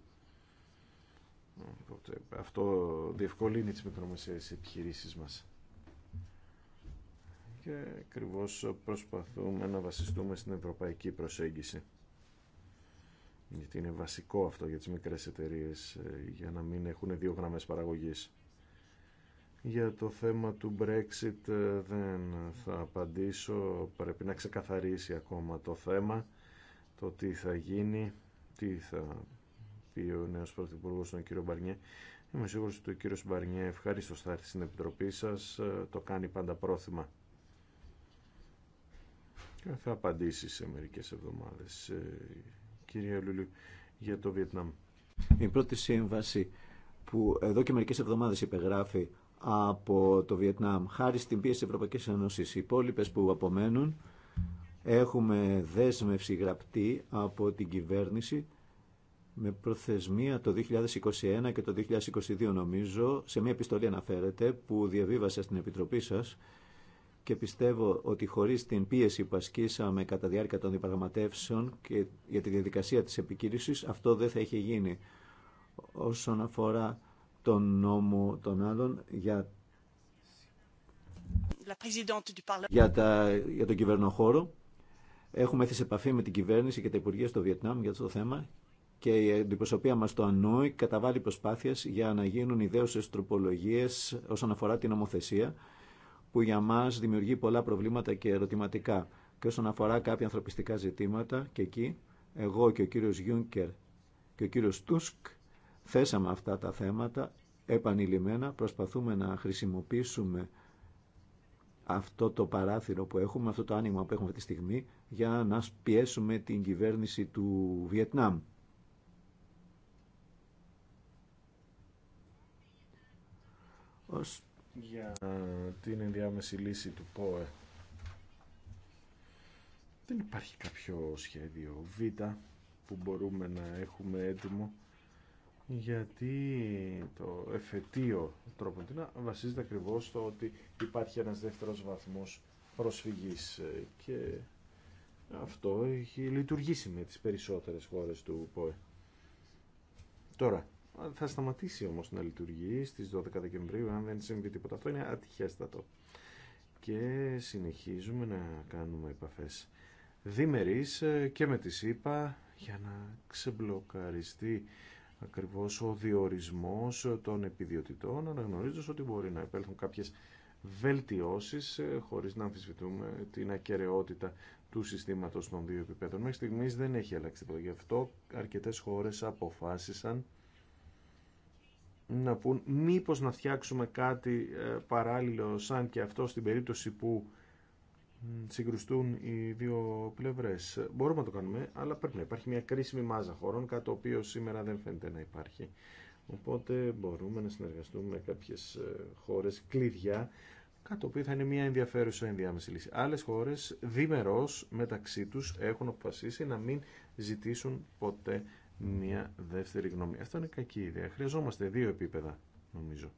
αυτό διευκολύνει τις μικρομεσαίες επιχειρήσεις μας και ακριβώ προσπαθούμε να βασιστούμε στην ευρωπαϊκή προσέγγιση. Γιατί είναι βασικό αυτό για τις μικρές εταιρείε ε, για να μην έχουν δύο γραμμές παραγωγής. Για το θέμα του Brexit ε, δεν θα απαντήσω, πρέπει να ξεκαθαρίσει ακόμα το θέμα, το τι θα γίνει, τι θα πει ο νέος Πρωθυπουργός, τον κύριο Μπαρνιέ. Είμαι σίγουρος ότι ο κύριος Μπαρνιέ ευχαριστώ θα έρθει στην Επιτροπή σας, ε, το κάνει πάντα πρόθυμα θα απαντήσει σε μερικές εβδομάδες. Ε, κυρία Λουλή, για το Βιετνάμ. Η πρώτη σύμβαση που εδώ και μερικές εβδομάδες υπεγράφει από το Βιετνάμ χάρη στην πίεση της Ευρωπαϊκής Ένωσης. Οι υπόλοιπε που απομένουν έχουμε δέσμευση γραπτή από την κυβέρνηση με προθεσμία το 2021 και το 2022 νομίζω, σε μια επιστολή αναφέρεται που διαβίβασα στην Επιτροπή σας και πιστεύω ότι χωρίς την πίεση που ασκήσαμε κατά διάρκεια των διαπραγματεύσεων και για τη διαδικασία της επικύρωσης αυτό δεν θα είχε γίνει όσον αφορά τον νόμο των άλλων για, για, τα, για τον κυβερνοχώρο. Έχουμε έρθει σε επαφή με την κυβέρνηση και τα Υπουργεία στο Βιετνάμ για αυτό το θέμα και η αντιπροσωπεία μα στο ΑΝΟΙ καταβάλει προσπάθειες για να γίνουν ιδέωσες τροπολογίες όσον αφορά την νομοθεσία που για μας δημιουργεί πολλά προβλήματα και ερωτηματικά. Και όσον αφορά κάποια ανθρωπιστικά ζητήματα, και εκεί εγώ και ο κύριος Γιούνκερ και ο κύριος Τούσκ θέσαμε αυτά τα θέματα επανειλημμένα, προσπαθούμε να χρησιμοποιήσουμε αυτό το παράθυρο που έχουμε, αυτό το άνοιγμα που έχουμε αυτή τη στιγμή, για να πιέσουμε την κυβέρνηση του Βιετνάμ για την ενδιάμεση λύση του ΠΟΕ. Δεν υπάρχει κάποιο σχέδιο Β που μπορούμε να έχουμε έτοιμο γιατί το εφετείο τρόπο βασίζεται ακριβώς στο ότι υπάρχει ένας δεύτερος βαθμός προσφυγής και αυτό έχει λειτουργήσει με τις περισσότερες χώρες του ΠΟΕ. Τώρα, θα σταματήσει όμως να λειτουργεί στις 12 Δεκεμβρίου αν δεν συμβεί τίποτα. Αυτό είναι ατυχέστατο. Και συνεχίζουμε να κάνουμε επαφές διμερείς ε, και με τη ΣΥΠΑ για να ξεμπλοκαριστεί ακριβώς ο διορισμός των επιδιωτητών αναγνωρίζοντας ότι μπορεί να επέλθουν κάποιες βελτιώσεις ε, χωρίς να αμφισβητούμε την ακαιρεότητα του συστήματος των δύο επιπέδων. Μέχρι στιγμής δεν έχει αλλάξει τίποτα. Γι' αυτό αρκετές χώρε αποφάσισαν να πούν μήπως να φτιάξουμε κάτι ε, παράλληλο σαν και αυτό στην περίπτωση που συγκρουστούν οι δύο πλευρές. Μπορούμε να το κάνουμε, αλλά πρέπει να υπάρχει μια κρίσιμη μάζα χωρών, κάτι το οποίο σήμερα δεν φαίνεται να υπάρχει. Οπότε μπορούμε να συνεργαστούμε με κάποιες ε, χώρες κλειδιά, κάτι το οποίο θα είναι μια ενδιαφέρουσα ενδιάμεση λύση. Άλλες χώρες διμερώς μεταξύ τους έχουν αποφασίσει να μην ζητήσουν ποτέ μια δεύτερη γνώμη. Αυτό είναι κακή ιδέα. Χρειαζόμαστε δύο επίπεδα, νομίζω.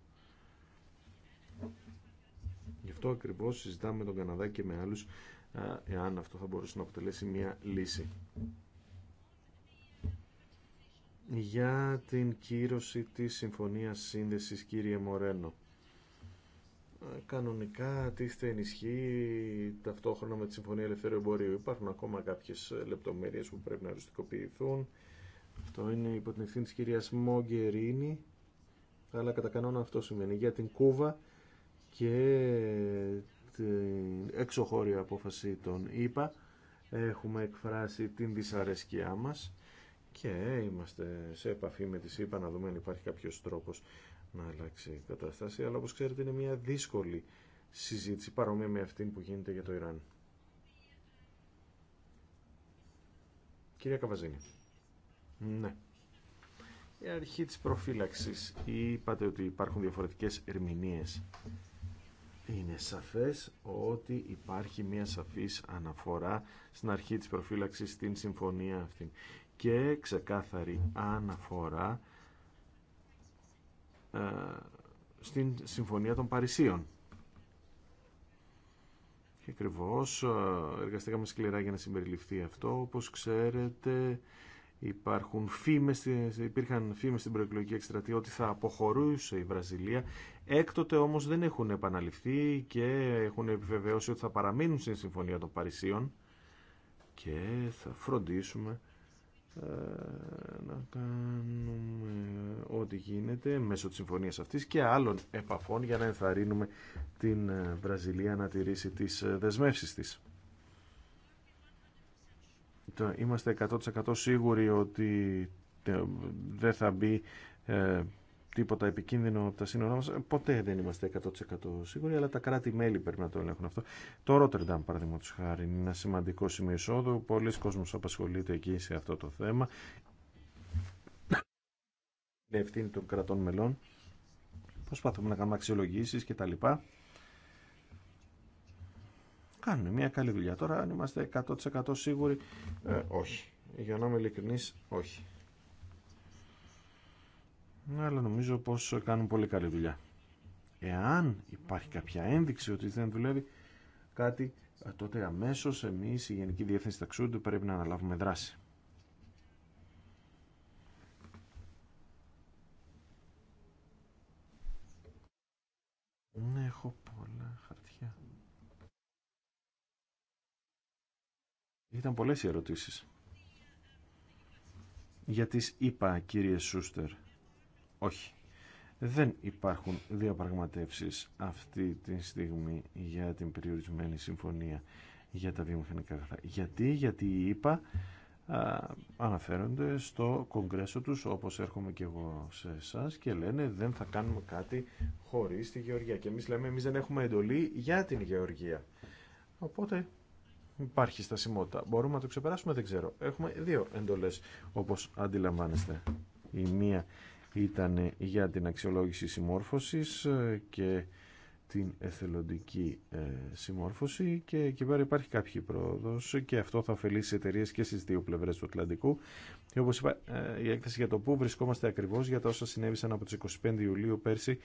Γι' αυτό ακριβώς συζητάμε με τον Καναδά και με άλλους εάν αυτό θα μπορούσε να αποτελέσει μια λύση. Για την κύρωση της Συμφωνίας Σύνδεσης, κύριε Μορένο. Κανονικά τίθεται ενισχύει ταυτόχρονα με τη Συμφωνία Ελευθερίου Εμπορίου. Υπάρχουν ακόμα κάποιες λεπτομέρειες που πρέπει να οριστικοποιηθούν. Αυτό είναι υπό την ευθύνη της κυρίας Μογκερίνη, αλλά κατά κανόνα αυτό σημαίνει για την Κούβα και την εξωχώρια απόφαση των ΗΠΑ. Έχουμε εκφράσει την δυσαρέσκειά μας και είμαστε σε επαφή με τις ΗΠΑ να δούμε αν υπάρχει κάποιος τρόπος να αλλάξει η κατάσταση. Αλλά όπως ξέρετε είναι μια δύσκολη συζήτηση παρόμοια με αυτήν που γίνεται για το Ιράν. Κυρία Καβαζίνη. Ναι. Η αρχή της προφύλαξης. Είπατε ότι υπάρχουν διαφορετικές ερμηνείες. Είναι σαφές ότι υπάρχει μια σαφής αναφορά στην αρχή της προφύλαξης στην συμφωνία αυτή και ξεκάθαρη αναφορά ε, στην Συμφωνία των Παρισίων. Και ακριβώ ε, εργαστήκαμε σκληρά για να συμπεριληφθεί αυτό. Όπως ξέρετε, Υπάρχουν φήμες, υπήρχαν φήμες στην προεκλογική εκστρατεία ότι θα αποχωρούσε η Βραζιλία. Έκτοτε όμως δεν έχουν επαναληφθεί και έχουν επιβεβαιώσει ότι θα παραμείνουν στην Συμφωνία των Παρισίων και θα φροντίσουμε ε, να κάνουμε ό,τι γίνεται μέσω της συμφωνίας αυτής και άλλων επαφών για να ενθαρρύνουμε την ε, Βραζιλία να τηρήσει τις ε, δεσμεύσεις της είμαστε 100% σίγουροι ότι δεν θα μπει ε, τίποτα επικίνδυνο από τα σύνορά μας. Ποτέ δεν είμαστε 100% σίγουροι, αλλά τα κράτη-μέλη πρέπει να το ελέγχουν αυτό. Το Ρότερνταμ, παραδείγματο χάρη, είναι ένα σημαντικό σημείο εισόδου. Πολλοί κόσμοι απασχολείται εκεί σε αυτό το θέμα. Είναι ευθύνη των κρατών μελών. Προσπαθούμε να κάνουμε αξιολογήσεις κτλ κάνουν μια καλή δουλειά. Τώρα αν είμαστε 100% σίγουροι, ε, όχι. Για να είμαι ειλικρινής, όχι. Ναι, αλλά νομίζω πως κάνουν πολύ καλή δουλειά. Εάν υπάρχει κάποια ένδειξη ότι δεν δουλεύει κάτι, ε, τότε αμέσως εμείς η Γενική Διεύθυνση Ταξούντου πρέπει να αναλάβουμε δράση. Ναι, έχω Ήταν πολλές οι ερωτήσεις. Για τις είπα, κύριε Σούστερ. Όχι. Δεν υπάρχουν διαπραγματεύσεις αυτή τη στιγμή για την περιορισμένη συμφωνία για τα βιομηχανικά αγαθά. Γιατί, γιατί οι ΕΙΠΑ αναφέρονται στο κογκρέσο τους όπως έρχομαι και εγώ σε εσά και λένε δεν θα κάνουμε κάτι χωρίς τη Γεωργία και εμείς λέμε εμείς δεν έχουμε εντολή για την Γεωργία. Οπότε υπάρχει στασιμότητα. Μπορούμε να το ξεπεράσουμε, δεν ξέρω. Έχουμε δύο εντολές, όπως αντιλαμβάνεστε. Η μία ήταν για την αξιολόγηση συμμόρφωσης ε, και την εθελοντική ε, συμμόρφωση και εκεί πέρα υπάρχει κάποια πρόοδος και αυτό θα ωφελήσει εταιρείε και στις δύο πλευρές του Ατλαντικού και όπως είπα ε, η έκθεση για το που βρισκόμαστε ακριβώς για τα όσα συνέβησαν από τις 25 Ιουλίου πέρσι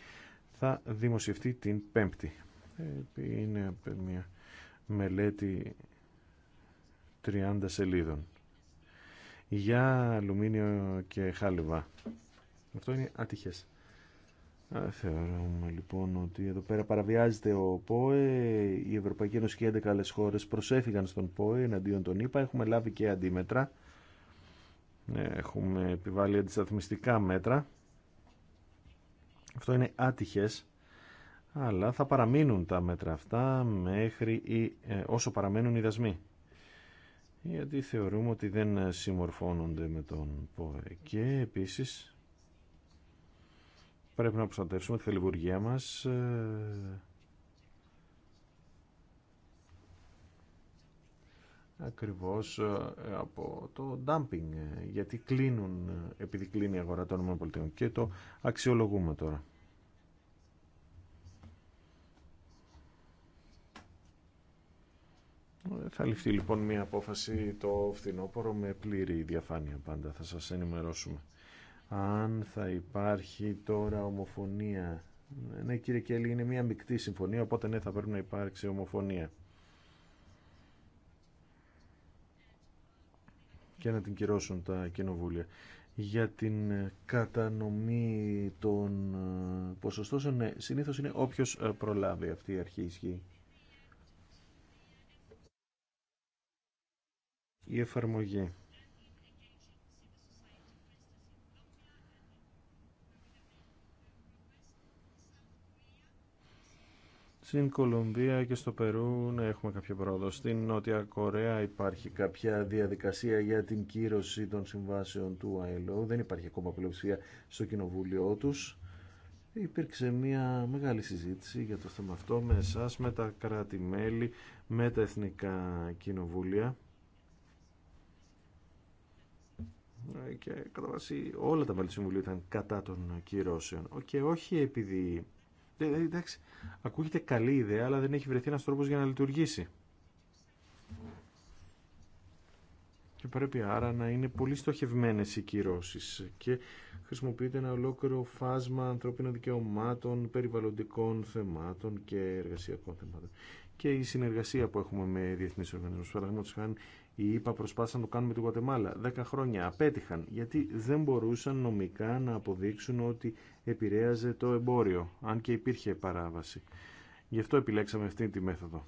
θα δημοσιευτεί την Πέμπτη. Είναι μια μελέτη 30 σελίδων για αλουμίνιο και χάλιβα. Αυτό είναι ατυχές. Θεωρούμε λοιπόν ότι εδώ πέρα παραβιάζεται ο ΠΟΕ, η Ευρωπαϊκή Ένωση και 11 άλλε χώρες προσέφηγαν στον ΠΟΕ εναντίον των ΗΠΑ, έχουμε λάβει και αντίμετρα, έχουμε επιβάλει αντισταθμιστικά μέτρα. Αυτό είναι άτυχες, αλλά θα παραμείνουν τα μέτρα αυτά μέχρι ή, ε, όσο παραμένουν οι δασμοί γιατί θεωρούμε ότι δεν συμμορφώνονται με τον ΠΟΕ. Και επίσης πρέπει να προστατεύσουμε τη θελιβουργία μας ε, ακριβώς ε, από το dumping, ε, γιατί κλείνουν, επειδή κλείνει η αγορά των ΗΠΑ και το αξιολογούμε τώρα. Θα ληφθεί λοιπόν μια απόφαση το φθινόπωρο με πλήρη διαφάνεια πάντα. Θα σας ενημερώσουμε. Αν θα υπάρχει τώρα ομοφωνία. Ναι κύριε Κέλλη είναι μια μεικτή συμφωνία οπότε ναι θα πρέπει να υπάρξει ομοφωνία. Και να την κυρώσουν τα κοινοβούλια. Για την κατανομή των ε, ποσοστών. ναι, συνήθως είναι όποιος ε, προλάβει αυτή η αρχή ισχύει. εφαρμογή. Στην Κολομβία και στο Περού να έχουμε κάποια πρόοδο. Στην Νότια Κορέα υπάρχει κάποια διαδικασία για την κύρωση των συμβάσεων του ΑΕΛΟ. Δεν υπάρχει ακόμα πλειοψηφία στο κοινοβούλιο τους. Υπήρξε μια μεγάλη συζήτηση για το θέμα αυτό με εσά, με τα κράτη-μέλη, με τα εθνικά κοινοβούλια. Ε, και κατά βάση όλα τα μέλη ήταν κατά των κυρώσεων. Και όχι επειδή... Ε, ε, εντάξει, ακούγεται καλή ιδέα, αλλά δεν έχει βρεθεί ένα τρόπο για να λειτουργήσει. Και πρέπει άρα να είναι πολύ στοχευμένες οι κυρώσεις και χρησιμοποιείται ένα ολόκληρο φάσμα ανθρώπινων δικαιωμάτων, περιβαλλοντικών θεμάτων και εργασιακών θεμάτων. Και η συνεργασία που έχουμε με διεθνείς οργανισμούς, παραδείγματος χάνει οι ΙΠΑ προσπάθησαν να το κάνουν με τη Γουατεμάλα. Δέκα χρόνια απέτυχαν γιατί δεν μπορούσαν νομικά να αποδείξουν ότι επηρέαζε το εμπόριο, αν και υπήρχε παράβαση. Γι' αυτό επιλέξαμε αυτή τη μέθοδο.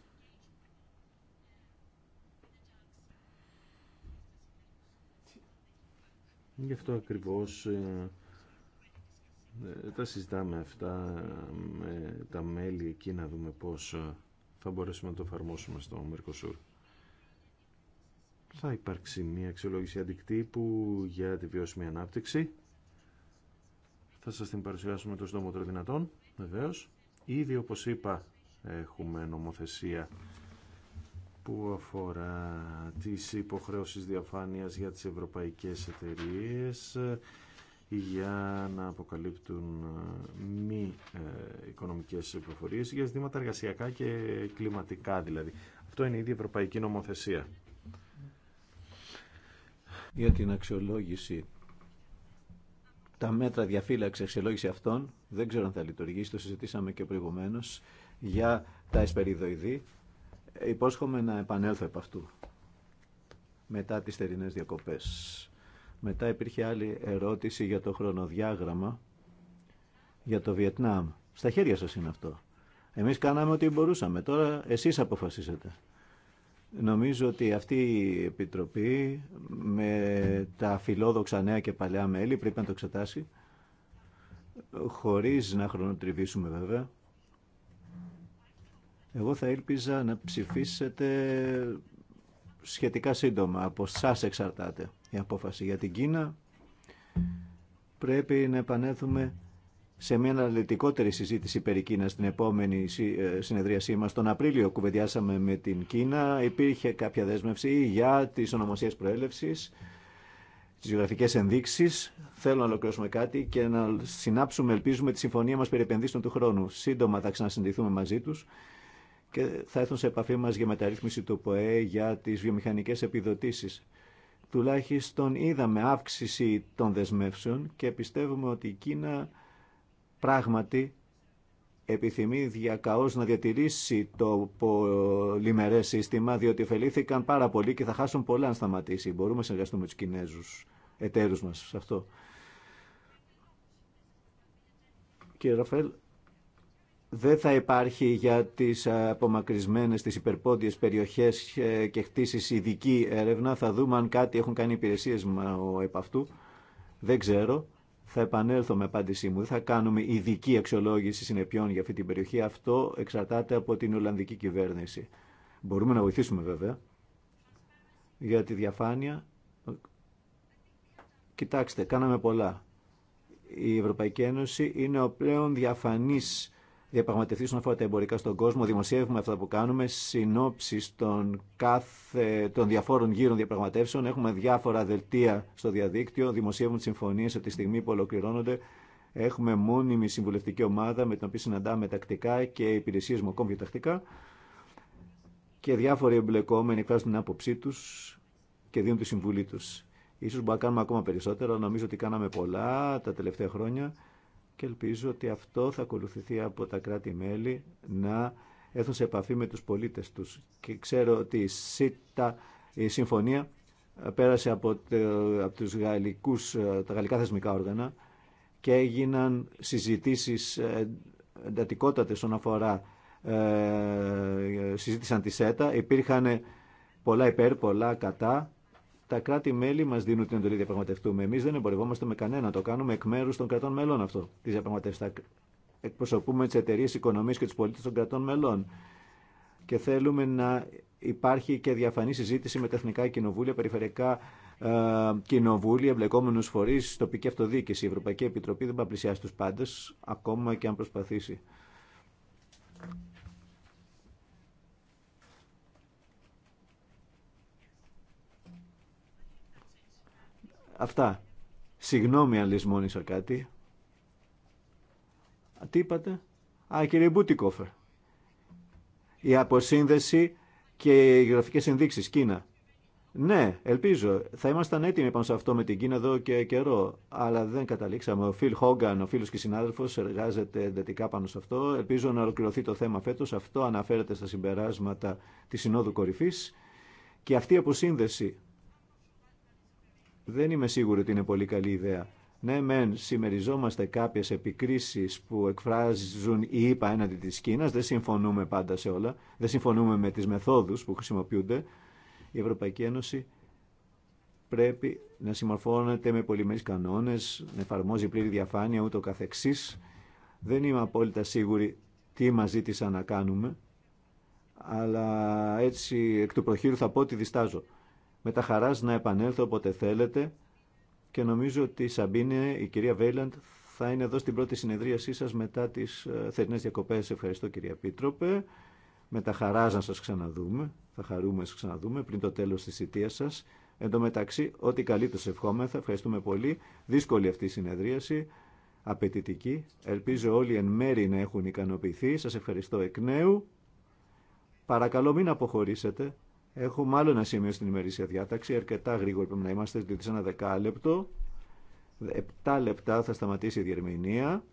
Γι' αυτό ακριβώς ε, ε, τα συζητάμε αυτά με τα μέλη εκεί να δούμε πώς ε, θα μπορέσουμε να το εφαρμόσουμε στο Μερκοσούρ θα υπάρξει μια αξιολόγηση αντικτύπου για τη βιώσιμη ανάπτυξη. Θα σας την παρουσιάσουμε το συντομότερο δυνατόν, βεβαίως. Ήδη, όπως είπα, έχουμε νομοθεσία που αφορά τις υποχρέωσεις διαφάνειας για τις ευρωπαϊκές εταιρείες ε, για να αποκαλύπτουν ε, μη ε, οικονομικές προφορίες για ζητήματα εργασιακά και κλιματικά δηλαδή. Αυτό είναι ήδη η ευρωπαϊκή νομοθεσία για την αξιολόγηση. Τα μέτρα διαφύλαξη αξιολόγηση αυτών δεν ξέρω αν θα λειτουργήσει, το συζητήσαμε και προηγουμένω για τα εσπεριδοειδή. Υπόσχομαι να επανέλθω επ' αυτού μετά τις θερινές διακοπές. Μετά υπήρχε άλλη ερώτηση για το χρονοδιάγραμμα για το Βιετνάμ. Στα χέρια σας είναι αυτό. Εμείς κάναμε ό,τι μπορούσαμε. Τώρα εσείς αποφασίσετε. Νομίζω ότι αυτή η Επιτροπή με τα φιλόδοξα νέα και παλιά μέλη πρέπει να το εξετάσει χωρίς να χρονοτριβήσουμε βέβαια. Εγώ θα ήλπιζα να ψηφίσετε σχετικά σύντομα. Από σας εξαρτάται η απόφαση για την Κίνα. Πρέπει να επανέλθουμε σε μια αναλυτικότερη συζήτηση περί Κίνας στην επόμενη ε, συνεδρίασή μας. Τον Απρίλιο κουβεντιάσαμε με την Κίνα. Υπήρχε κάποια δέσμευση για τις ονομασίες προέλευσης, τις γεωγραφικές ενδείξεις. Θέλω να ολοκληρώσουμε κάτι και να συνάψουμε, ελπίζουμε, τη συμφωνία μας περί επενδύσεων του χρόνου. Σύντομα θα ξανασυντηθούμε μαζί τους και θα έρθουν σε επαφή μας για μεταρρύθμιση του ΠΟΕ για τις βιομηχανικές επιδοτήσει. τουλάχιστον είδαμε αύξηση των δεσμεύσεων και πιστεύουμε ότι η Κίνα πράγματι επιθυμεί διακαώς να διατηρήσει το πολυμερές σύστημα, διότι ωφελήθηκαν πάρα πολύ και θα χάσουν πολλά αν σταματήσει. Μπορούμε να συνεργαστούμε με τους Κινέζους εταίρους μας σε αυτό. Κύριε Ραφαέλ, δεν θα υπάρχει για τις απομακρυσμένες, τις υπερπόντιες περιοχές ε, και χτίσεις ειδική έρευνα. Θα δούμε αν κάτι έχουν κάνει υπηρεσίες μα αυτού. Δεν ξέρω. Θα επανέλθω με απάντησή μου. Δεν θα κάνουμε ειδική αξιολόγηση συνεπειών για αυτή την περιοχή. Αυτό εξαρτάται από την Ολλανδική κυβέρνηση. Μπορούμε να βοηθήσουμε βέβαια. Για τη διαφάνεια, κοιτάξτε, κάναμε πολλά. Η Ευρωπαϊκή Ένωση είναι ο πλέον διαφανής διαπραγματευτεί όσον αφορά τα εμπορικά στον κόσμο. Δημοσιεύουμε αυτά που κάνουμε, συνόψει των, κάθε, των διαφόρων γύρων διαπραγματεύσεων. Έχουμε διάφορα δελτία στο διαδίκτυο, δημοσιεύουμε τι συμφωνίε από τη στιγμή που ολοκληρώνονται. Έχουμε μόνιμη συμβουλευτική ομάδα με την οποία συναντάμε τακτικά και υπηρεσίε μου ακόμη τακτικά. Και διάφοροι εμπλεκόμενοι εκφράζουν την άποψή του και δίνουν τη συμβουλή του. Ίσως μπορούμε να κάνουμε ακόμα περισσότερο, Νομίζω ότι κάναμε πολλά τα τελευταία χρόνια και ελπίζω ότι αυτό θα ακολουθηθεί από τα κράτη-μέλη να έρθουν σε επαφή με τους πολίτες τους. Και ξέρω ότι η, ΣΥΤΑ, η συμφωνία πέρασε από, τους γαλλικούς, τα γαλλικά θεσμικά όργανα και έγιναν συζητήσεις εντατικότατες όσον αφορά ε, συζήτησαν τη ΣΕΤΑ. Υπήρχαν πολλά υπέρ, πολλά κατά τα κράτη-μέλη μα δίνουν την εντολή να διαπραγματευτούμε. Εμεί δεν εμπορευόμαστε με κανένα. Το κάνουμε εκ μέρου των κρατών μελών αυτό. Τι διαπραγματεύσει. Εκπροσωπούμε τι εταιρείε οικονομία και του πολίτε των κρατών μελών. Και θέλουμε να υπάρχει και διαφανή συζήτηση με τεχνικά κοινοβούλια, περιφερειακά ε, κοινοβούλια, εμπλεκόμενου φορεί, τοπική αυτοδιοίκηση. Η Ευρωπαϊκή Επιτροπή δεν θα πλησιάσει του πάντε, ακόμα και αν προσπαθήσει. Αυτά. Συγγνώμη αν λησμόνησα κάτι. Α, τι είπατε. Α, κύριε Μπούτικοφερ. Η αποσύνδεση και οι γραφικές ενδείξεις Κίνα. Ναι, ελπίζω. Θα ήμασταν έτοιμοι πάνω σε αυτό με την Κίνα εδώ και καιρό. Αλλά δεν καταλήξαμε. Ο Φιλ Χόγκαν, ο φίλο και συνάδελφο, εργάζεται εντατικά πάνω σε αυτό. Ελπίζω να ολοκληρωθεί το θέμα φέτο. Αυτό αναφέρεται στα συμπεράσματα τη Συνόδου Κορυφή. Και αυτή η αποσύνδεση δεν είμαι σίγουρη ότι είναι πολύ καλή ιδέα. Ναι, μεν, συμμεριζόμαστε κάποιε επικρίσει που εκφράζουν η ΗΠΑ έναντι τη Κίνα. Δεν συμφωνούμε πάντα σε όλα. Δεν συμφωνούμε με τι μεθόδου που χρησιμοποιούνται. Η Ευρωπαϊκή Ένωση πρέπει να συμμορφώνεται με πολυμερεί κανόνε, να εφαρμόζει πλήρη διαφάνεια ούτω καθεξή. Δεν είμαι απόλυτα σίγουρη τι μα ζήτησαν να κάνουμε. Αλλά έτσι εκ του προχείρου θα πω ότι διστάζω. Με τα χαράς να επανέλθω όποτε θέλετε και νομίζω ότι η Σαμπίνε, η κυρία Βέιλαντ, θα είναι εδώ στην πρώτη συνεδρίασή σας μετά τις ε, θερινές διακοπές. Ευχαριστώ κυρία Πίτροπε. Με τα χαράς να σας ξαναδούμε. Θα χαρούμε να σας ξαναδούμε πριν το τέλος της ηττίας σας. Εν τω μεταξύ, ό,τι καλύτερο σε ευχόμεθα. Ευχαριστούμε πολύ. Δύσκολη αυτή η συνεδρίαση. Απαιτητική. Ελπίζω όλοι εν μέρη να έχουν ικανοποιηθεί. Σας ευχαριστώ εκ νέου. Παρακαλώ μην αποχωρήσετε. Έχω μάλλον ένα σημείο στην ημερήσια διάταξη, αρκετά γρήγορα πρέπει να είμαστε, διότι σε ένα δεκάλεπτο, 7 λεπτά θα σταματήσει η διερμηνία,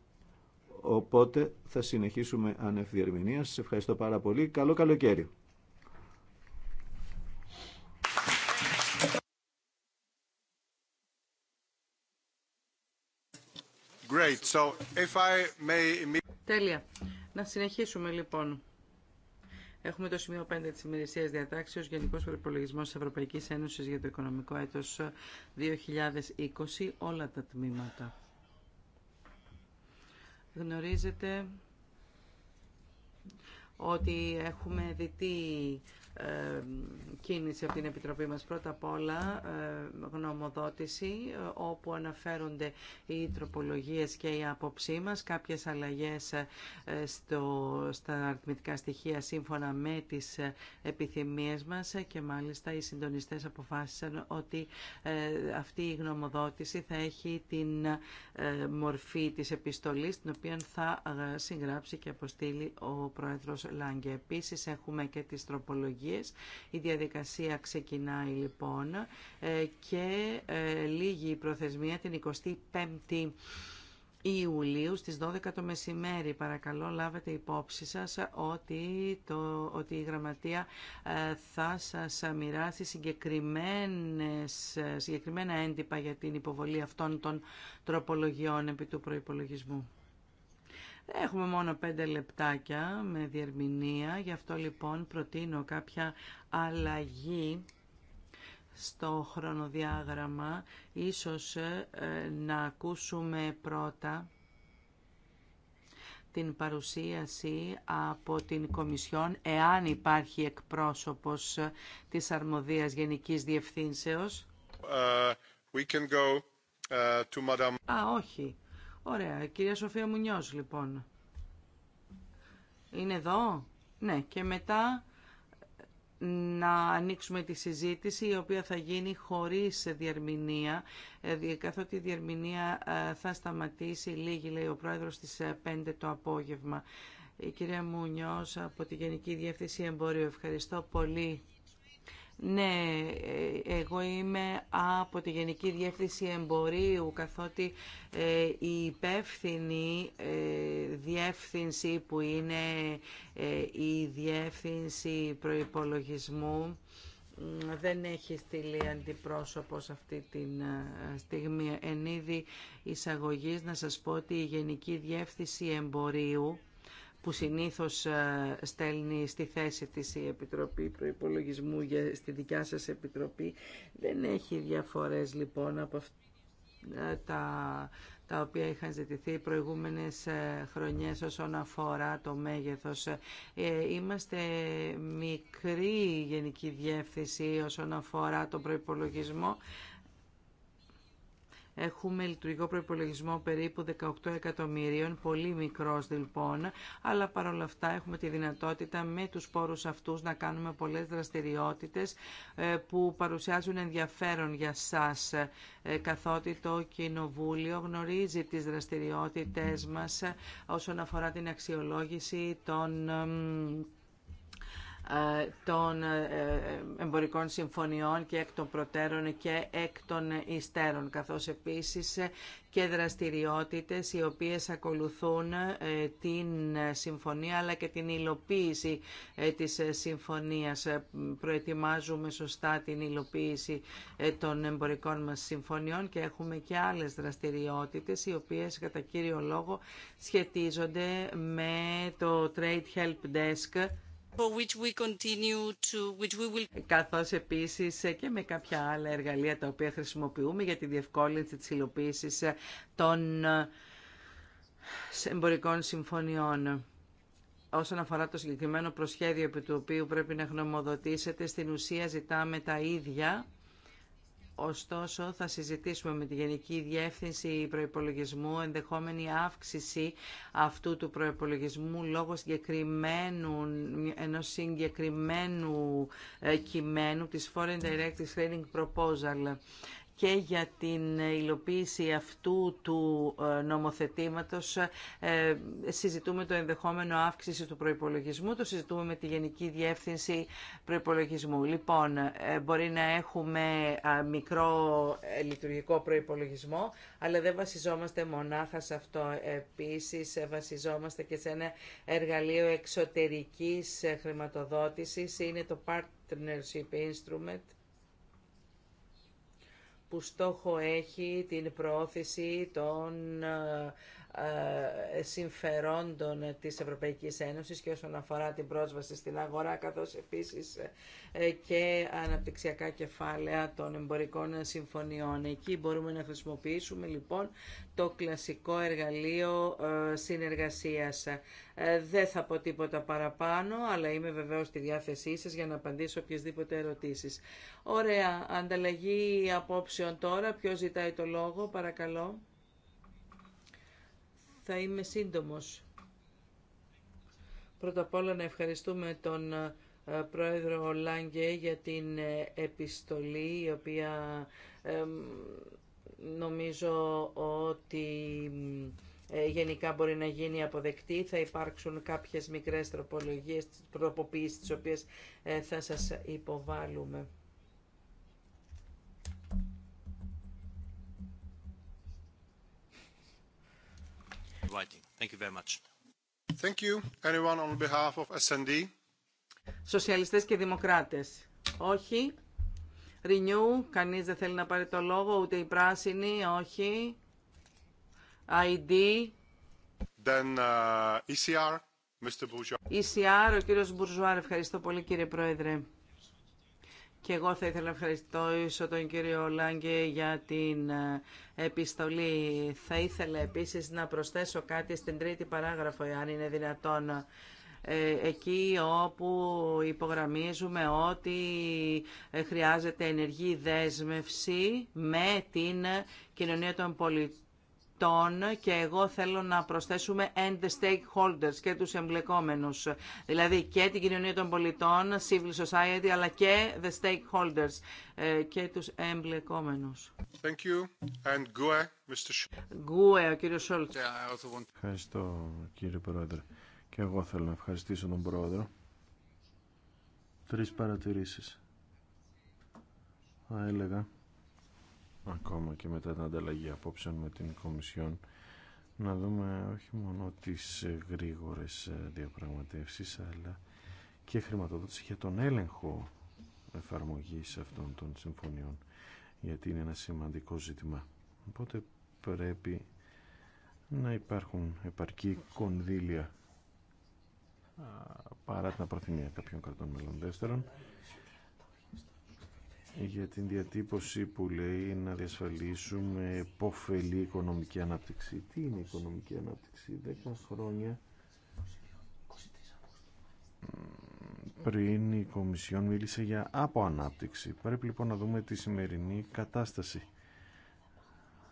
οπότε θα συνεχίσουμε ανευδιερμηνία. Σα Σας ευχαριστώ πάρα πολύ. Καλό καλοκαίρι. Great. So, if I may... Τέλεια. Να συνεχίσουμε λοιπόν. Έχουμε το σημείο 5 της ημερησίας διατάξεως Γενικός Προπολογισμός της Ευρωπαϊκής Ένωσης για το οικονομικό έτος 2020, όλα τα τμήματα. Γνωρίζετε ότι έχουμε τι... Ε, κίνηση από την Επιτροπή μας. Πρώτα απ' όλα ε, γνωμοδότηση ε, όπου αναφέρονται οι τροπολογίες και η άποψή μας, κάποιες αλλαγές στο, στα αριθμητικά στοιχεία σύμφωνα με τις επιθυμίες μας και μάλιστα οι συντονιστές αποφάσισαν ότι αυτή η γνωμοδότηση θα έχει την μορφή της επιστολής την οποία θα συγγράψει και αποστείλει ο Πρόεδρος Λάγκε. Επίσης έχουμε και τις τροπολογίες η διαδικασία ξεκινάει λοιπόν ε, και ε, λίγη η προθεσμία την 25η Ιουλίου στις 12 το μεσημέρι. Παρακαλώ λάβετε υπόψη σας ότι, το, ότι η Γραμματεία ε, θα σας μοιράσει συγκεκριμένες, συγκεκριμένα έντυπα για την υποβολή αυτών των τροπολογιών επί του προϋπολογισμού. Έχουμε μόνο πέντε λεπτάκια με διερμηνία, γι' αυτό λοιπόν προτείνω κάποια αλλαγή στο χρονοδιάγραμμα. Ίσως ε, να ακούσουμε πρώτα την παρουσίαση από την Κομισιόν, εάν υπάρχει εκπρόσωπος της Αρμοδίας Γενικής Διευθύνσεως. Uh, we can go, ε, to Α, όχι. Ωραία. Κυρία Σοφία Μουνιός, λοιπόν. Είναι εδώ. Ναι. Και μετά να ανοίξουμε τη συζήτηση η οποία θα γίνει χωρίς διαρμηνία, ε, καθότι η διαρμηνία ε, θα σταματήσει λίγη λέει ο πρόεδρος στις 5 ε, το απόγευμα η κυρία Μουνιός από τη Γενική Διεύθυνση Εμπορίου ευχαριστώ πολύ ναι, ε, εγώ είμαι από τη Γενική Διεύθυνση Εμπορίου, καθότι ε, η υπεύθυνη ε, διεύθυνση που είναι η Διεύθυνση Προϋπολογισμού δεν έχει στείλει αντιπρόσωπο σε αυτή τη στιγμή. Εν είδη εισαγωγής να σας πω ότι η Γενική Διεύθυνση Εμπορίου που συνήθως ε, στέλνει στη θέση της η Επιτροπή Προϋπολογισμού για, στη δικιά σας Επιτροπή. Δεν έχει διαφορές λοιπόν από ε, τα, τα οποία είχαν ζητηθεί προηγούμενες ε, χρονιές όσον αφορά το μέγεθος. Είμαστε μικρή γενική διεύθυνση όσον αφορά τον προϋπολογισμό, Έχουμε λειτουργικό προπολογισμό περίπου 18 εκατομμυρίων, πολύ μικρός λοιπόν, αλλά παρόλα αυτά έχουμε τη δυνατότητα με τους πόρους αυτούς να κάνουμε πολλές δραστηριότητες ε, που παρουσιάζουν ενδιαφέρον για σας, ε, καθότι το Κοινοβούλιο γνωρίζει τις δραστηριότητες μας ε, όσον αφορά την αξιολόγηση των ε, των ε, ε, εμπορικών συμφωνιών και εκ των προτέρων και εκ των υστέρων, καθώς επίσης και δραστηριότητες οι οποίες ακολουθούν την συμφωνία αλλά και την υλοποίηση της συμφωνίας. Προετοιμάζουμε σωστά την υλοποίηση των εμπορικών μας συμφωνιών και έχουμε και άλλες δραστηριότητες οι οποίες κατά κύριο λόγο σχετίζονται με το Trade Help Desk Καθώ επίση Καθώς επίσης και με κάποια άλλα εργαλεία τα οποία χρησιμοποιούμε για τη διευκόλυνση της υλοποίησης των εμπορικών συμφωνιών όσον αφορά το συγκεκριμένο προσχέδιο επί του οποίου πρέπει να γνωμοδοτήσετε, στην ουσία ζητάμε τα ίδια Ωστόσο, θα συζητήσουμε με τη Γενική Διεύθυνση Προϋπολογισμού ενδεχόμενη αύξηση αυτού του προϋπολογισμού λόγω συγκεκριμένου, ενός συγκεκριμένου ε, κειμένου της Foreign Direct Trading Proposal και για την υλοποίηση αυτού του ε, νομοθετήματος ε, συζητούμε το ενδεχόμενο αύξηση του προϋπολογισμού, το συζητούμε με τη Γενική Διεύθυνση Προϋπολογισμού. Λοιπόν, ε, μπορεί να έχουμε μικρό λειτουργικό προϋπολογισμό, αλλά δεν βασιζόμαστε μονάχα σε αυτό. Επίσης, βασιζόμαστε και σε ένα εργαλείο εξωτερικής χρηματοδότησης, είναι το Partnership Instrument, που στόχο έχει την προώθηση των ε, ε, συμφερόντων της Ευρωπαϊκής Ένωσης και όσον αφορά την πρόσβαση στην αγορά, καθώς επίσης ε, και αναπτυξιακά κεφάλαια των εμπορικών συμφωνιών. Εκεί μπορούμε να χρησιμοποιήσουμε λοιπόν το κλασικό εργαλείο ε, συνεργασίας. Δεν θα πω τίποτα παραπάνω, αλλά είμαι βεβαίως στη διάθεσή σας για να απαντήσω οποιασδήποτε ερωτήσεις. Ωραία, ανταλλαγή απόψεων τώρα. Ποιος ζητάει το λόγο, παρακαλώ. Θα είμαι σύντομος. Πρώτα απ' όλα να ευχαριστούμε τον ε, Πρόεδρο Λάγκε για την ε, επιστολή η οποία νομίζω ότι ε, γενικά μπορεί να γίνει αποδεκτή. Θα υπάρξουν κάποιες μικρές τροπολογίες, τροποποίησεις τις οποίες θα σας υποβάλουμε. Σοσιαλιστέ και Δημοκράτες. Όχι. Renew. Κανείς δεν θέλει να πάρει το λόγο. Ούτε η Πράσινη, Όχι. ID. ECR. Uh, e e ο κύριος Μπουρζουάρ. Ευχαριστώ πολύ κύριε Πρόεδρε. Και εγώ θα ήθελα να ευχαριστήσω τον κύριο Λάγκε για την ε, επιστολή. Θα ήθελα επίσης να προσθέσω κάτι στην τρίτη παράγραφο, αν είναι δυνατόν ε, εκεί όπου υπογραμμίζουμε ότι ε, χρειάζεται ενεργή δέσμευση με την κοινωνία των πολιτών και εγώ θέλω να προσθέσουμε and the stakeholders και τους εμπλεκόμενους. Δηλαδή και την κοινωνία των πολιτών, civil society, αλλά και the stakeholders ε, και τους εμπλεκόμενους. Thank you. And Gue, Mr. Gue, κύριος Yeah, want... Ευχαριστώ κύριε Πρόεδρε. Και εγώ θέλω να ευχαριστήσω τον Πρόεδρο. Τρεις παρατηρήσεις. Θα έλεγα ακόμα και μετά την ανταλλαγή απόψεων με την Κομισιόν να δούμε όχι μόνο τις γρήγορες διαπραγματεύσεις αλλά και χρηματοδότηση για τον έλεγχο εφαρμογής αυτών των συμφωνιών γιατί είναι ένα σημαντικό ζήτημα. Οπότε πρέπει να υπάρχουν επαρκή κονδύλια παρά την απροθυμία κάποιων κρατών μελών για την διατύπωση που λέει να διασφαλίσουμε υποφελή οικονομική ανάπτυξη. Τι είναι οικονομική ανάπτυξη. 10 χρόνια πριν η Κομισιόν μίλησε για αποανάπτυξη. Πρέπει λοιπόν να δούμε τη σημερινή κατάσταση.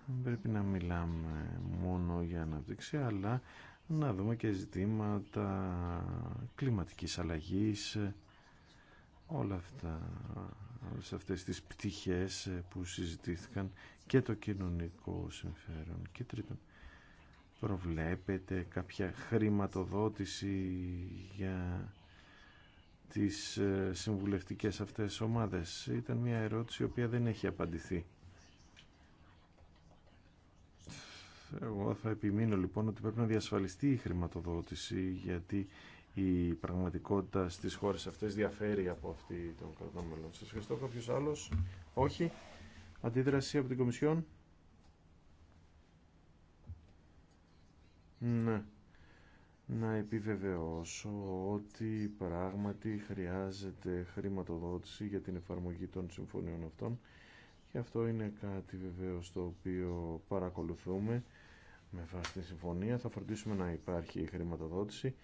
Δεν πρέπει να μιλάμε μόνο για ανάπτυξη, αλλά να δούμε και ζητήματα κλιματικής αλλαγής, όλα αυτά όλες αυτές τις πτυχές ε, που συζητήθηκαν και το κοινωνικό συμφέρον και τρίτον προβλέπετε κάποια χρηματοδότηση για τις ε, συμβουλευτικές αυτές ομάδες ήταν μια ερώτηση η οποία δεν έχει απαντηθεί εγώ θα επιμείνω λοιπόν ότι πρέπει να διασφαλιστεί η χρηματοδότηση γιατί η πραγματικότητα στις χώρες αυτές διαφέρει από αυτή των κρατών μελών. Σας ευχαριστώ κάποιος άλλος. Όχι. Αντίδραση από την Κομισιόν. Ναι. Να επιβεβαιώσω ότι πράγματι χρειάζεται χρηματοδότηση για την εφαρμογή των συμφωνιών αυτών και αυτό είναι κάτι βεβαίω το οποίο παρακολουθούμε με βάση τη συμφωνία. Θα φροντίσουμε να υπάρχει η χρηματοδότηση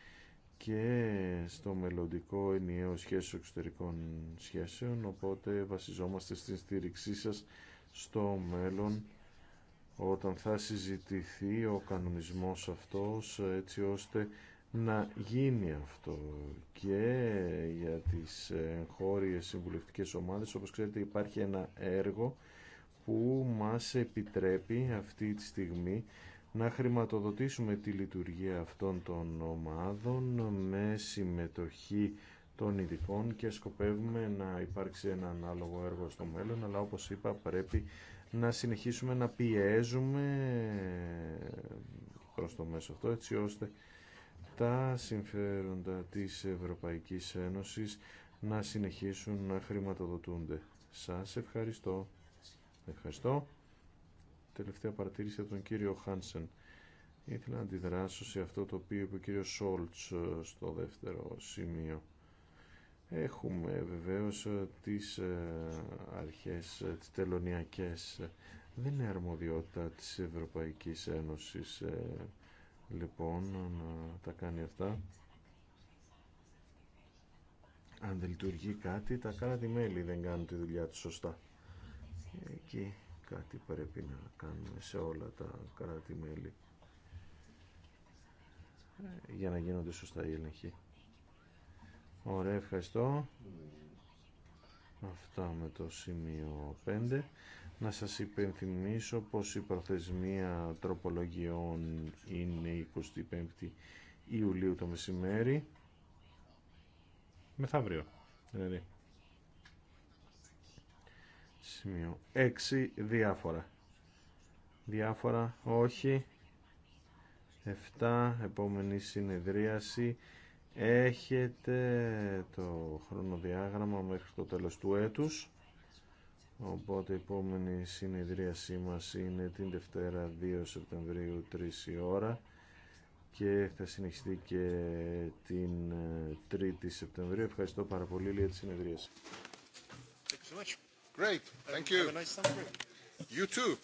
και στο μελλοντικό ενιαίο σχέσιο εξωτερικών σχέσεων οπότε βασιζόμαστε στην στήριξή σας στο μέλλον όταν θα συζητηθεί ο κανονισμός αυτός έτσι ώστε να γίνει αυτό και για τις χώριες συμβουλευτικές ομάδες όπως ξέρετε υπάρχει ένα έργο που μας επιτρέπει αυτή τη στιγμή να χρηματοδοτήσουμε τη λειτουργία αυτών των ομάδων με συμμετοχή των ειδικών και σκοπεύουμε να υπάρξει ένα ανάλογο έργο στο μέλλον, αλλά όπως είπα πρέπει να συνεχίσουμε να πιέζουμε προς το μέσο αυτό έτσι ώστε τα συμφέροντα της Ευρωπαϊκής Ένωσης να συνεχίσουν να χρηματοδοτούνται. Σας ευχαριστώ. Ευχαριστώ τελευταία παρατήρηση από τον κύριο Χάνσεν. Ήθελα να αντιδράσω σε αυτό το οποίο είπε ο κύριο Σόλτς ε, στο δεύτερο σημείο. Έχουμε βεβαίως ε, τις ε, αρχές, τις τελωνιακές. Δεν είναι αρμοδιότητα της Ευρωπαϊκής Ένωσης λοιπόν να τα κάνει αυτά. Αν δεν λειτουργεί κάτι, τα κράτη-μέλη δεν κάνουν τη δουλειά του σωστά. Εκεί κάτι πρέπει να κάνουμε σε όλα τα κράτη-μέλη για να γίνονται σωστά οι έλεγχοι. Ωραία, ευχαριστώ. Αυτά με το σημείο 5. Να σας υπενθυμίσω πως η προθεσμία τροπολογιών είναι 25η Ιουλίου το μεσημέρι. Μεθαύριο, δηλαδή. Σημείο 6. Διάφορα. Διάφορα. Όχι. 7. Επόμενη συνεδρίαση. Έχετε το χρονοδιάγραμμα μέχρι το τέλος του έτους. Οπότε η επόμενη συνεδρίασή μας είναι την Δευτέρα 2 Σεπτεμβρίου 3 η ώρα και θα συνεχιστεί και την 3η ε, Σεπτεμβρίου. Ευχαριστώ πάρα πολύ για τη συνεδρίαση. Great. Thank you. Have a nice summer break. You too.